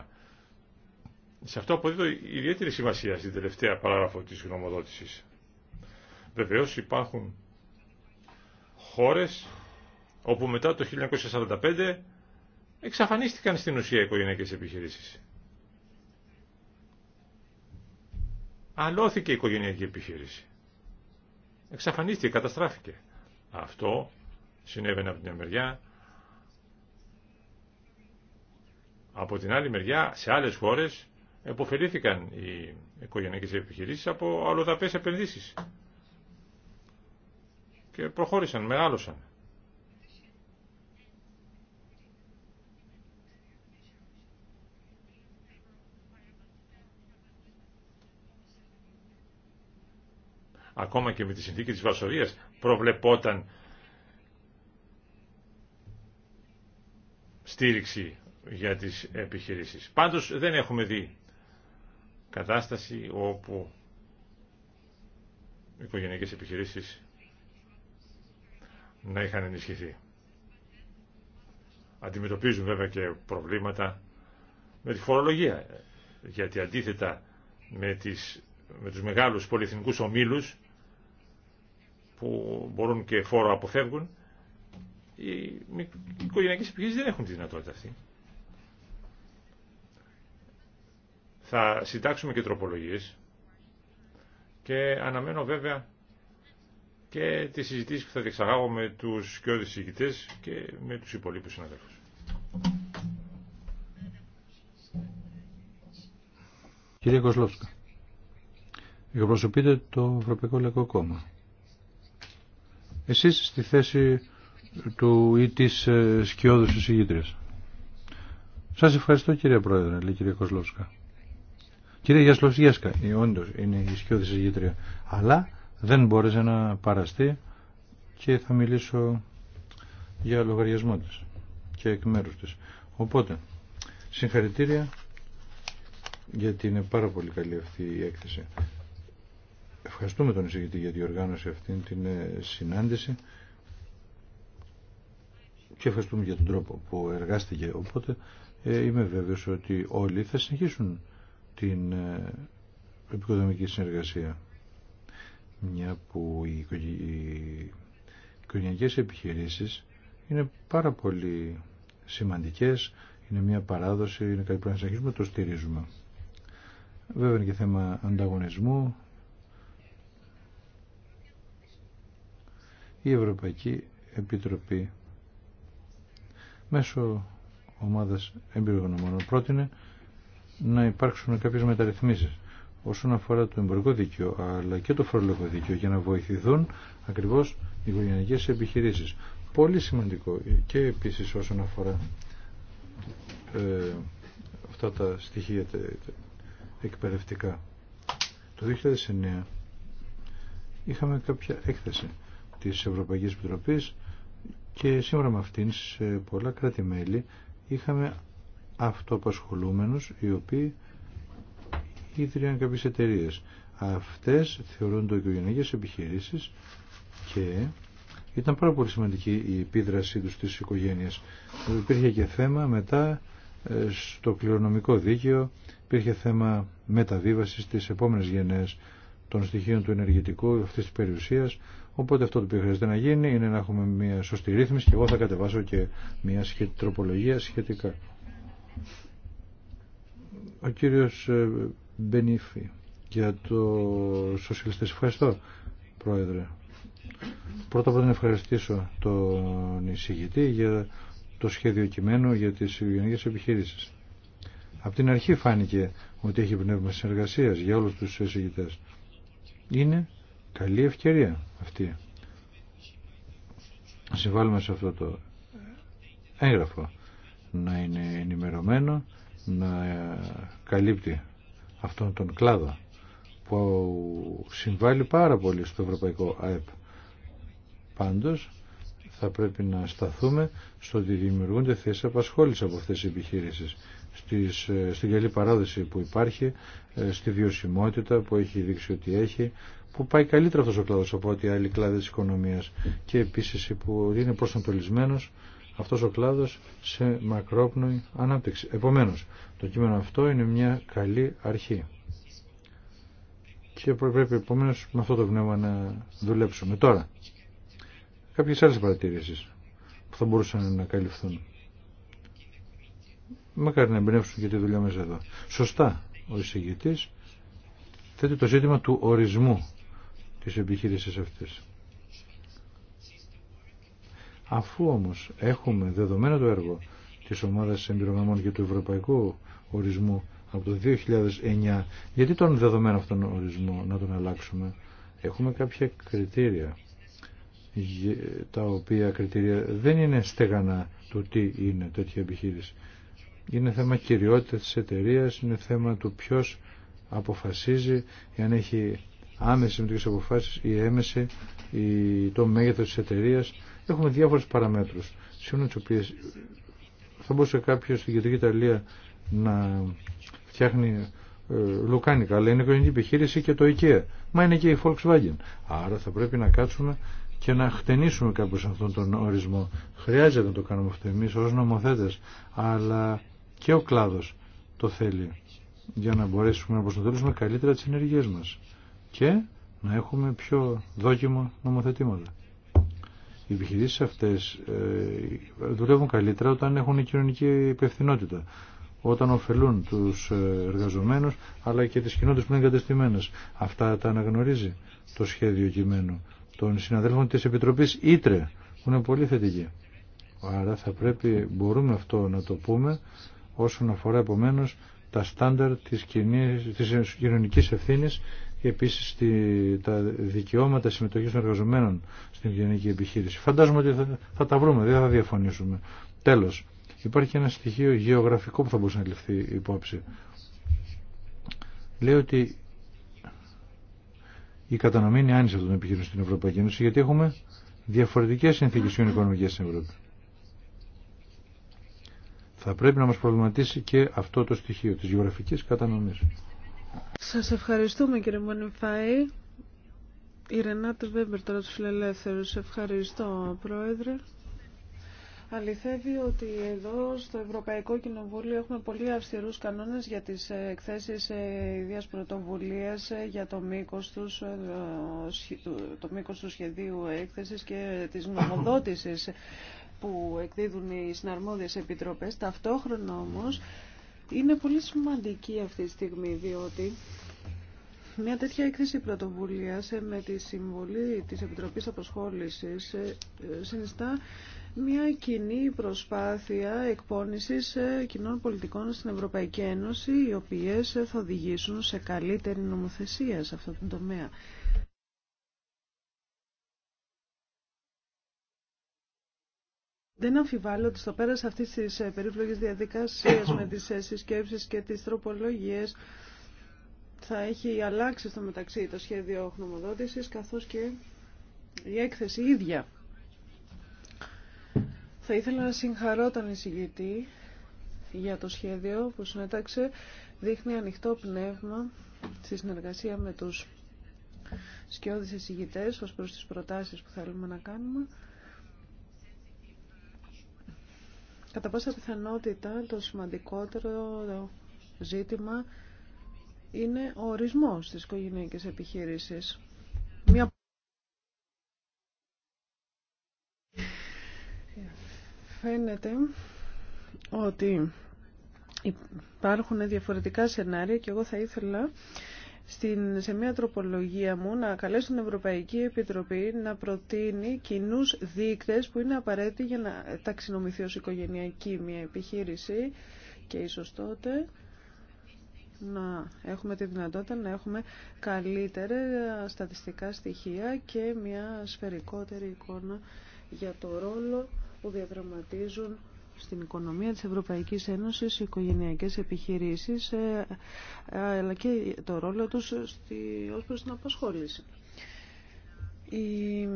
Σε αυτό αποδίδω ιδιαίτερη σημασία στην τελευταία παράγραφο της γνωμοδότησης. Βεβαίω υπάρχουν χώρες όπου μετά το 1945 εξαφανίστηκαν στην ουσία οικογενειακές επιχειρήσεις. Αλώθηκε η οικογενειακή επιχείρηση εξαφανίστηκε, καταστράφηκε. Αυτό συνέβαινε από την μια μεριά. Από την άλλη μεριά, σε άλλες χώρες, εποφελήθηκαν οι οικογενειακές επιχειρήσεις από αλλοδαπές επενδύσεις. Και προχώρησαν, μεγάλωσαν. ακόμα και με τη συνθήκη της Βασοβίας προβλεπόταν στήριξη για τις επιχειρήσεις. Πάντως δεν έχουμε δει κατάσταση όπου οι οικογενειακές επιχειρήσεις να είχαν ενισχυθεί. Αντιμετωπίζουν βέβαια και προβλήματα με τη φορολογία, γιατί αντίθετα με τις με τους μεγάλους πολυεθνικούς ομίλους που μπορούν και φόρο αποφεύγουν, οι οικογενειακές επιχειρήσεις δεν έχουν τη δυνατότητα αυτή. Θα συντάξουμε και τροπολογίες και αναμένω βέβαια και τις συζητήσεις που θα διεξαγάγω με τους και συζητητές και με τους υπολείπους συναδέλφους. Κύριε Κοσλόφσκα εκπροσωπείτε το Ευρωπαϊκό Λαϊκό Κόμμα. Εσείς στη θέση του ή της ε, σκιώδους εισηγήτριας. Σας ευχαριστώ κύριε Πρόεδρε, λέει κυρία Κοσλόφσκα. Κυρία Γιασλοφσιέσκα, όντως είναι η σκιώδη προεδρε λεει κυρια κοσλοφσκα κυρια η αλλά δεν μπόρεσε να παραστεί και θα μιλήσω για λογαριασμό της και εκ μέρους της. Οπότε, συγχαρητήρια γιατί είναι πάρα πολύ καλή αυτή η έκθεση. Ευχαριστούμε τον εισηγητή για την οργάνωση αυτήν την ε, συνάντηση και ευχαριστούμε για τον τρόπο που εργάστηκε. Οπότε ε, είμαι βέβαιος ότι όλοι θα συνεχίσουν την ε, επικοδομική συνεργασία. Μια που οι οικογενειακές επιχειρήσεις είναι πάρα πολύ σημαντικές, είναι μια παράδοση, είναι κάτι που να συνεχίσουμε, το στηρίζουμε. Βέβαια είναι και θέμα ανταγωνισμού, η Ευρωπαϊκή Επιτροπή μέσω ομάδας εμπειρογνωμόνων πρότεινε να υπάρξουν κάποιες μεταρρυθμίσεις όσον αφορά το εμπορικό δίκαιο αλλά και το φορολογικό δίκαιο για να βοηθηθούν ακριβώς οι οικογενειακές επιχειρήσεις. Πολύ σημαντικό και επίσης όσον αφορά ε, αυτά τα στοιχεία τα, εκπαιδευτικά. Το 2009 είχαμε κάποια έκθεση της Ευρωπαϊκής Επιτροπής και σύμφωνα με αυτήν σε πολλά κράτη-μέλη είχαμε αυτοπασχολούμενους οι οποίοι ίδρυαν κάποιες εταιρείε. Αυτές θεωρούνται οικογενειακές επιχειρήσεις και ήταν πάρα πολύ σημαντική η επίδρασή τους στις οικογένειες. Υπήρχε και θέμα μετά ε, στο κληρονομικό δίκαιο, υπήρχε θέμα μεταβίβασης στις επόμενες γενναίες των στοιχείων του ενεργητικού αυτής της περιουσίας, Οπότε αυτό το οποίο χρειάζεται να γίνει είναι να έχουμε μια σωστή ρύθμιση και εγώ θα κατεβάσω και μια σχετική τροπολογία σχετικά. Ο κύριος ε, Μπενίφη για το σοσιαλιστές. Ευχαριστώ, Πρόεδρε. Πρώτα απ' όλα να ευχαριστήσω τον εισηγητή για το σχέδιο κειμένου για τις γενικές επιχείρησεις. Απ' την αρχή φάνηκε ότι έχει πνεύμα συνεργασίας για όλους τους εισηγητές. Είναι καλή ευκαιρία αυτή. Να συμβάλλουμε σε αυτό το έγγραφο να είναι ενημερωμένο, να καλύπτει αυτόν τον κλάδο που συμβάλλει πάρα πολύ στο ευρωπαϊκό ΑΕΠ. Πάντως θα πρέπει να σταθούμε στο ότι δημιουργούνται θέσεις απασχόληση από αυτές τις επιχείρησεις στις, ε, στην καλή παράδοση που υπάρχει, ε, στη βιωσιμότητα που έχει δείξει ότι έχει, που πάει καλύτερα αυτός ο κλάδος από ό,τι άλλοι κλάδοι της οικονομίας και επίσης που είναι προσανατολισμένος αυτός ο κλάδος σε μακρόπνοη ανάπτυξη. Επομένως, το κείμενο αυτό είναι μια καλή αρχή. Και πρέπει επομένως με αυτό το πνεύμα να δουλέψουμε. Τώρα, κάποιες άλλες παρατηρήσεις που θα μπορούσαν να καλυφθούν. Μακάρι να εμπνεύσουν και τη δουλειά μέσα εδώ. Σωστά, ο εισηγητής θέτει το ζήτημα του ορισμού τις επιχείρησεις αυτές. Αφού όμως έχουμε δεδομένο το έργο της ομάδας Εμπειρονομών και του ευρωπαϊκού ορισμού από το 2009, γιατί τον δεδομένο αυτόν ορισμό να τον αλλάξουμε. Έχουμε κάποια κριτήρια, τα οποία κριτήρια δεν είναι στεγανά το τι είναι τέτοια επιχείρηση. Είναι θέμα κυριότητας της εταιρείας, είναι θέμα του ποιος αποφασίζει αν έχει άμεση με τις αποφάσεις, η έμεση, η, το μέγεθος της εταιρεία. Έχουμε διάφορες παραμέτρους, σύμφωνα τις οποίες θα μπορούσε κάποιος στην κεντρική Ιταλία να φτιάχνει ε, λουκάνικα, αλλά είναι κοινωνική επιχείρηση και το IKEA. Μα είναι και η Volkswagen. Άρα θα πρέπει να κάτσουμε και να χτενίσουμε κάπως αυτόν τον ορισμό. Χρειάζεται να το κάνουμε αυτό εμείς ως νομοθέτες, αλλά και ο κλάδος το θέλει για να μπορέσουμε να προστατεύσουμε καλύτερα τις ενεργειές μας και να έχουμε πιο δόκιμο νομοθετήματα. Οι επιχειρήσεις αυτές ε, δουλεύουν καλύτερα όταν έχουν κοινωνική υπευθυνότητα, όταν ωφελούν του ε, εργαζομένους αλλά και τι κοινότητε που είναι εγκατεστημένε. Αυτά τα αναγνωρίζει το σχέδιο κειμένου των συναδέλφων τη Επιτροπή Ήτρε που είναι πολύ θετική. Άρα θα πρέπει, μπορούμε αυτό να το πούμε όσον αφορά επομένω τα στάνταρ τη κοινωνική ευθύνη επίσης τα δικαιώματα συμμετοχής των εργαζομένων στην κοινωνική επιχείρηση. Φαντάζομαι ότι θα, θα τα βρούμε, δεν θα διαφωνήσουμε. Τέλος, υπάρχει ένα στοιχείο γεωγραφικό που θα μπορούσε να ληφθεί υπόψη. Λέει ότι η κατανομή είναι άνηση αυτών των επιχειρήσεων στην Ευρωπαϊκή Ένωση γιατί έχουμε διαφορετικές συνθήκες οικονομικές στην Ευρώπη. Θα πρέπει να μας προβληματίσει και αυτό το στοιχείο της γεωγραφικής κατανομής. Σας ευχαριστούμε κύριε Μονιφάη. Η Ρενάτε Βέμπερ τώρα Φιλελεύθερου. φιλελεύθερους. Ευχαριστώ πρόεδρε. Αληθεύει ότι εδώ στο Ευρωπαϊκό Κοινοβούλιο έχουμε πολύ αυστηρούς κανόνες για τις εκθέσεις ιδίας πρωτοβουλίας για το μήκος, τους, το μήκος του σχεδίου έκθεσης και της νομοδότησης που εκδίδουν οι συναρμόδιες επιτροπές. Ταυτόχρονα όμως είναι πολύ σημαντική αυτή τη στιγμή διότι μια τέτοια έκθεση πρωτοβουλία ε, με τη συμβολή της Επιτροπής Αποσχόληση ε, συνιστά μια κοινή προσπάθεια εκπόνησης ε, κοινών πολιτικών στην Ευρωπαϊκή Ένωση οι οποίες θα οδηγήσουν σε καλύτερη νομοθεσία σε αυτόν τον τομέα. Δεν αμφιβάλλω ότι στο πέρας αυτής της ε, περίπλογης διαδικασίας με τις ε, συσκέψεις και τις τροπολογίες θα έχει αλλάξει στο μεταξύ το σχέδιο γνωμοδότησης καθώς και η έκθεση ίδια. Θα ήθελα να συγχαρώ τον εισηγητή για το σχέδιο που συνέταξε δείχνει ανοιχτό πνεύμα στη συνεργασία με τους σκιώδεις εισηγητές ως προς τις προτάσεις που θέλουμε να κάνουμε. Κατά πάσα πιθανότητα το σημαντικότερο ζήτημα είναι ο ορισμός της οικογενειακής επιχείρησης. Μια... Φαίνεται ότι υπάρχουν διαφορετικά σενάρια και εγώ θα ήθελα στην, σε μια τροπολογία μου να καλέσω την Ευρωπαϊκή Επιτροπή να προτείνει κοινού δείκτες που είναι απαραίτητοι για να ταξινομηθεί ως οικογενειακή μια επιχείρηση και ίσως τότε να έχουμε τη δυνατότητα να έχουμε καλύτερα στατιστικά στοιχεία και μια σφαιρικότερη εικόνα για το ρόλο που διαδραματίζουν στην οικονομία της Ευρωπαϊκής Ένωσης οι οικογενειακές επιχειρήσεις ε, ε, αλλά και το ρόλο τους στη, ως προς την απασχόληση. Η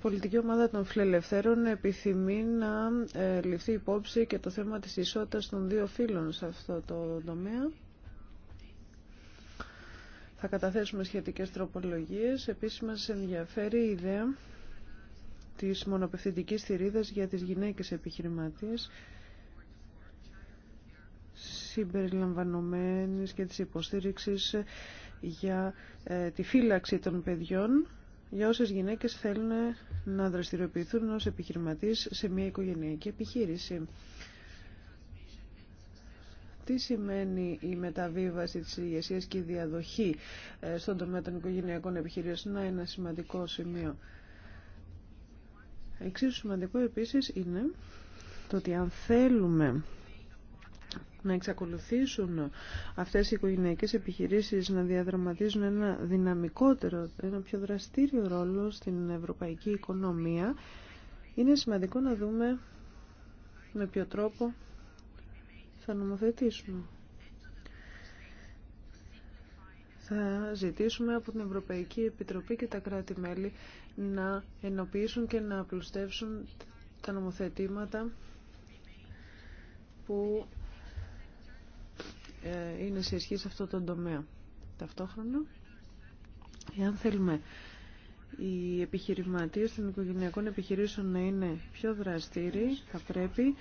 πολιτική ομάδα των φιλελευθέρων επιθυμεί να ε, ληφθεί υπόψη και το θέμα της ισότητας των δύο φύλων σε αυτό το τομέα. Θα καταθέσουμε σχετικές τροπολογίες. Επίσης μας ενδιαφέρει η ιδέα της μονοπευθυντικής θηρίδας για τις γυναίκες επιχειρηματίες συμπεριλαμβανομένης και της υποστήριξης για ε, τη φύλαξη των παιδιών για όσες γυναίκες θέλουν να δραστηριοποιηθούν ως επιχειρηματίες σε μια οικογενειακή επιχείρηση. Τι σημαίνει η μεταβίβαση της ηγεσία και η διαδοχή ε, στον τομέα των οικογενειακών επιχειρήσεων να είναι ένα σημαντικό σημείο. Εξίσου σημαντικό επίσης είναι το ότι αν θέλουμε να εξακολουθήσουν αυτές οι οικογενειακές επιχειρήσεις να διαδραματίζουν ένα δυναμικότερο, ένα πιο δραστήριο ρόλο στην ευρωπαϊκή οικονομία, είναι σημαντικό να δούμε με ποιο τρόπο θα νομοθετήσουμε. θα ζητήσουμε από την Ευρωπαϊκή Επιτροπή και τα κράτη-μέλη να ενοποιήσουν και να απλουστεύσουν τα νομοθετήματα που ε, είναι σε ισχύ σε αυτό το τομέα. Ταυτόχρονα, εάν θέλουμε οι επιχειρηματίες των οικογενειακών επιχειρήσεων να είναι πιο δραστήριοι, θα πρέπει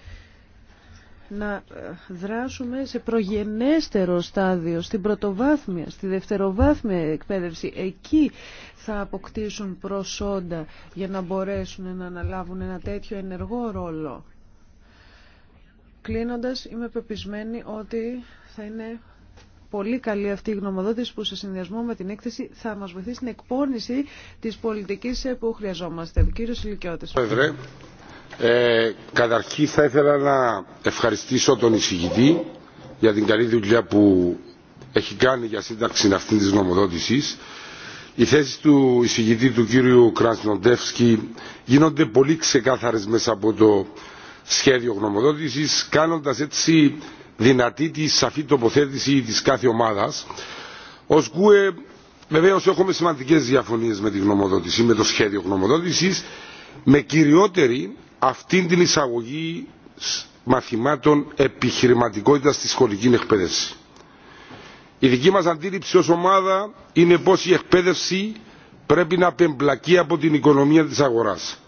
να ε, δράσουμε σε προγενέστερο στάδιο, στην πρωτοβάθμια, στη δευτεροβάθμια εκπαίδευση. Εκεί θα αποκτήσουν προσόντα για να μπορέσουν να αναλάβουν ένα τέτοιο ενεργό ρόλο. Κλείνοντας, είμαι πεπισμένη ότι θα είναι πολύ καλή αυτή η γνωμοδότηση που σε συνδυασμό με την έκθεση θα μας βοηθήσει στην εκπόνηση της πολιτικής που χρειαζόμαστε. Κύριος Ηλικιώτης. Ε, καταρχήν θα ήθελα να ευχαριστήσω τον εισηγητή για την καλή δουλειά που έχει κάνει για σύνταξη αυτή της νομοδότησης. Οι θέσεις του εισηγητή του κύριου Κρασνοντεύσκη γίνονται πολύ ξεκάθαρες μέσα από το σχέδιο γνωμοδότησης κάνοντας έτσι δυνατή τη σαφή τοποθέτηση της κάθε ομάδας. Ως ΚΟΕ βεβαίως έχουμε σημαντικές διαφωνίες με τη γνωμοδότηση, με το σχέδιο γνωμοδότησης με κυριότερη αυτήν την εισαγωγή μαθημάτων επιχειρηματικότητας στη σχολική εκπαίδευση. Η δική μας αντίληψη ως ομάδα είναι πως η εκπαίδευση πρέπει να απεμπλακεί από την οικονομία της αγοράς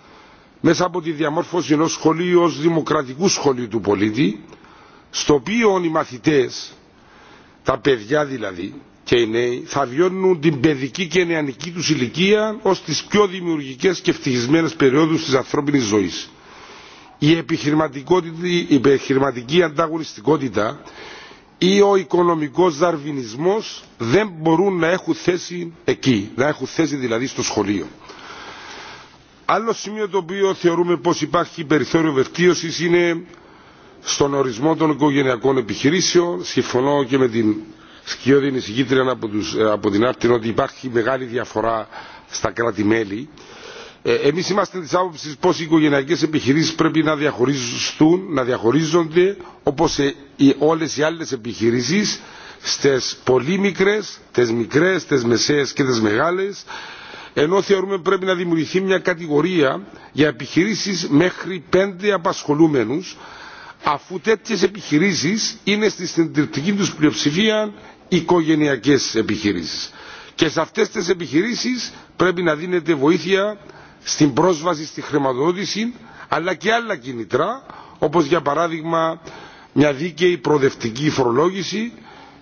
μέσα από τη διαμόρφωση ενός σχολείου ως δημοκρατικού σχολείου του πολίτη στο οποίο οι μαθητές, τα παιδιά δηλαδή και οι νέοι θα βιώνουν την παιδική και νεανική τους ηλικία ως τις πιο δημιουργικές και ευτυχισμένες περιόδους της ανθρώπινης ζωής η επιχειρηματική ανταγωνιστικότητα ή ο οικονομικός δαρβινισμός δεν μπορούν να έχουν θέση εκεί, να έχουν θέση δηλαδή στο σχολείο. Άλλο σημείο το οποίο θεωρούμε πως υπάρχει περιθώριο βελτίωσης είναι στον ορισμό των οικογενειακών επιχειρήσεων. Συμφωνώ και με την σκιώδη εισηγήτρια από, από την Άρτην ότι υπάρχει μεγάλη διαφορά στα κράτη-μέλη ε, εμείς είμαστε της άποψη πω οι οικογενειακές επιχειρήσει πρέπει να διαχωριστούν, να διαχωρίζονται όπω ε, όλες οι άλλες επιχειρήσεις στι πολύ μικρές, τι μικρές, τι μεσαίε και τι μεγάλες ενώ θεωρούμε πρέπει να δημιουργηθεί μια κατηγορία για επιχειρήσεις μέχρι πέντε απασχολούμενους αφού τέτοιε επιχειρήσεις είναι στη συντηρητική του πλειοψηφία οικογενειακές επιχειρήσεις. Και σε αυτές τις επιχειρήσεις πρέπει να δίνεται βοήθεια στην πρόσβαση στη χρηματοδότηση αλλά και άλλα κινητρά όπως για παράδειγμα μια δίκαιη προοδευτική φορολόγηση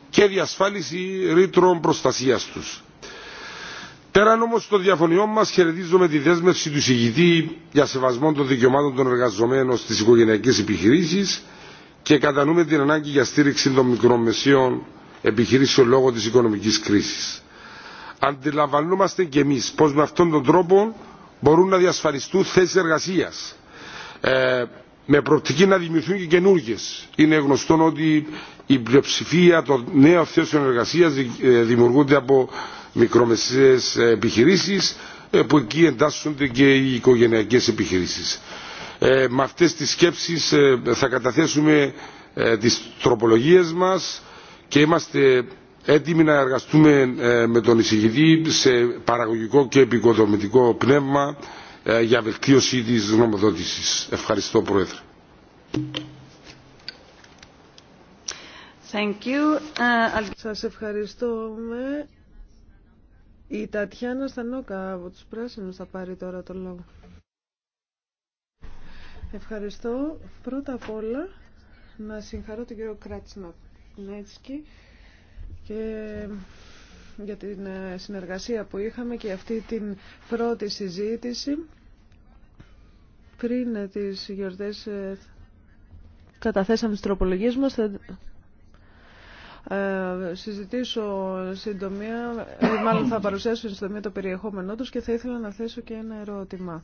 και διασφάλιση ρήτρων προστασίας τους. Πέραν όμω των διαφωνιών μα, χαιρετίζουμε τη δέσμευση του συγητή για σεβασμό των δικαιωμάτων των εργαζομένων στι οικογενειακέ επιχειρήσει και κατανοούμε την ανάγκη για στήριξη των μικρομεσαίων επιχειρήσεων λόγω τη οικονομική κρίση. Αντιλαμβανόμαστε κι εμεί πω με αυτόν τον τρόπο μπορούν να διασφαλιστούν θέσει εργασία. Ε, με προοπτική να δημιουργηθούν και καινούργιε. Είναι γνωστό ότι η πλειοψηφία των νέων θέσεων εργασία ε, δημιουργούνται από μικρομεσαίε επιχειρήσει, ε, που εκεί εντάσσονται και οι οικογενειακέ επιχειρήσει. με αυτέ τι σκέψει θα καταθέσουμε τι τροπολογίε μα και είμαστε έτοιμοι να εργαστούμε ε, με τον εισηγητή σε παραγωγικό και επικοδομητικό πνεύμα ε, για βελτίωση της νομοδότησης. Ευχαριστώ Πρόεδρε. Thank you. Ε, Σας ευχαριστούμε. Η Τατιάνα Στανόκα από τους Πράσινους θα πάρει τώρα το λόγο. Ευχαριστώ. Πρώτα απ' όλα να συγχαρώ τον κύριο Ναι, και για την ε, συνεργασία που είχαμε και αυτή την πρώτη συζήτηση πριν τις γιορτές ε, καταθέσαμε τις τροπολογίες μας. Θα ε, συζητήσω συντομία, μάλλον θα παρουσιάσω συντομία το περιεχόμενό τους και θα ήθελα να θέσω και ένα ερώτημα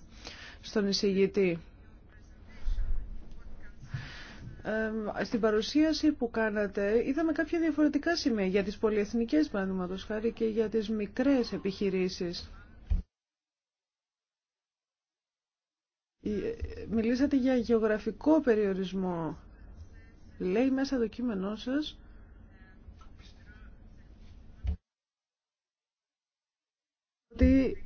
στον εισηγητή στην παρουσίαση που κάνατε είδαμε κάποια διαφορετικά σημεία για τις πολυεθνικές παραδείγματος χάρη και για τις μικρές επιχειρήσεις. Ε, μιλήσατε για γεωγραφικό περιορισμό. Λέει μέσα το κείμενό σας ότι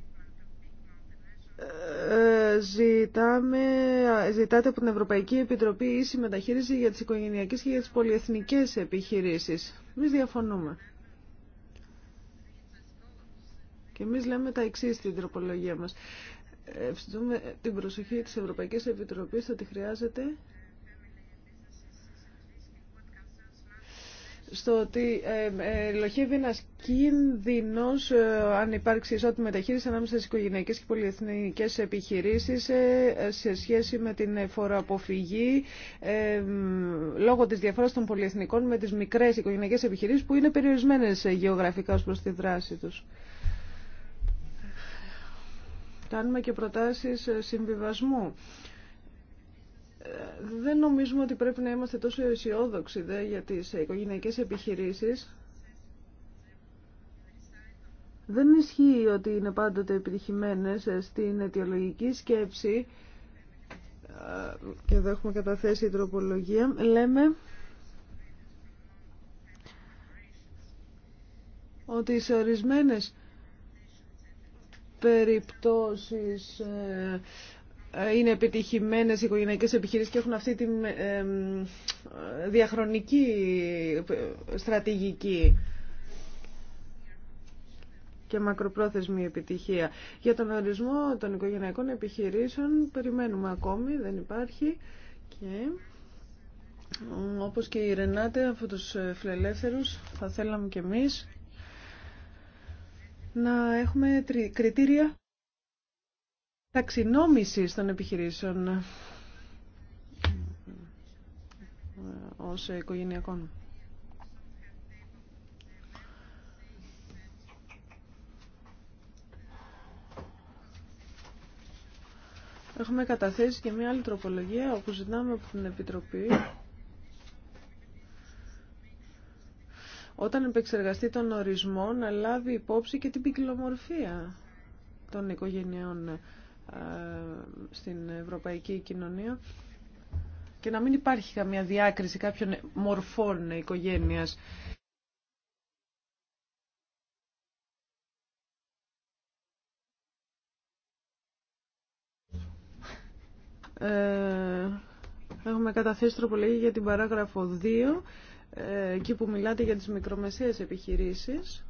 ζητάμε, ζητάτε από την Ευρωπαϊκή Επιτροπή ίση μεταχείριση για τις οικογενειακές και για τις πολυεθνικές επιχειρήσεις. Εμεί διαφωνούμε. Και εμείς λέμε τα εξή στην τροπολογία μας. Ευχαριστούμε την προσοχή της Ευρωπαϊκής Επιτροπής ότι χρειάζεται στο ότι ε, ε, λοχεύει ένας κίνδυνος ε, αν υπάρξει ισότιμη μεταχείριση ανάμεσα στι οικογενειακές και πολυεθνικές επιχειρήσεις σε σχέση με την φοροαποφυγή λόγω της διαφοράς των πολυεθνικών με τις μικρές οικογενειακές επιχειρήσεις που είναι περιορισμένες γεωγραφικά ως προς τη δράση τους. Κάνουμε και προτάσεις συμβιβασμού δεν νομίζουμε ότι πρέπει να είμαστε τόσο αισιόδοξοι δε, για τις οικογενειακές επιχειρήσεις. Δεν ισχύει ότι είναι πάντοτε επιτυχημένες ε, στην αιτιολογική σκέψη ε, και εδώ έχουμε καταθέσει η τροπολογία. Λέμε ότι σε ορισμένες περιπτώσεις ε, είναι επιτυχημένες οι οικογενειακές επιχειρήσεις και έχουν αυτή τη διαχρονική ε, στρατηγική και μακροπρόθεσμη επιτυχία. Για τον ορισμό των οικογενειακών επιχειρήσεων περιμένουμε ακόμη, δεν υπάρχει και όπως και η Ρενάτε από τους ε, φιλελεύθερους θα θέλαμε και εμείς να έχουμε κριτήρια ταξινόμησης των επιχειρήσεων ε, ως οικογενειακών. Έχουμε καταθέσει και μια άλλη τροπολογία όπου ζητάμε από την Επιτροπή όταν επεξεργαστεί τον ορισμό να λάβει υπόψη και την ποικιλομορφία των οικογενειών. Ε, στην ευρωπαϊκή κοινωνία και να μην υπάρχει καμία διάκριση κάποιων μορφών οικογένειας. Ε, έχουμε καταθέσει τροπολογία για την παράγραφο 2, ε, εκεί που μιλάτε για τις μικρομεσαίες επιχειρήσεις.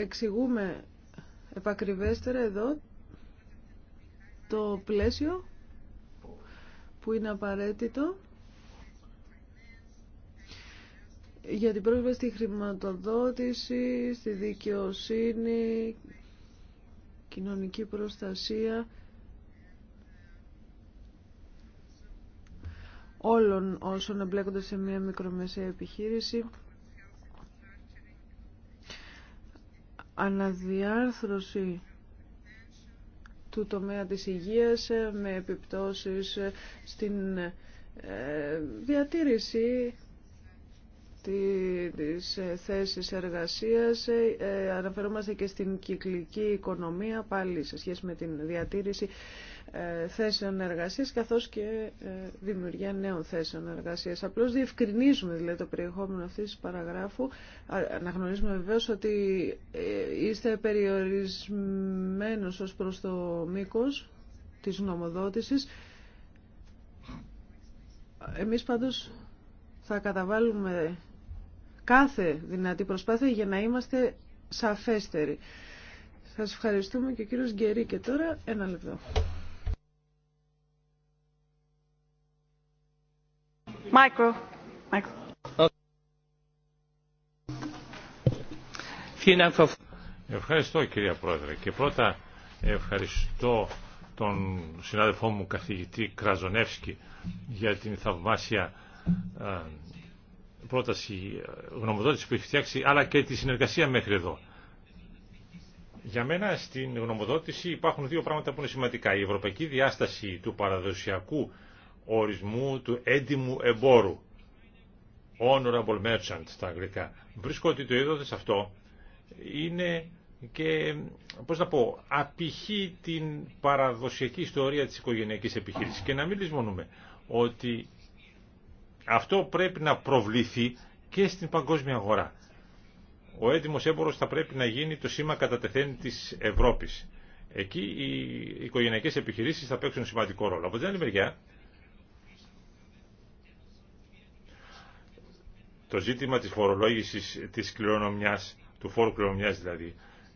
εξηγούμε επακριβέστερα εδώ το πλαίσιο που είναι απαραίτητο για την πρόσβαση στη χρηματοδότηση, στη δικαιοσύνη, κοινωνική προστασία όλων όσων εμπλέκονται σε μια μικρομεσαία επιχείρηση. αναδιάρθρωση του τομέα της υγείας με επιπτώσεις στην ε, διατήρηση της θέσης εργασίας. Ε, αναφερόμαστε και στην κυκλική οικονομία πάλι σε σχέση με την διατήρηση ε, θέσεων εργασίας καθώς και ε, δημιουργία νέων θέσεων εργασίας. Απλώς διευκρινίζουμε δηλαδή το περιεχόμενο αυτής της παραγράφου. Αναγνωρίζουμε βεβαίως ότι ε, είστε περιορισμένος ως προς το μήκος της νομοδότησης. Εμείς πάντως θα καταβάλουμε κάθε δυνατή προσπάθεια για να είμαστε σαφέστεροι. Σας ευχαριστούμε και ο κύριος Γκερί και τώρα ένα λεπτό. Ευχαριστώ κυρία Πρόεδρε και πρώτα ευχαριστώ τον συνάδελφό μου καθηγητή Κραζονεύσκη για την θαυμάσια πρόταση ε, γνωμοδότηση που έχει φτιάξει αλλά και τη συνεργασία μέχρι εδώ. Για μένα στην γνωμοδότηση υπάρχουν δύο πράγματα που είναι σημαντικά. Η ευρωπαϊκή διάσταση του παραδοσιακού ορισμού του έντιμου εμπόρου. Honorable Merchant στα αγγλικά. Βρίσκω ότι το είδος αυτό είναι και, πώς να πω, απηχεί την παραδοσιακή ιστορία της οικογενειακής επιχείρησης. Και να μην λησμονούμε ότι αυτό πρέπει να προβληθεί και στην παγκόσμια αγορά. Ο έντιμος έμπορος θα πρέπει να γίνει το σήμα κατά τεθέν της Ευρώπης. Εκεί οι οικογενειακές επιχειρήσεις θα παίξουν σημαντικό ρόλο. Από την άλλη μεριά, Το ζήτημα της φορολόγησης της κληρονομιάς, του φόρου κληρονομιάς δηλαδή,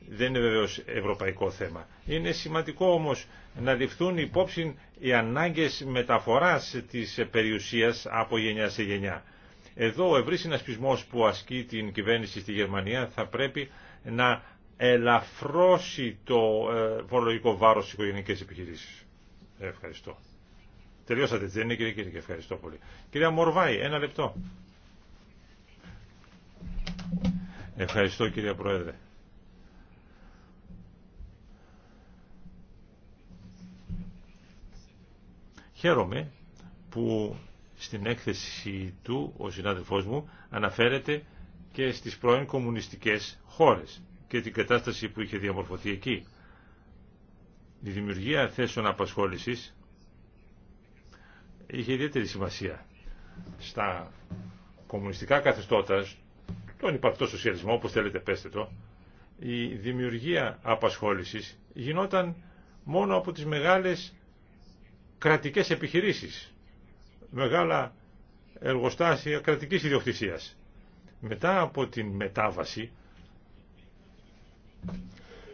δεν είναι βεβαίω ευρωπαϊκό θέμα. Είναι σημαντικό όμως να ληφθούν υπόψη οι ανάγκες μεταφοράς της περιουσίας από γενιά σε γενιά. Εδώ ο ευρύ συνασπισμός που ασκεί την κυβέρνηση στη Γερμανία θα πρέπει να ελαφρώσει το ε, φορολογικό βάρος στις οικογενειακές επιχειρήσεις. Ευχαριστώ. Τελειώσατε, δεν είναι κύριε Κύριε, ευχαριστώ πολύ. Κυρία Μορβάη, ένα λεπτό. Ευχαριστώ κύριε Πρόεδρε. Χαίρομαι που στην έκθεση του ο συνάδελφός μου αναφέρεται και στις πρώην κομμουνιστικές χώρες και την κατάσταση που είχε διαμορφωθεί εκεί. Η δημιουργία θέσεων απασχόλησης είχε ιδιαίτερη σημασία στα κομμουνιστικά καθεστώτα το ανυπαρκτό σοσιαλισμό, όπως θέλετε πέστε το, η δημιουργία απασχόλησης γινόταν μόνο από τις μεγάλες κρατικές επιχειρήσεις, μεγάλα εργοστάσια κρατικής ιδιοκτησίας. Μετά από την μετάβαση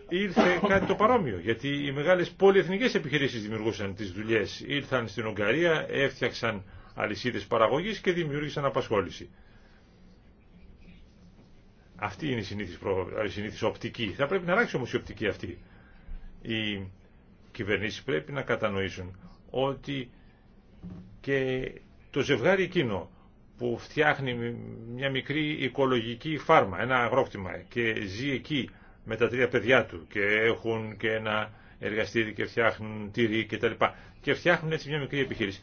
ήρθε κάτι το παρόμοιο, γιατί οι μεγάλες πολυεθνικές επιχειρήσεις δημιουργούσαν τις δουλειές. Ήρθαν στην Ουγγαρία, έφτιαξαν αλυσίδες παραγωγής και δημιούργησαν απασχόληση. Αυτή είναι η συνήθις, η οπτική. Θα πρέπει να αλλάξει όμως η οπτική αυτή. Οι κυβερνήσεις πρέπει να κατανοήσουν ότι και το ζευγάρι εκείνο που φτιάχνει μια μικρή οικολογική φάρμα, ένα αγρόκτημα και ζει εκεί με τα τρία παιδιά του και έχουν και ένα εργαστήρι και φτιάχνουν τυρί κτλ. Και, και φτιάχνουν έτσι μια μικρή επιχείρηση.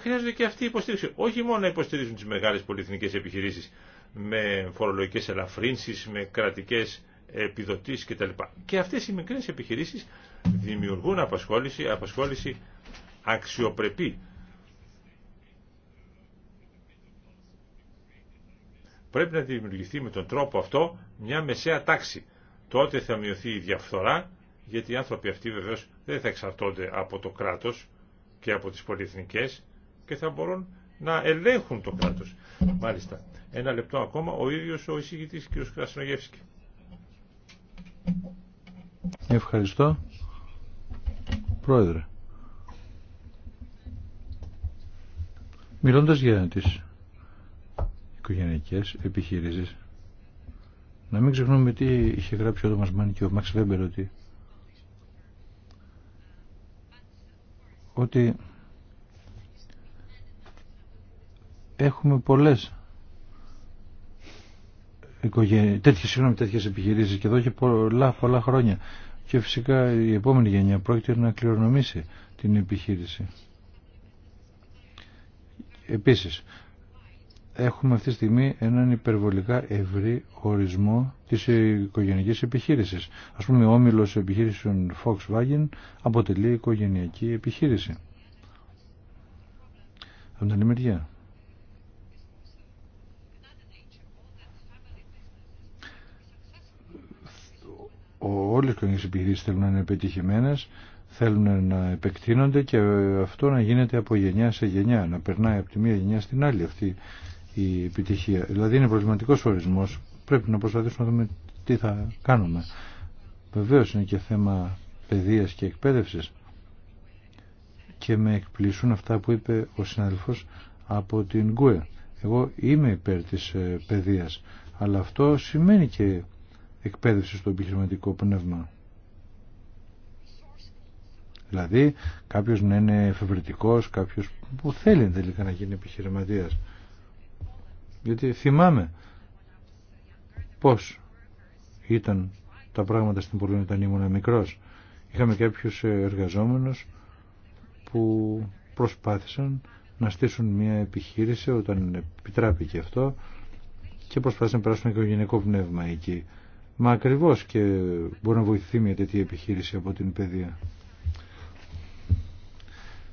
Χρειάζονται και αυτή η υποστήριξη. Όχι μόνο να υποστηρίζουν τι μεγάλε πολυεθνικέ επιχειρήσει, με φορολογικές ελαφρύνσεις, με κρατικές επιδοτήσεις κτλ. Και αυτές οι μικρές επιχειρήσεις δημιουργούν απασχόληση, απασχόληση αξιοπρεπή. Πρέπει να δημιουργηθεί με τον τρόπο αυτό μια μεσαία τάξη. Τότε θα μειωθεί η διαφθορά, γιατί οι άνθρωποι αυτοί βεβαίως δεν θα εξαρτώνται από το κράτος και από τις πολυεθνικές και θα μπορούν να ελέγχουν το κράτο Μάλιστα. Ένα λεπτό ακόμα, ο ίδιο ο εισηγητή, κ. Κρασνογεύσκη. Ευχαριστώ. Πρόεδρε. Μιλώντας για τις οικογενειακές επιχειρήσεις, να μην ξεχνούμε τι είχε γράψει ο Τόμας και ο Μαξ Βέμπερ ότι ότι έχουμε πολλές οικογένειες, τέτοιες, συγγνώμη, επιχειρήσεις και εδώ και πολλά, πολλά χρόνια. Και φυσικά η επόμενη γενιά πρόκειται να κληρονομήσει την επιχείρηση. Επίσης, έχουμε αυτή τη στιγμή έναν υπερβολικά ευρύ ορισμό της οικογενειακής επιχείρησης. Ας πούμε, ο όμιλος επιχείρησεων Volkswagen αποτελεί οικογενειακή επιχείρηση. Από την άλλη μεριά. όλες οι κοινωνικές επιχειρήσεις θέλουν να είναι πετυχημένες, θέλουν να επεκτείνονται και αυτό να γίνεται από γενιά σε γενιά, να περνάει από τη μία γενιά στην άλλη αυτή η επιτυχία. Δηλαδή είναι προβληματικός ορισμός, πρέπει να προσπαθήσουμε να δούμε τι θα κάνουμε. Βεβαίω είναι και θέμα παιδείας και εκπαίδευσης και με εκπλήσουν αυτά που είπε ο συνάδελφος από την ΚΟΕ. Εγώ είμαι υπέρ της ε, παιδείας, αλλά αυτό σημαίνει και εκπαίδευση στο επιχειρηματικό πνεύμα. Δηλαδή κάποιο να είναι εφευρετικό, κάποιο που θέλει τελικά να γίνει επιχειρηματίας. Γιατί θυμάμαι πώς ήταν τα πράγματα στην Πολωνία όταν ήμουν μικρός. Είχαμε κάποιου εργαζόμενους που προσπάθησαν να στήσουν μια επιχείρηση όταν επιτράπηκε αυτό και προσπάθησαν να περάσουν γενικό πνεύμα εκεί. Μα ακριβώ και μπορεί να βοηθηθεί μια τέτοια επιχείρηση από την παιδεία.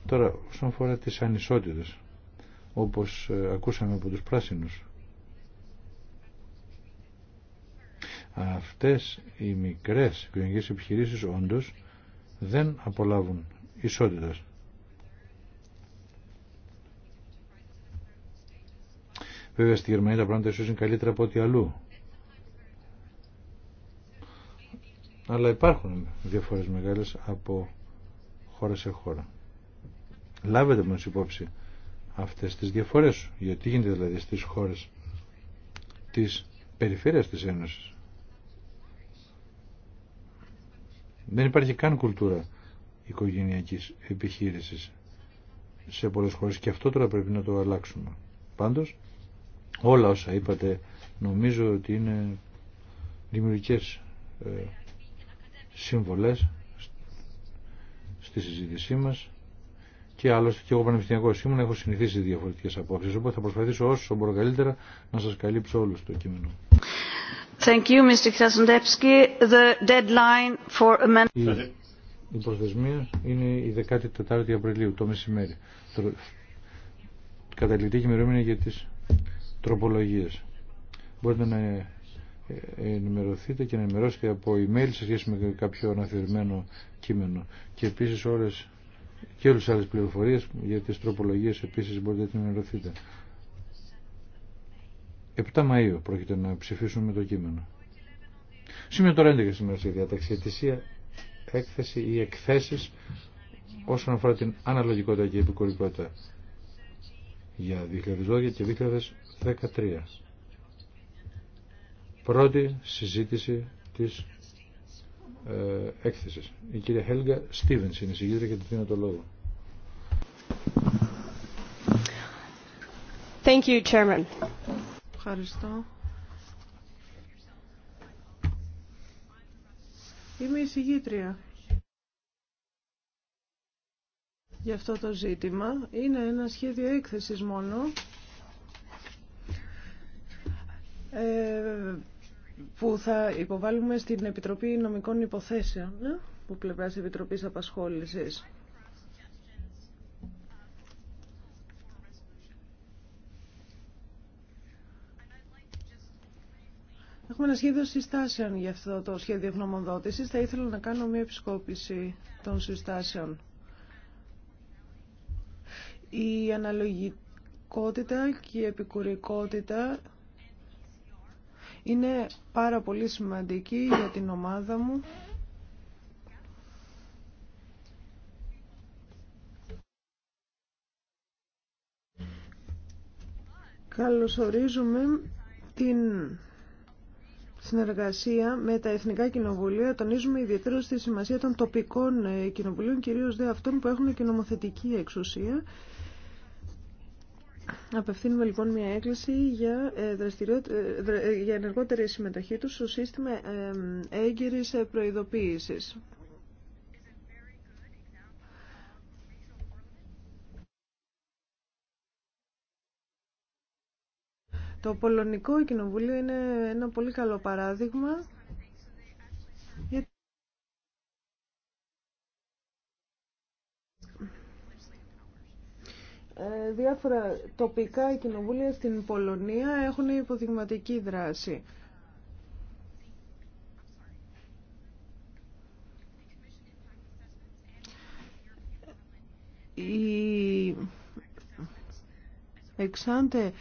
Τώρα, όσον αφορά τις ανισότητες, όπως ε, ακούσαμε από τους πράσινους, αυτές οι μικρές κοινωνικές επιχειρήσεις όντως δεν απολαύουν ισότητας. Βέβαια στη Γερμανία τα πράγματα ίσως είναι καλύτερα από ό,τι αλλού. Αλλά υπάρχουν διαφορές μεγάλες από χώρα σε χώρα. Λάβετε μόνος υπόψη αυτές τις διαφορές. Γιατί γίνεται δηλαδή στις χώρες της περιφέρειας της Ένωσης. Δεν υπάρχει καν κουλτούρα οικογενειακής επιχείρησης σε πολλές χώρες και αυτό τώρα πρέπει να το αλλάξουμε. Πάντως, όλα όσα είπατε νομίζω ότι είναι δημιουργικές ε, συμβολές στη συζήτησή μας και άλλωστε και εγώ πανεπιστημιακό ήμουν, έχω συνηθίσει διαφορετικές απόψεις, οπότε θα προσπαθήσω όσο μπορώ καλύτερα να σας καλύψω όλους το κείμενο. Thank you, Mr. The deadline for amendment... Η προθεσμία είναι η 14η Απριλίου, το μεσημέρι. Καταληκτική ημερομηνία για τις τροπολογίες. Μπορείτε να ενημερωθείτε και να ενημερώσετε από email σε σχέση με κάποιο αναφερμένο κείμενο. Και επίσης όλες και όλες τις άλλες πληροφορίες για τις τροπολογίες επίσης μπορείτε να ενημερωθείτε. 7 Μαΐου πρόκειται να ψηφίσουμε το κείμενο. Σήμερα τώρα 11 σήμερα στη διάταξη έκθεση ή εκθέσεις όσον αφορά την αναλογικότητα και επικορικότητα για 2012 και 2013 πρώτη συζήτηση της ε, έκθεσης. Η κυρία Χέλγα Στίβενς είναι συγγύτρια και του δίνω το λόγο. Thank you, Chairman. Ευχαριστώ. Είμαι η συγγήτρια για αυτό το ζήτημα. Είναι ένα σχέδιο έκθεσης μόνο. Ε, που θα υποβάλουμε στην Επιτροπή Νομικών Υποθέσεων ε, που τη Επιτροπής Απασχόλησης. Έχουμε ένα σχέδιο συστάσεων για αυτό το σχέδιο γνωμοδότησης. Θα ήθελα να κάνω μια επισκόπηση των συστάσεων. Η αναλογικότητα και η επικουρικότητα είναι πάρα πολύ σημαντική για την ομάδα μου. Καλωσορίζουμε την συνεργασία με τα Εθνικά Κοινοβουλία. Τονίζουμε ιδιαίτερα στη σημασία των τοπικών κοινοβουλίων, κυρίως δε αυτών που έχουν και νομοθετική εξουσία. Απευθύνουμε λοιπόν μια έκκληση για, ε, ε, ε, για ενεργότερη συμμετοχή τους στο σύστημα έγκυρης προειδοποίησης. Το Πολωνικό Κοινοβούλιο είναι ένα πολύ καλό παράδειγμα Ε, διάφορα τοπικά κοινοβούλια στην Πολωνία έχουν υποδειγματική δράση. Η εξάντε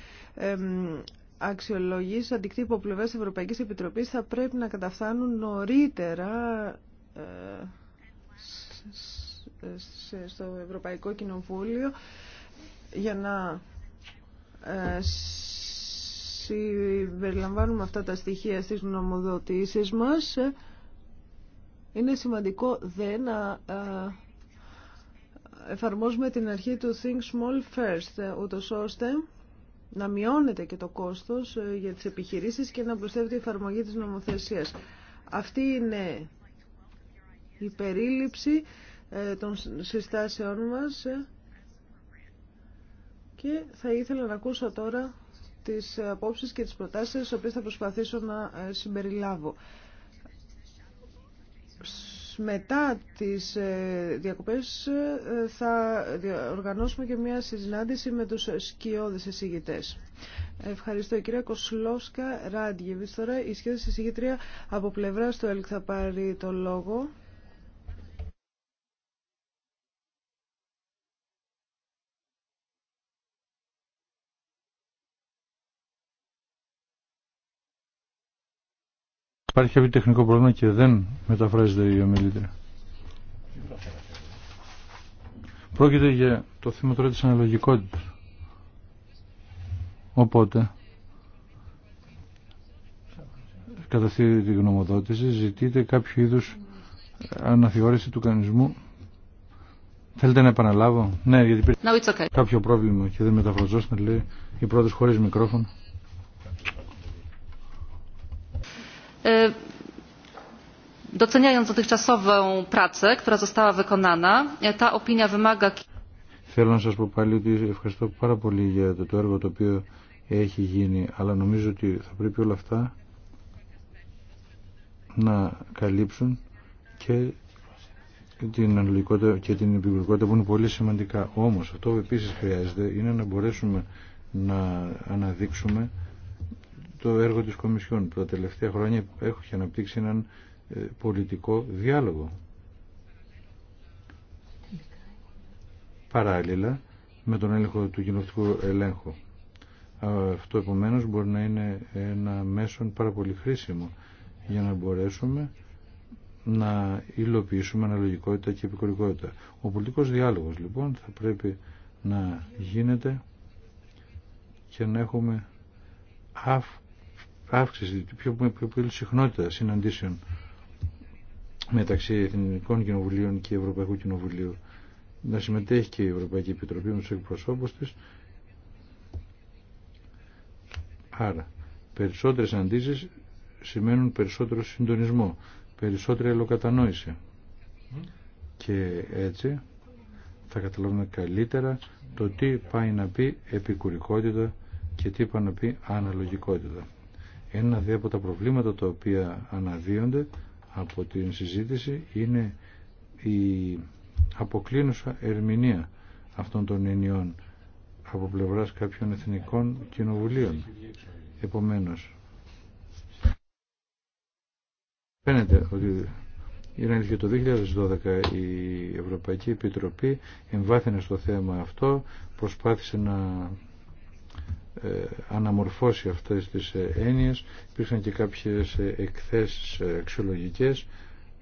αξιολογήσεις αντικτύπου πλευράς της Ευρωπαϊκής Επιτροπής θα πρέπει να καταφθάνουν νωρίτερα ε, στο Ευρωπαϊκό Κοινοβούλιο για να ε, συμπεριλαμβάνουμε αυτά τα στοιχεία στις νομοδοτήσεις μας είναι σημαντικό δε να ε, εφαρμόζουμε την αρχή του Think Small First ε, ούτως ώστε να μειώνεται και το κόστος για τις επιχειρήσεις και να προσθέτει η εφαρμογή της νομοθεσίας. Αυτή είναι η περίληψη των συστάσεών μας και θα ήθελα να ακούσω τώρα τις απόψεις και τις προτάσεις τις οποίες θα προσπαθήσω να ε, συμπεριλάβω. Μετά τις ε, διακοπές ε, θα οργανώσουμε και μια συνάντηση με τους σκιώδες εισηγητές. Ευχαριστώ. Η κυρία Κοσλόσκα Ράντγεβης τώρα, η σχέση εισηγητρία από πλευράς του ΕΛΚ θα πάρει το λόγο. Υπάρχει κάποιο τεχνικό πρόβλημα και δεν μεταφράζεται η ομιλήτρια. Πρόκειται για το θέμα τώρα της αναλογικότητας. Οπότε, κατά τη γνωμοδότηση ζητείτε κάποιο είδους αναθεώρηση του κανισμού. Θέλετε να επαναλάβω. Ναι, γιατί υπήρχε κάποιο πρόβλημα και δεν μεταφραζόταν, λέει, η πρώτη χωρίς μικρόφωνο. E, doceniając dotychczasową e, Θέλω να σας πω πάλι ότι ευχαριστώ πάρα πολύ για το, έργο το οποίο έχει γίνει, αλλά νομίζω ότι θα πρέπει όλα αυτά να καλύψουν και την αναλογικότητα και την επικουρικότητα που είναι πολύ σημαντικά. Όμως αυτό που επίσης χρειάζεται είναι να μπορέσουμε να αναδείξουμε το έργο της Κομισιόν που τα τελευταία χρόνια έχει αναπτύξει έναν ε, πολιτικό διάλογο. Παράλληλα με τον έλεγχο του κοινοβουλευτικού ελέγχου. Αυτό επομένως μπορεί να είναι ένα μέσον πάρα πολύ χρήσιμο για να μπορέσουμε να υλοποιήσουμε αναλογικότητα και επικορικότητα. Ο πολιτικός διάλογος λοιπόν θα πρέπει να γίνεται και να έχουμε αύξηση αύξηση, πιο, πιο, πιο συχνότητα συναντήσεων μεταξύ Εθνικών Κοινοβουλίων και Ευρωπαϊκού Κοινοβουλίου. Να συμμετέχει και η Ευρωπαϊκή Επιτροπή με τους εκπροσώπους της. Άρα, περισσότερες αντίσεις σημαίνουν περισσότερο συντονισμό, περισσότερη ελοκατανόηση. Και έτσι θα καταλάβουμε καλύτερα το τι πάει να πει επικουρικότητα και τι πάει να πει αναλογικότητα. Ένα από τα προβλήματα τα οποία αναδύονται από την συζήτηση είναι η αποκλίνουσα ερμηνεία αυτών των ενιών από πλευράς κάποιων εθνικών κοινοβουλίων. Επομένως, φαίνεται ότι είναι αλήθεια το 2012 η Ευρωπαϊκή Επιτροπή εμβάθυνε στο θέμα αυτό, προσπάθησε να ε, αναμορφώσει αυτές τις ε, έννοιες. Υπήρχαν και κάποιες ε, εκθέσεις αξιολογικές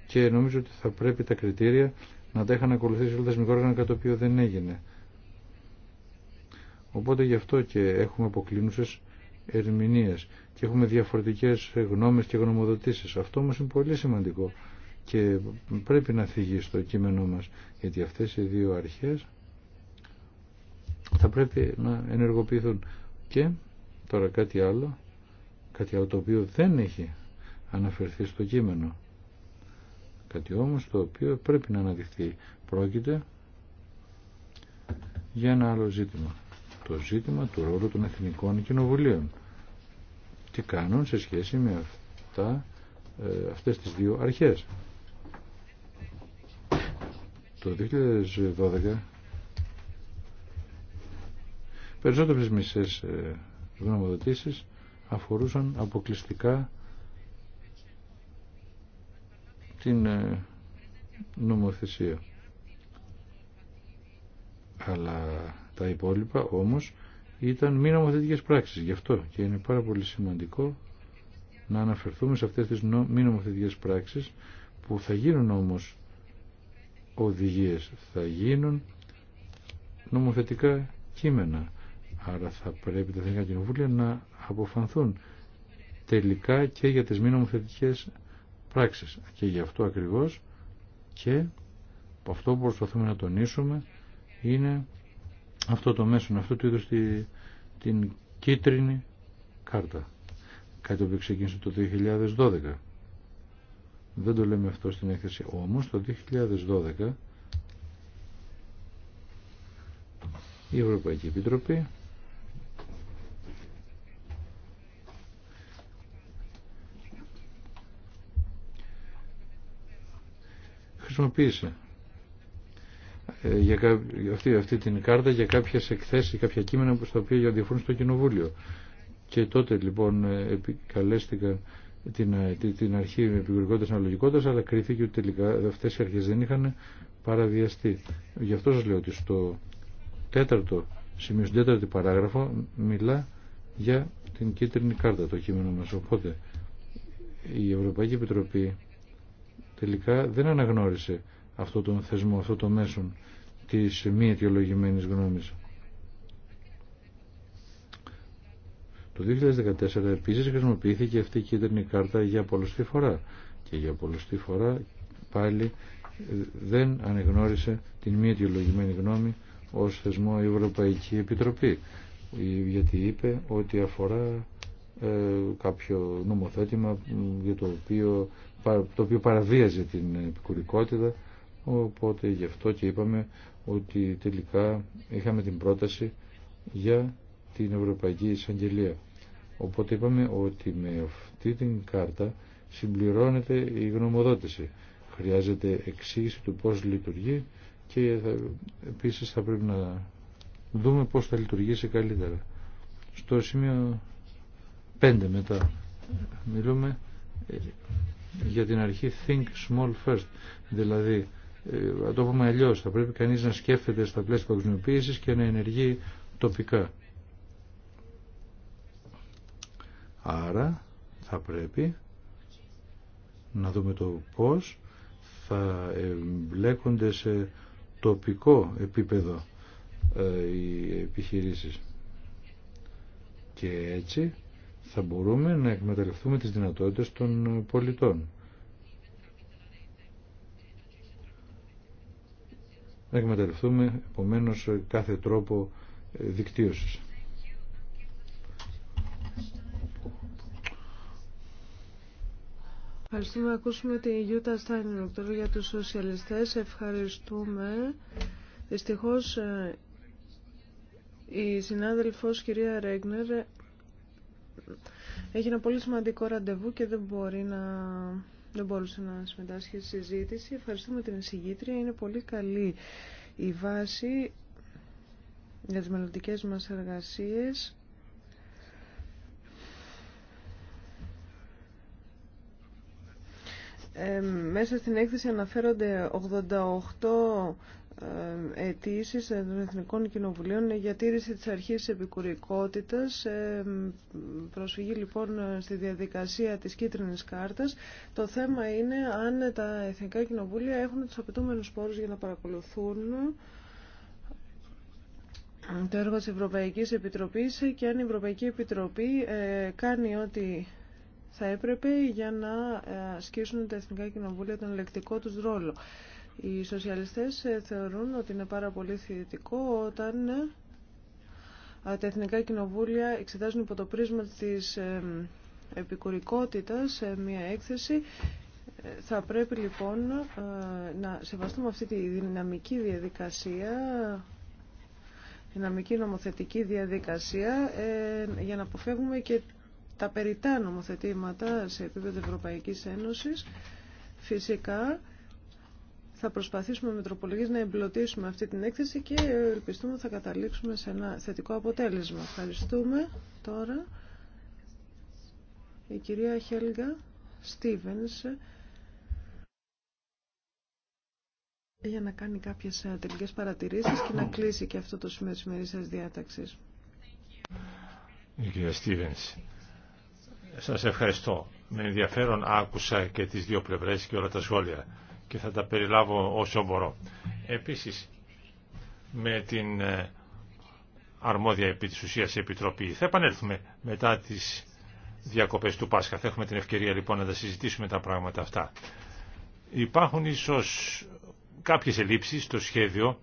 και νομίζω ότι θα πρέπει τα κριτήρια να τα είχαν ακολουθήσει όλα τα θεσμικό κατά το οποίο δεν έγινε. Οπότε γι' αυτό και έχουμε αποκλίνουσες ερμηνείε και έχουμε διαφορετικές γνώμες και γνωμοδοτήσεις. Αυτό όμως είναι πολύ σημαντικό και πρέπει να θυγεί στο κείμενό μας γιατί αυτές οι δύο αρχές θα πρέπει να ενεργοποιηθούν. Και τώρα κάτι άλλο, κάτι άλλο το οποίο δεν έχει αναφερθεί στο κείμενο. Κάτι όμως το οποίο πρέπει να αναδειχθεί. Πρόκειται για ένα άλλο ζήτημα. Το ζήτημα του ρόλου των εθνικών κοινοβουλίων. Τι κάνουν σε σχέση με αυτά, ε, αυτές τις δύο αρχές. Το 2012 Περισσότερες μισές ε, γνωμοδοτήσεις αφορούσαν αποκλειστικά την ε, νομοθεσία. Αλλά τα υπόλοιπα όμως ήταν μη νομοθετικές πράξεις. Γι' αυτό και είναι πάρα πολύ σημαντικό να αναφερθούμε σε αυτές τις μη νομοθετικές πράξεις που θα γίνουν όμως οδηγίες, θα γίνουν νομοθετικά κείμενα. Άρα θα πρέπει τα Εθνικά Κοινοβούλια να αποφανθούν τελικά και για τις μη νομοθετικές πράξεις. Και γι' αυτό ακριβώς και αυτό που προσπαθούμε να τονίσουμε είναι αυτό το μέσο, αυτό το είδος τη, την κίτρινη κάρτα. Κάτι που ξεκίνησε το 2012. Δεν το λέμε αυτό στην έκθεση. Όμως το 2012 η Ευρωπαϊκή Επιτροπή χρησιμοποίησε ε, για αυτή, την κάρτα για κάποιε εκθέσεις, κάποια κείμενα που στα οποία διαφωνούν στο Κοινοβούλιο. Και τότε λοιπόν ε, επικαλέστηκα ε, την, αρχή με και αναλογικότητα, αλλά κρίθηκε ότι τελικά αυτές οι αρχές δεν είχαν παραβιαστεί. Γι' αυτό σας λέω ότι στο τέταρτο σημείο, στην τέταρτη παράγραφο, μιλά για την κίτρινη κάρτα το κείμενο μας. Οπότε η Ευρωπαϊκή Επιτροπή τελικά δεν αναγνώρισε αυτό τον θεσμό, αυτό το μέσον της μη αιτιολογημένης γνώμης. Το 2014 επίσης χρησιμοποιήθηκε αυτή η κίτρινη κάρτα για πολλωστή φορά και για πολλωστή φορά πάλι δεν αναγνώρισε την μη αιτιολογημένη γνώμη ως θεσμό η Ευρωπαϊκή Επιτροπή γιατί είπε ότι αφορά ε, κάποιο νομοθέτημα για το οποίο το οποίο παραβίαζε την επικουρικότητα οπότε γι' αυτό και είπαμε ότι τελικά είχαμε την πρόταση για την Ευρωπαϊκή Εισαγγελία. Οπότε είπαμε ότι με αυτή την κάρτα συμπληρώνεται η γνωμοδότηση. Χρειάζεται εξήγηση του πώς λειτουργεί και θα, επίσης θα πρέπει να δούμε πώς θα λειτουργήσει καλύτερα. Στο σημείο 5 μετά μιλούμε ε, για την αρχή think small first. Δηλαδή, ε, το πούμε αλλιώ, θα πρέπει κανείς να σκέφτεται στα πλαίσια παγκοσμιοποίηση και να ενεργεί τοπικά. Άρα θα πρέπει να δούμε το πώς θα εμπλέκονται σε τοπικό επίπεδο ε, οι επιχειρήσεις. Και έτσι θα μπορούμε να εκμεταλλευτούμε τις δυνατότητες των πολιτών. Να εκμεταλλευτούμε επομένως κάθε τρόπο ε, δικτύωσης. Ευχαριστούμε ακούσουμε τη Γιούτα Στάινρουκ για τους σοσιαλιστές. Ευχαριστούμε. Δυστυχώς ε, η συνάδελφος κυρία Ρέγνερ έχει ένα πολύ σημαντικό ραντεβού και δεν μπορεί να... Δεν μπορούσε να συμμετάσχει στη συζήτηση. Ευχαριστούμε την εισηγήτρια. Είναι πολύ καλή η βάση για τις μελλοντικέ μας εργασίες. Ε, μέσα στην έκθεση αναφέρονται 88 ε, αιτήσει των Εθνικών Κοινοβουλίων για τήρηση της αρχής επικουρικότητας. Ε, προσφυγή λοιπόν στη διαδικασία της κίτρινης κάρτας. Το θέμα είναι αν τα Εθνικά Κοινοβούλια έχουν τους απαιτούμενους πόρους για να παρακολουθούν το έργο της Ευρωπαϊκής Επιτροπής και αν η Ευρωπαϊκή Επιτροπή ε, κάνει ό,τι θα έπρεπε για να ασκήσουν τα Εθνικά Κοινοβούλια τον ελεκτικό τους ρόλο. Οι σοσιαλιστές ε, θεωρούν ότι είναι πάρα πολύ θετικό όταν ε, τα εθνικά κοινοβούλια εξετάζουν υπό το πρίσμα της ε, επικουρικότητας μια έκθεση. Θα πρέπει λοιπόν να σεβαστούμε αυτή τη δυναμική διαδικασία δυναμική νομοθετική διαδικασία για να αποφεύγουμε και τα περιτά νομοθετήματα σε επίπεδο Ευρωπαϊκής Ένωσης. Φυσικά θα προσπαθήσουμε με τροπολογίες να εμπλωτίσουμε αυτή την έκθεση και ελπιστούμε ότι θα καταλήξουμε σε ένα θετικό αποτέλεσμα. Ευχαριστούμε τώρα η κυρία Χέλγα Στίβενς για να κάνει κάποιες ε, τελικές παρατηρήσεις και να κλείσει και αυτό το σημείο της ημερήσιας διάταξης. Η κυρία Στίβενς, σας ευχαριστώ. Με ενδιαφέρον άκουσα και τις δύο πλευρές και όλα τα σχόλια και θα τα περιλάβω όσο μπορώ. Επίσης, με την ε, αρμόδια επί της ουσίας επιτροπή θα επανέλθουμε μετά τις διακοπές του Πάσχα. Θα έχουμε την ευκαιρία λοιπόν να τα συζητήσουμε τα πράγματα αυτά. Υπάρχουν ίσως κάποιες ελλείψεις στο σχέδιο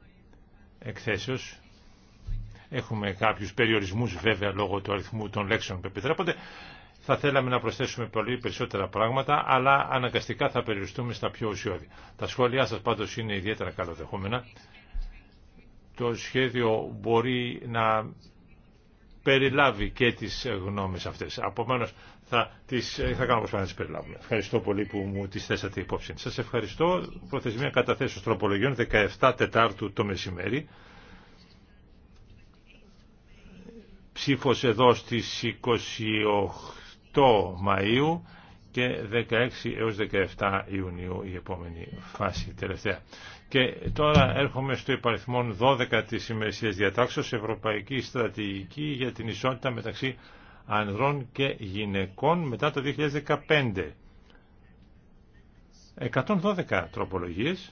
εκθέσεως. Έχουμε κάποιους περιορισμούς βέβαια λόγω του αριθμού των λέξεων που επιτρέπονται. Θα θέλαμε να προσθέσουμε πολύ περισσότερα πράγματα, αλλά αναγκαστικά θα περιοριστούμε στα πιο ουσιώδη. Τα σχόλιά σας πάντως είναι ιδιαίτερα καλοδεχόμενα. Το σχέδιο μπορεί να περιλάβει και τις γνώμες αυτές. Απομένως θα, τις, θα κάνω προσπάθεια να τις περιλάβουμε. Ευχαριστώ πολύ που μου τις θέσατε υπόψη. Σας ευχαριστώ. Προθεσμία καταθέσεως τροπολογιών 17 Τετάρτου το μεσημέρι. Ψήφος εδώ στις 28 Μαΐου και 16 έως 17 Ιουνίου η επόμενη φάση τελευταία. Και τώρα έρχομαι στο υπαριθμόν 12 της ημερησίας διατάξεως Ευρωπαϊκή Στρατηγική για την Ισότητα μεταξύ ανδρών και γυναικών μετά το 2015. 112 τροπολογίες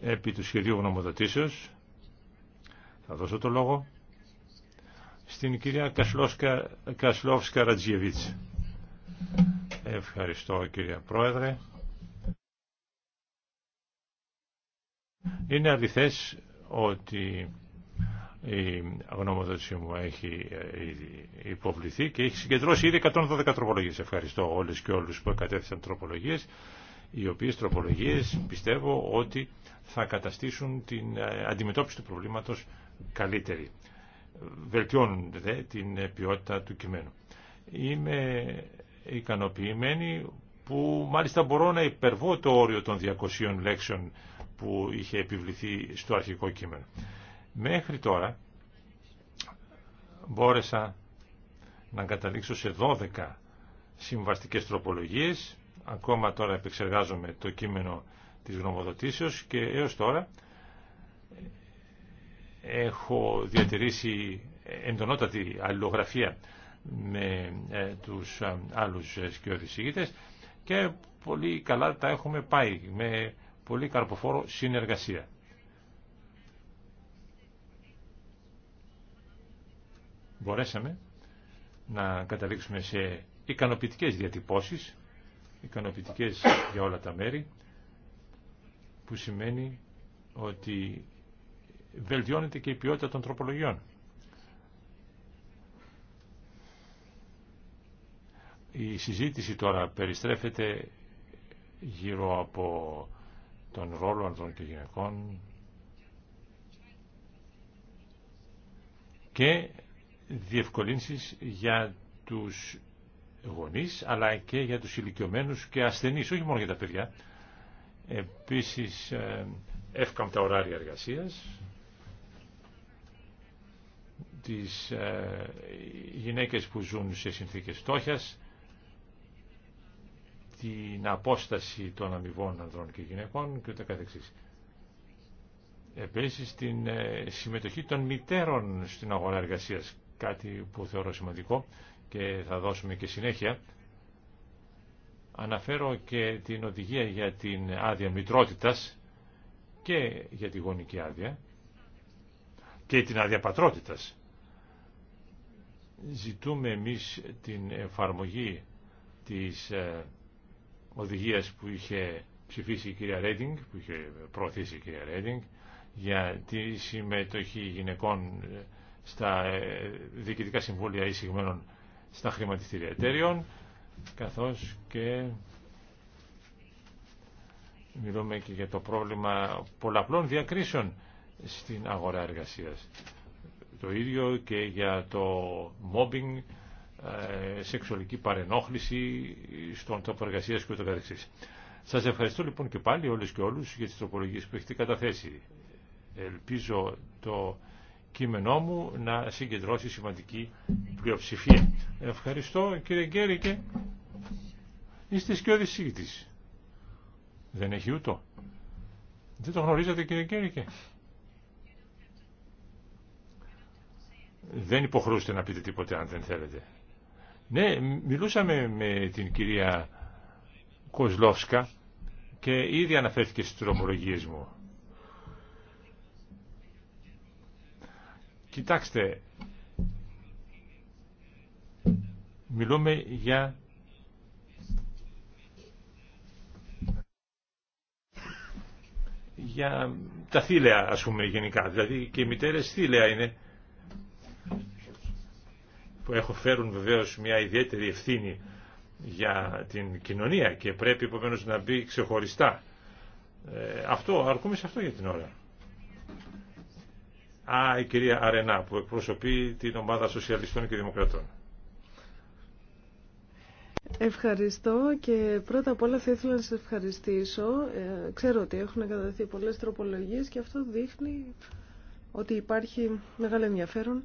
επί του σχεδίου γνωμοδοτήσεως. Θα δώσω το λόγο στην κυρία Κασλόφσκα Ρατζιεβίτς. Ευχαριστώ κυρία Πρόεδρε. Είναι αληθές ότι η γνωμοδότησή μου έχει ε, υποβληθεί και έχει συγκεντρώσει ήδη 112 τροπολογίες. Ευχαριστώ όλες και όλους που κατέθεσαν τροπολογίες, οι οποίες τροπολογίες πιστεύω ότι θα καταστήσουν την ε, αντιμετώπιση του προβλήματος καλύτερη βελτιώνουν την ποιότητα του κειμένου. Είμαι ικανοποιημένη που μάλιστα μπορώ να υπερβώ το όριο των 200 λέξεων που είχε επιβληθεί στο αρχικό κείμενο. Μέχρι τώρα μπόρεσα να καταλήξω σε 12 συμβαστικές τροπολογίες. Ακόμα τώρα επεξεργάζομαι το κείμενο της γνωμοδοτήσεως και έως τώρα έχω διατηρήσει εντονότατη αλληλογραφία με ε, τους ε, άλλους ε, σκιώδης και πολύ καλά τα έχουμε πάει με πολύ καρποφόρο συνεργασία. Μπορέσαμε να καταλήξουμε σε ικανοποιητικές διατυπώσεις, ικανοποιητικές για όλα τα μέρη, που σημαίνει ότι βελτιώνεται και η ποιότητα των τροπολογιών. Η συζήτηση τώρα περιστρέφεται γύρω από τον ρόλο ανδρών και γυναικών και διευκολύνσεις για τους γονείς αλλά και για τους ηλικιωμένους και ασθενείς, όχι μόνο για τα παιδιά. Επίσης ε, εύκαμπτα ωράρια εργασίας τις ε, γυναίκες που ζουν σε συνθήκες φτώχειας, την απόσταση των αμοιβών ανδρών και γυναικών και ούτε καθεξής. Επίσης την ε, συμμετοχή των μητέρων στην αγορά εργασίας, κάτι που θεωρώ σημαντικό και θα δώσουμε και συνέχεια. Αναφέρω και την οδηγία για την άδεια μητρότητας και για τη γονική άδεια και την άδεια πατρότητας ζητούμε εμείς την εφαρμογή της ε, οδηγίας που είχε ψηφίσει η κυρία Ρέντινγκ, που είχε προωθήσει η κυρία Ρέντινγκ, για τη συμμετοχή γυναικών ε, στα ε, διοικητικά συμβούλια εισηγμένων στα χρηματιστήρια εταίρειων, καθώς και μιλούμε και για το πρόβλημα πολλαπλών διακρίσεων στην αγορά εργασίας. Το ίδιο και για το mobbing, ε, σεξουαλική παρενόχληση στον τόπο εργασία και ούτω καθεξής. Σας ευχαριστώ λοιπόν και πάλι όλες και όλους για τις τροπολογίες που έχετε καταθέσει. Ελπίζω το κείμενό μου να συγκεντρώσει σημαντική πλειοψηφία. Ευχαριστώ κύριε Γκέρικε. Είστε σκιώδης σύγητης. Δεν έχει ούτω. Δεν το γνωρίζετε κύριε Γκέρικε. Δεν υποχρεούστε να πείτε τίποτε αν δεν θέλετε. Ναι, μιλούσαμε με την κυρία Κοσλόφσκα και ήδη αναφέρθηκε στις τρομολογίες μου. Κοιτάξτε, μιλούμε για για τα θήλαια ας πούμε γενικά δηλαδή και οι μητέρες θήλαια είναι που έχουν φέρουν βεβαίως μια ιδιαίτερη ευθύνη για την κοινωνία και πρέπει επομένω να μπει ξεχωριστά. Ε, αυτό, αρκούμε σε αυτό για την ώρα. Α, η κυρία Αρενά που εκπροσωπεί την ομάδα Σοσιαλιστών και Δημοκρατών. Ευχαριστώ και πρώτα απ' όλα θα ήθελα να σας ευχαριστήσω. Ε, ξέρω ότι έχουν καταδεθεί πολλές τροπολογίες και αυτό δείχνει ότι υπάρχει μεγάλο ενδιαφέρον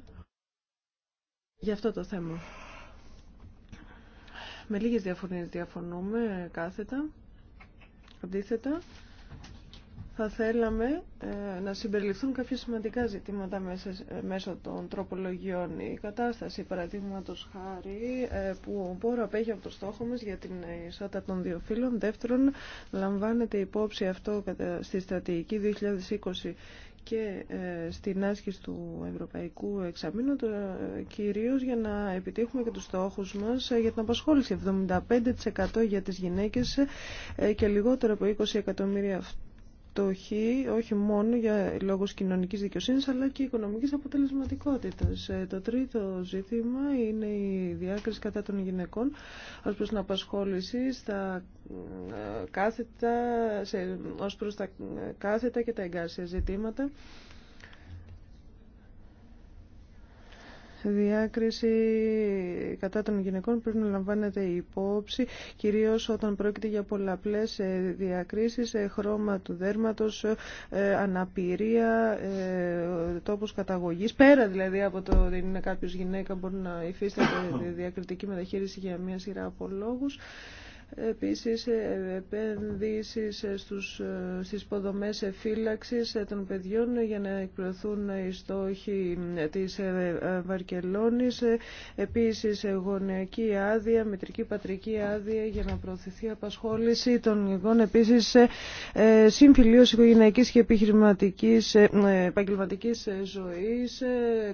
για αυτό το θέμα. Με λίγες διαφωνίες διαφωνούμε κάθετα, αντίθετα. Θα θέλαμε ε, να συμπεριληφθούν κάποια σημαντικά ζητήματα μέσα, ε, μέσω των τροπολογιών. Η κατάσταση, παραδείγματο χάρη, ε, που να απέχει από το στόχο μας για την ισότητα των δύο φύλων. Δεύτερον, λαμβάνεται υπόψη αυτό στη στρατηγική 2020 και ε, στην άσκηση του Ευρωπαϊκού Εξαμήνου το, ε, κυρίως για να επιτύχουμε και τους στόχους μας ε, για την απασχόληση 75% για τις γυναίκες και λιγότερο από 20 εκατομμύρια όχι μόνο για λόγους κοινωνικής δικαιοσύνης αλλά και οικονομικής αποτελεσματικότητας. Ε, το τρίτο ζήτημα είναι η διάκριση κατά των γυναικών ως προς την απασχόληση στα ε, κάθετα, ως προς τα κάθετα και τα εγκάρσια ζητήματα. διάκριση κατά των γυναικών πρέπει να λαμβάνεται υπόψη, κυρίως όταν πρόκειται για πολλαπλές ε, διακρίσεις, ε, χρώμα του δέρματος, ε, αναπηρία, τόπος καταγωγής, πέρα δηλαδή από το ότι είναι κάποιος γυναίκα μπορεί να υφίσταται διακριτική μεταχείριση για μια σειρά από λόγους. Επίσης, ε, επενδύσεις ε, στους, ε, στις υποδομές φύλαξης των παιδιών για να εκπληρωθούν οι στόχοι της Βαρκελόνης. Επίσης, γονεακή άδεια, μητρική πατρική άδεια για να προωθηθεί η απασχόληση των γονεών, Επίσης, συμφιλίωση οικογενειακής και επιχειρηματικής επαγγελματικής ζωής,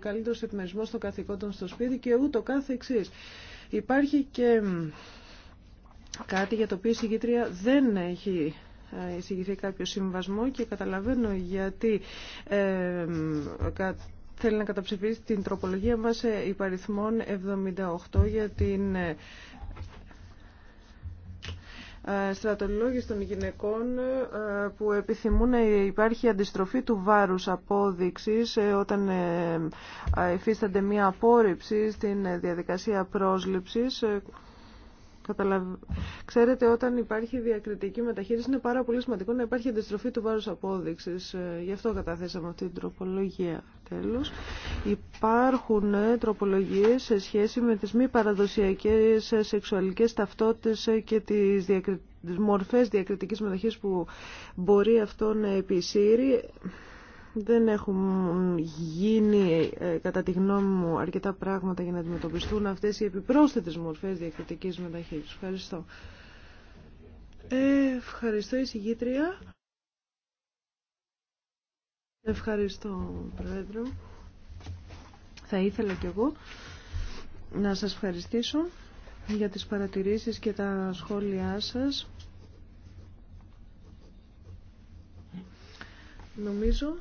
καλύτερος επιμερισμός των καθηκόντων στο σπίτι και ούτω κάθε Υπάρχει και κάτι για το οποίο η συγκήτρια δεν έχει ε, εισηγηθεί κάποιο συμβασμό και καταλαβαίνω γιατί ε, θέλει να καταψηφίσει την τροπολογία μας υπαριθμών 78 για την ε, στρατολόγηση των γυναικών που επιθυμούν να υπάρχει αντιστροφή του βάρους απόδειξης όταν υφίστανται μία απόρριψη στην διαδικασία πρόσληψης Ξέρετε, όταν υπάρχει διακριτική μεταχείριση είναι πάρα πολύ σημαντικό να υπάρχει αντιστροφή του βάρους απόδειξης. Ε, γι' αυτό καταθέσαμε αυτή την τροπολογία. Τέλος, υπάρχουν ε, τροπολογίες σε σχέση με τις μη παραδοσιακές ε, σεξουαλικές ταυτότητες και τις, διακρι... μορφές διακριτικής μεταχείρισης που μπορεί αυτό να επισύρει δεν έχουν γίνει ε, κατά τη γνώμη μου αρκετά πράγματα για να αντιμετωπιστούν αυτές οι επιπρόσθετες μορφές διακριτικής μεταχείρισης. Ευχαριστώ. Ε, ευχαριστώ η συγγήτρια. Ευχαριστώ Πρόεδρο. Θα ήθελα κι εγώ να σας ευχαριστήσω για τις παρατηρήσεις και τα σχόλιά σας. Νομίζω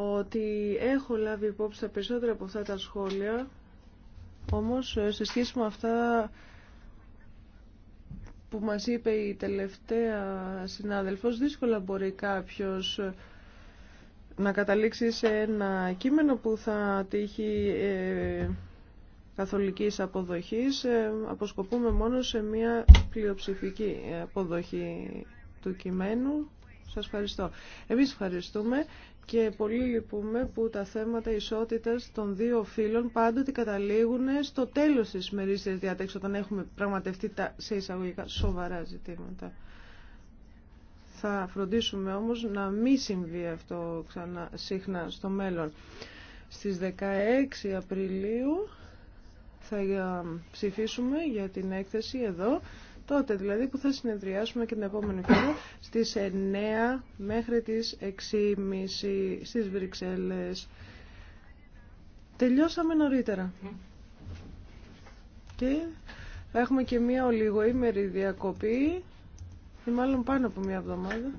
ότι έχω λάβει υπόψη τα περισσότερα από αυτά τα σχόλια, όμως ε, σε σχέση με αυτά που μας είπε η τελευταία συνάδελφος, δύσκολα μπορεί κάποιος ε, να καταλήξει σε ένα κείμενο που θα τύχει ε, καθολικής αποδοχής. Ε, αποσκοπούμε μόνο σε μια πλειοψηφική αποδοχή του κειμένου. Σας ευχαριστώ. Εμείς ευχαριστούμε και πολύ λυπούμε που τα θέματα ισότητας των δύο φύλων πάντοτε καταλήγουν στο τέλος της μερίσιας διάταξης όταν έχουμε πραγματευτεί τα σε εισαγωγικά σοβαρά ζητήματα. Θα φροντίσουμε όμως να μην συμβεί αυτό ξανά συχνά στο μέλλον. Στις 16 Απριλίου θα ε, ψηφίσουμε για την έκθεση εδώ τότε δηλαδή που θα συνεδριάσουμε και την επόμενη φορά στις 9 μέχρι τις 6.30 στις Βρυξέλλες. Τελειώσαμε νωρίτερα. Και θα έχουμε και μία ολιγοήμερη διακοπή, ή μάλλον πάνω από μία εβδομάδα.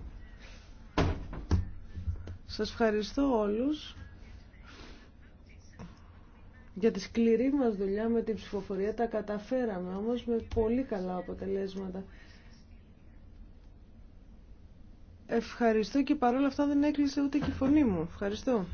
Σας ευχαριστώ όλους. Για τη σκληρή μας δουλειά με την ψηφοφορία τα καταφέραμε όμως με πολύ καλά αποτελέσματα. Ευχαριστώ και παρόλα αυτά δεν έκλεισε ούτε και η φωνή μου. Ευχαριστώ.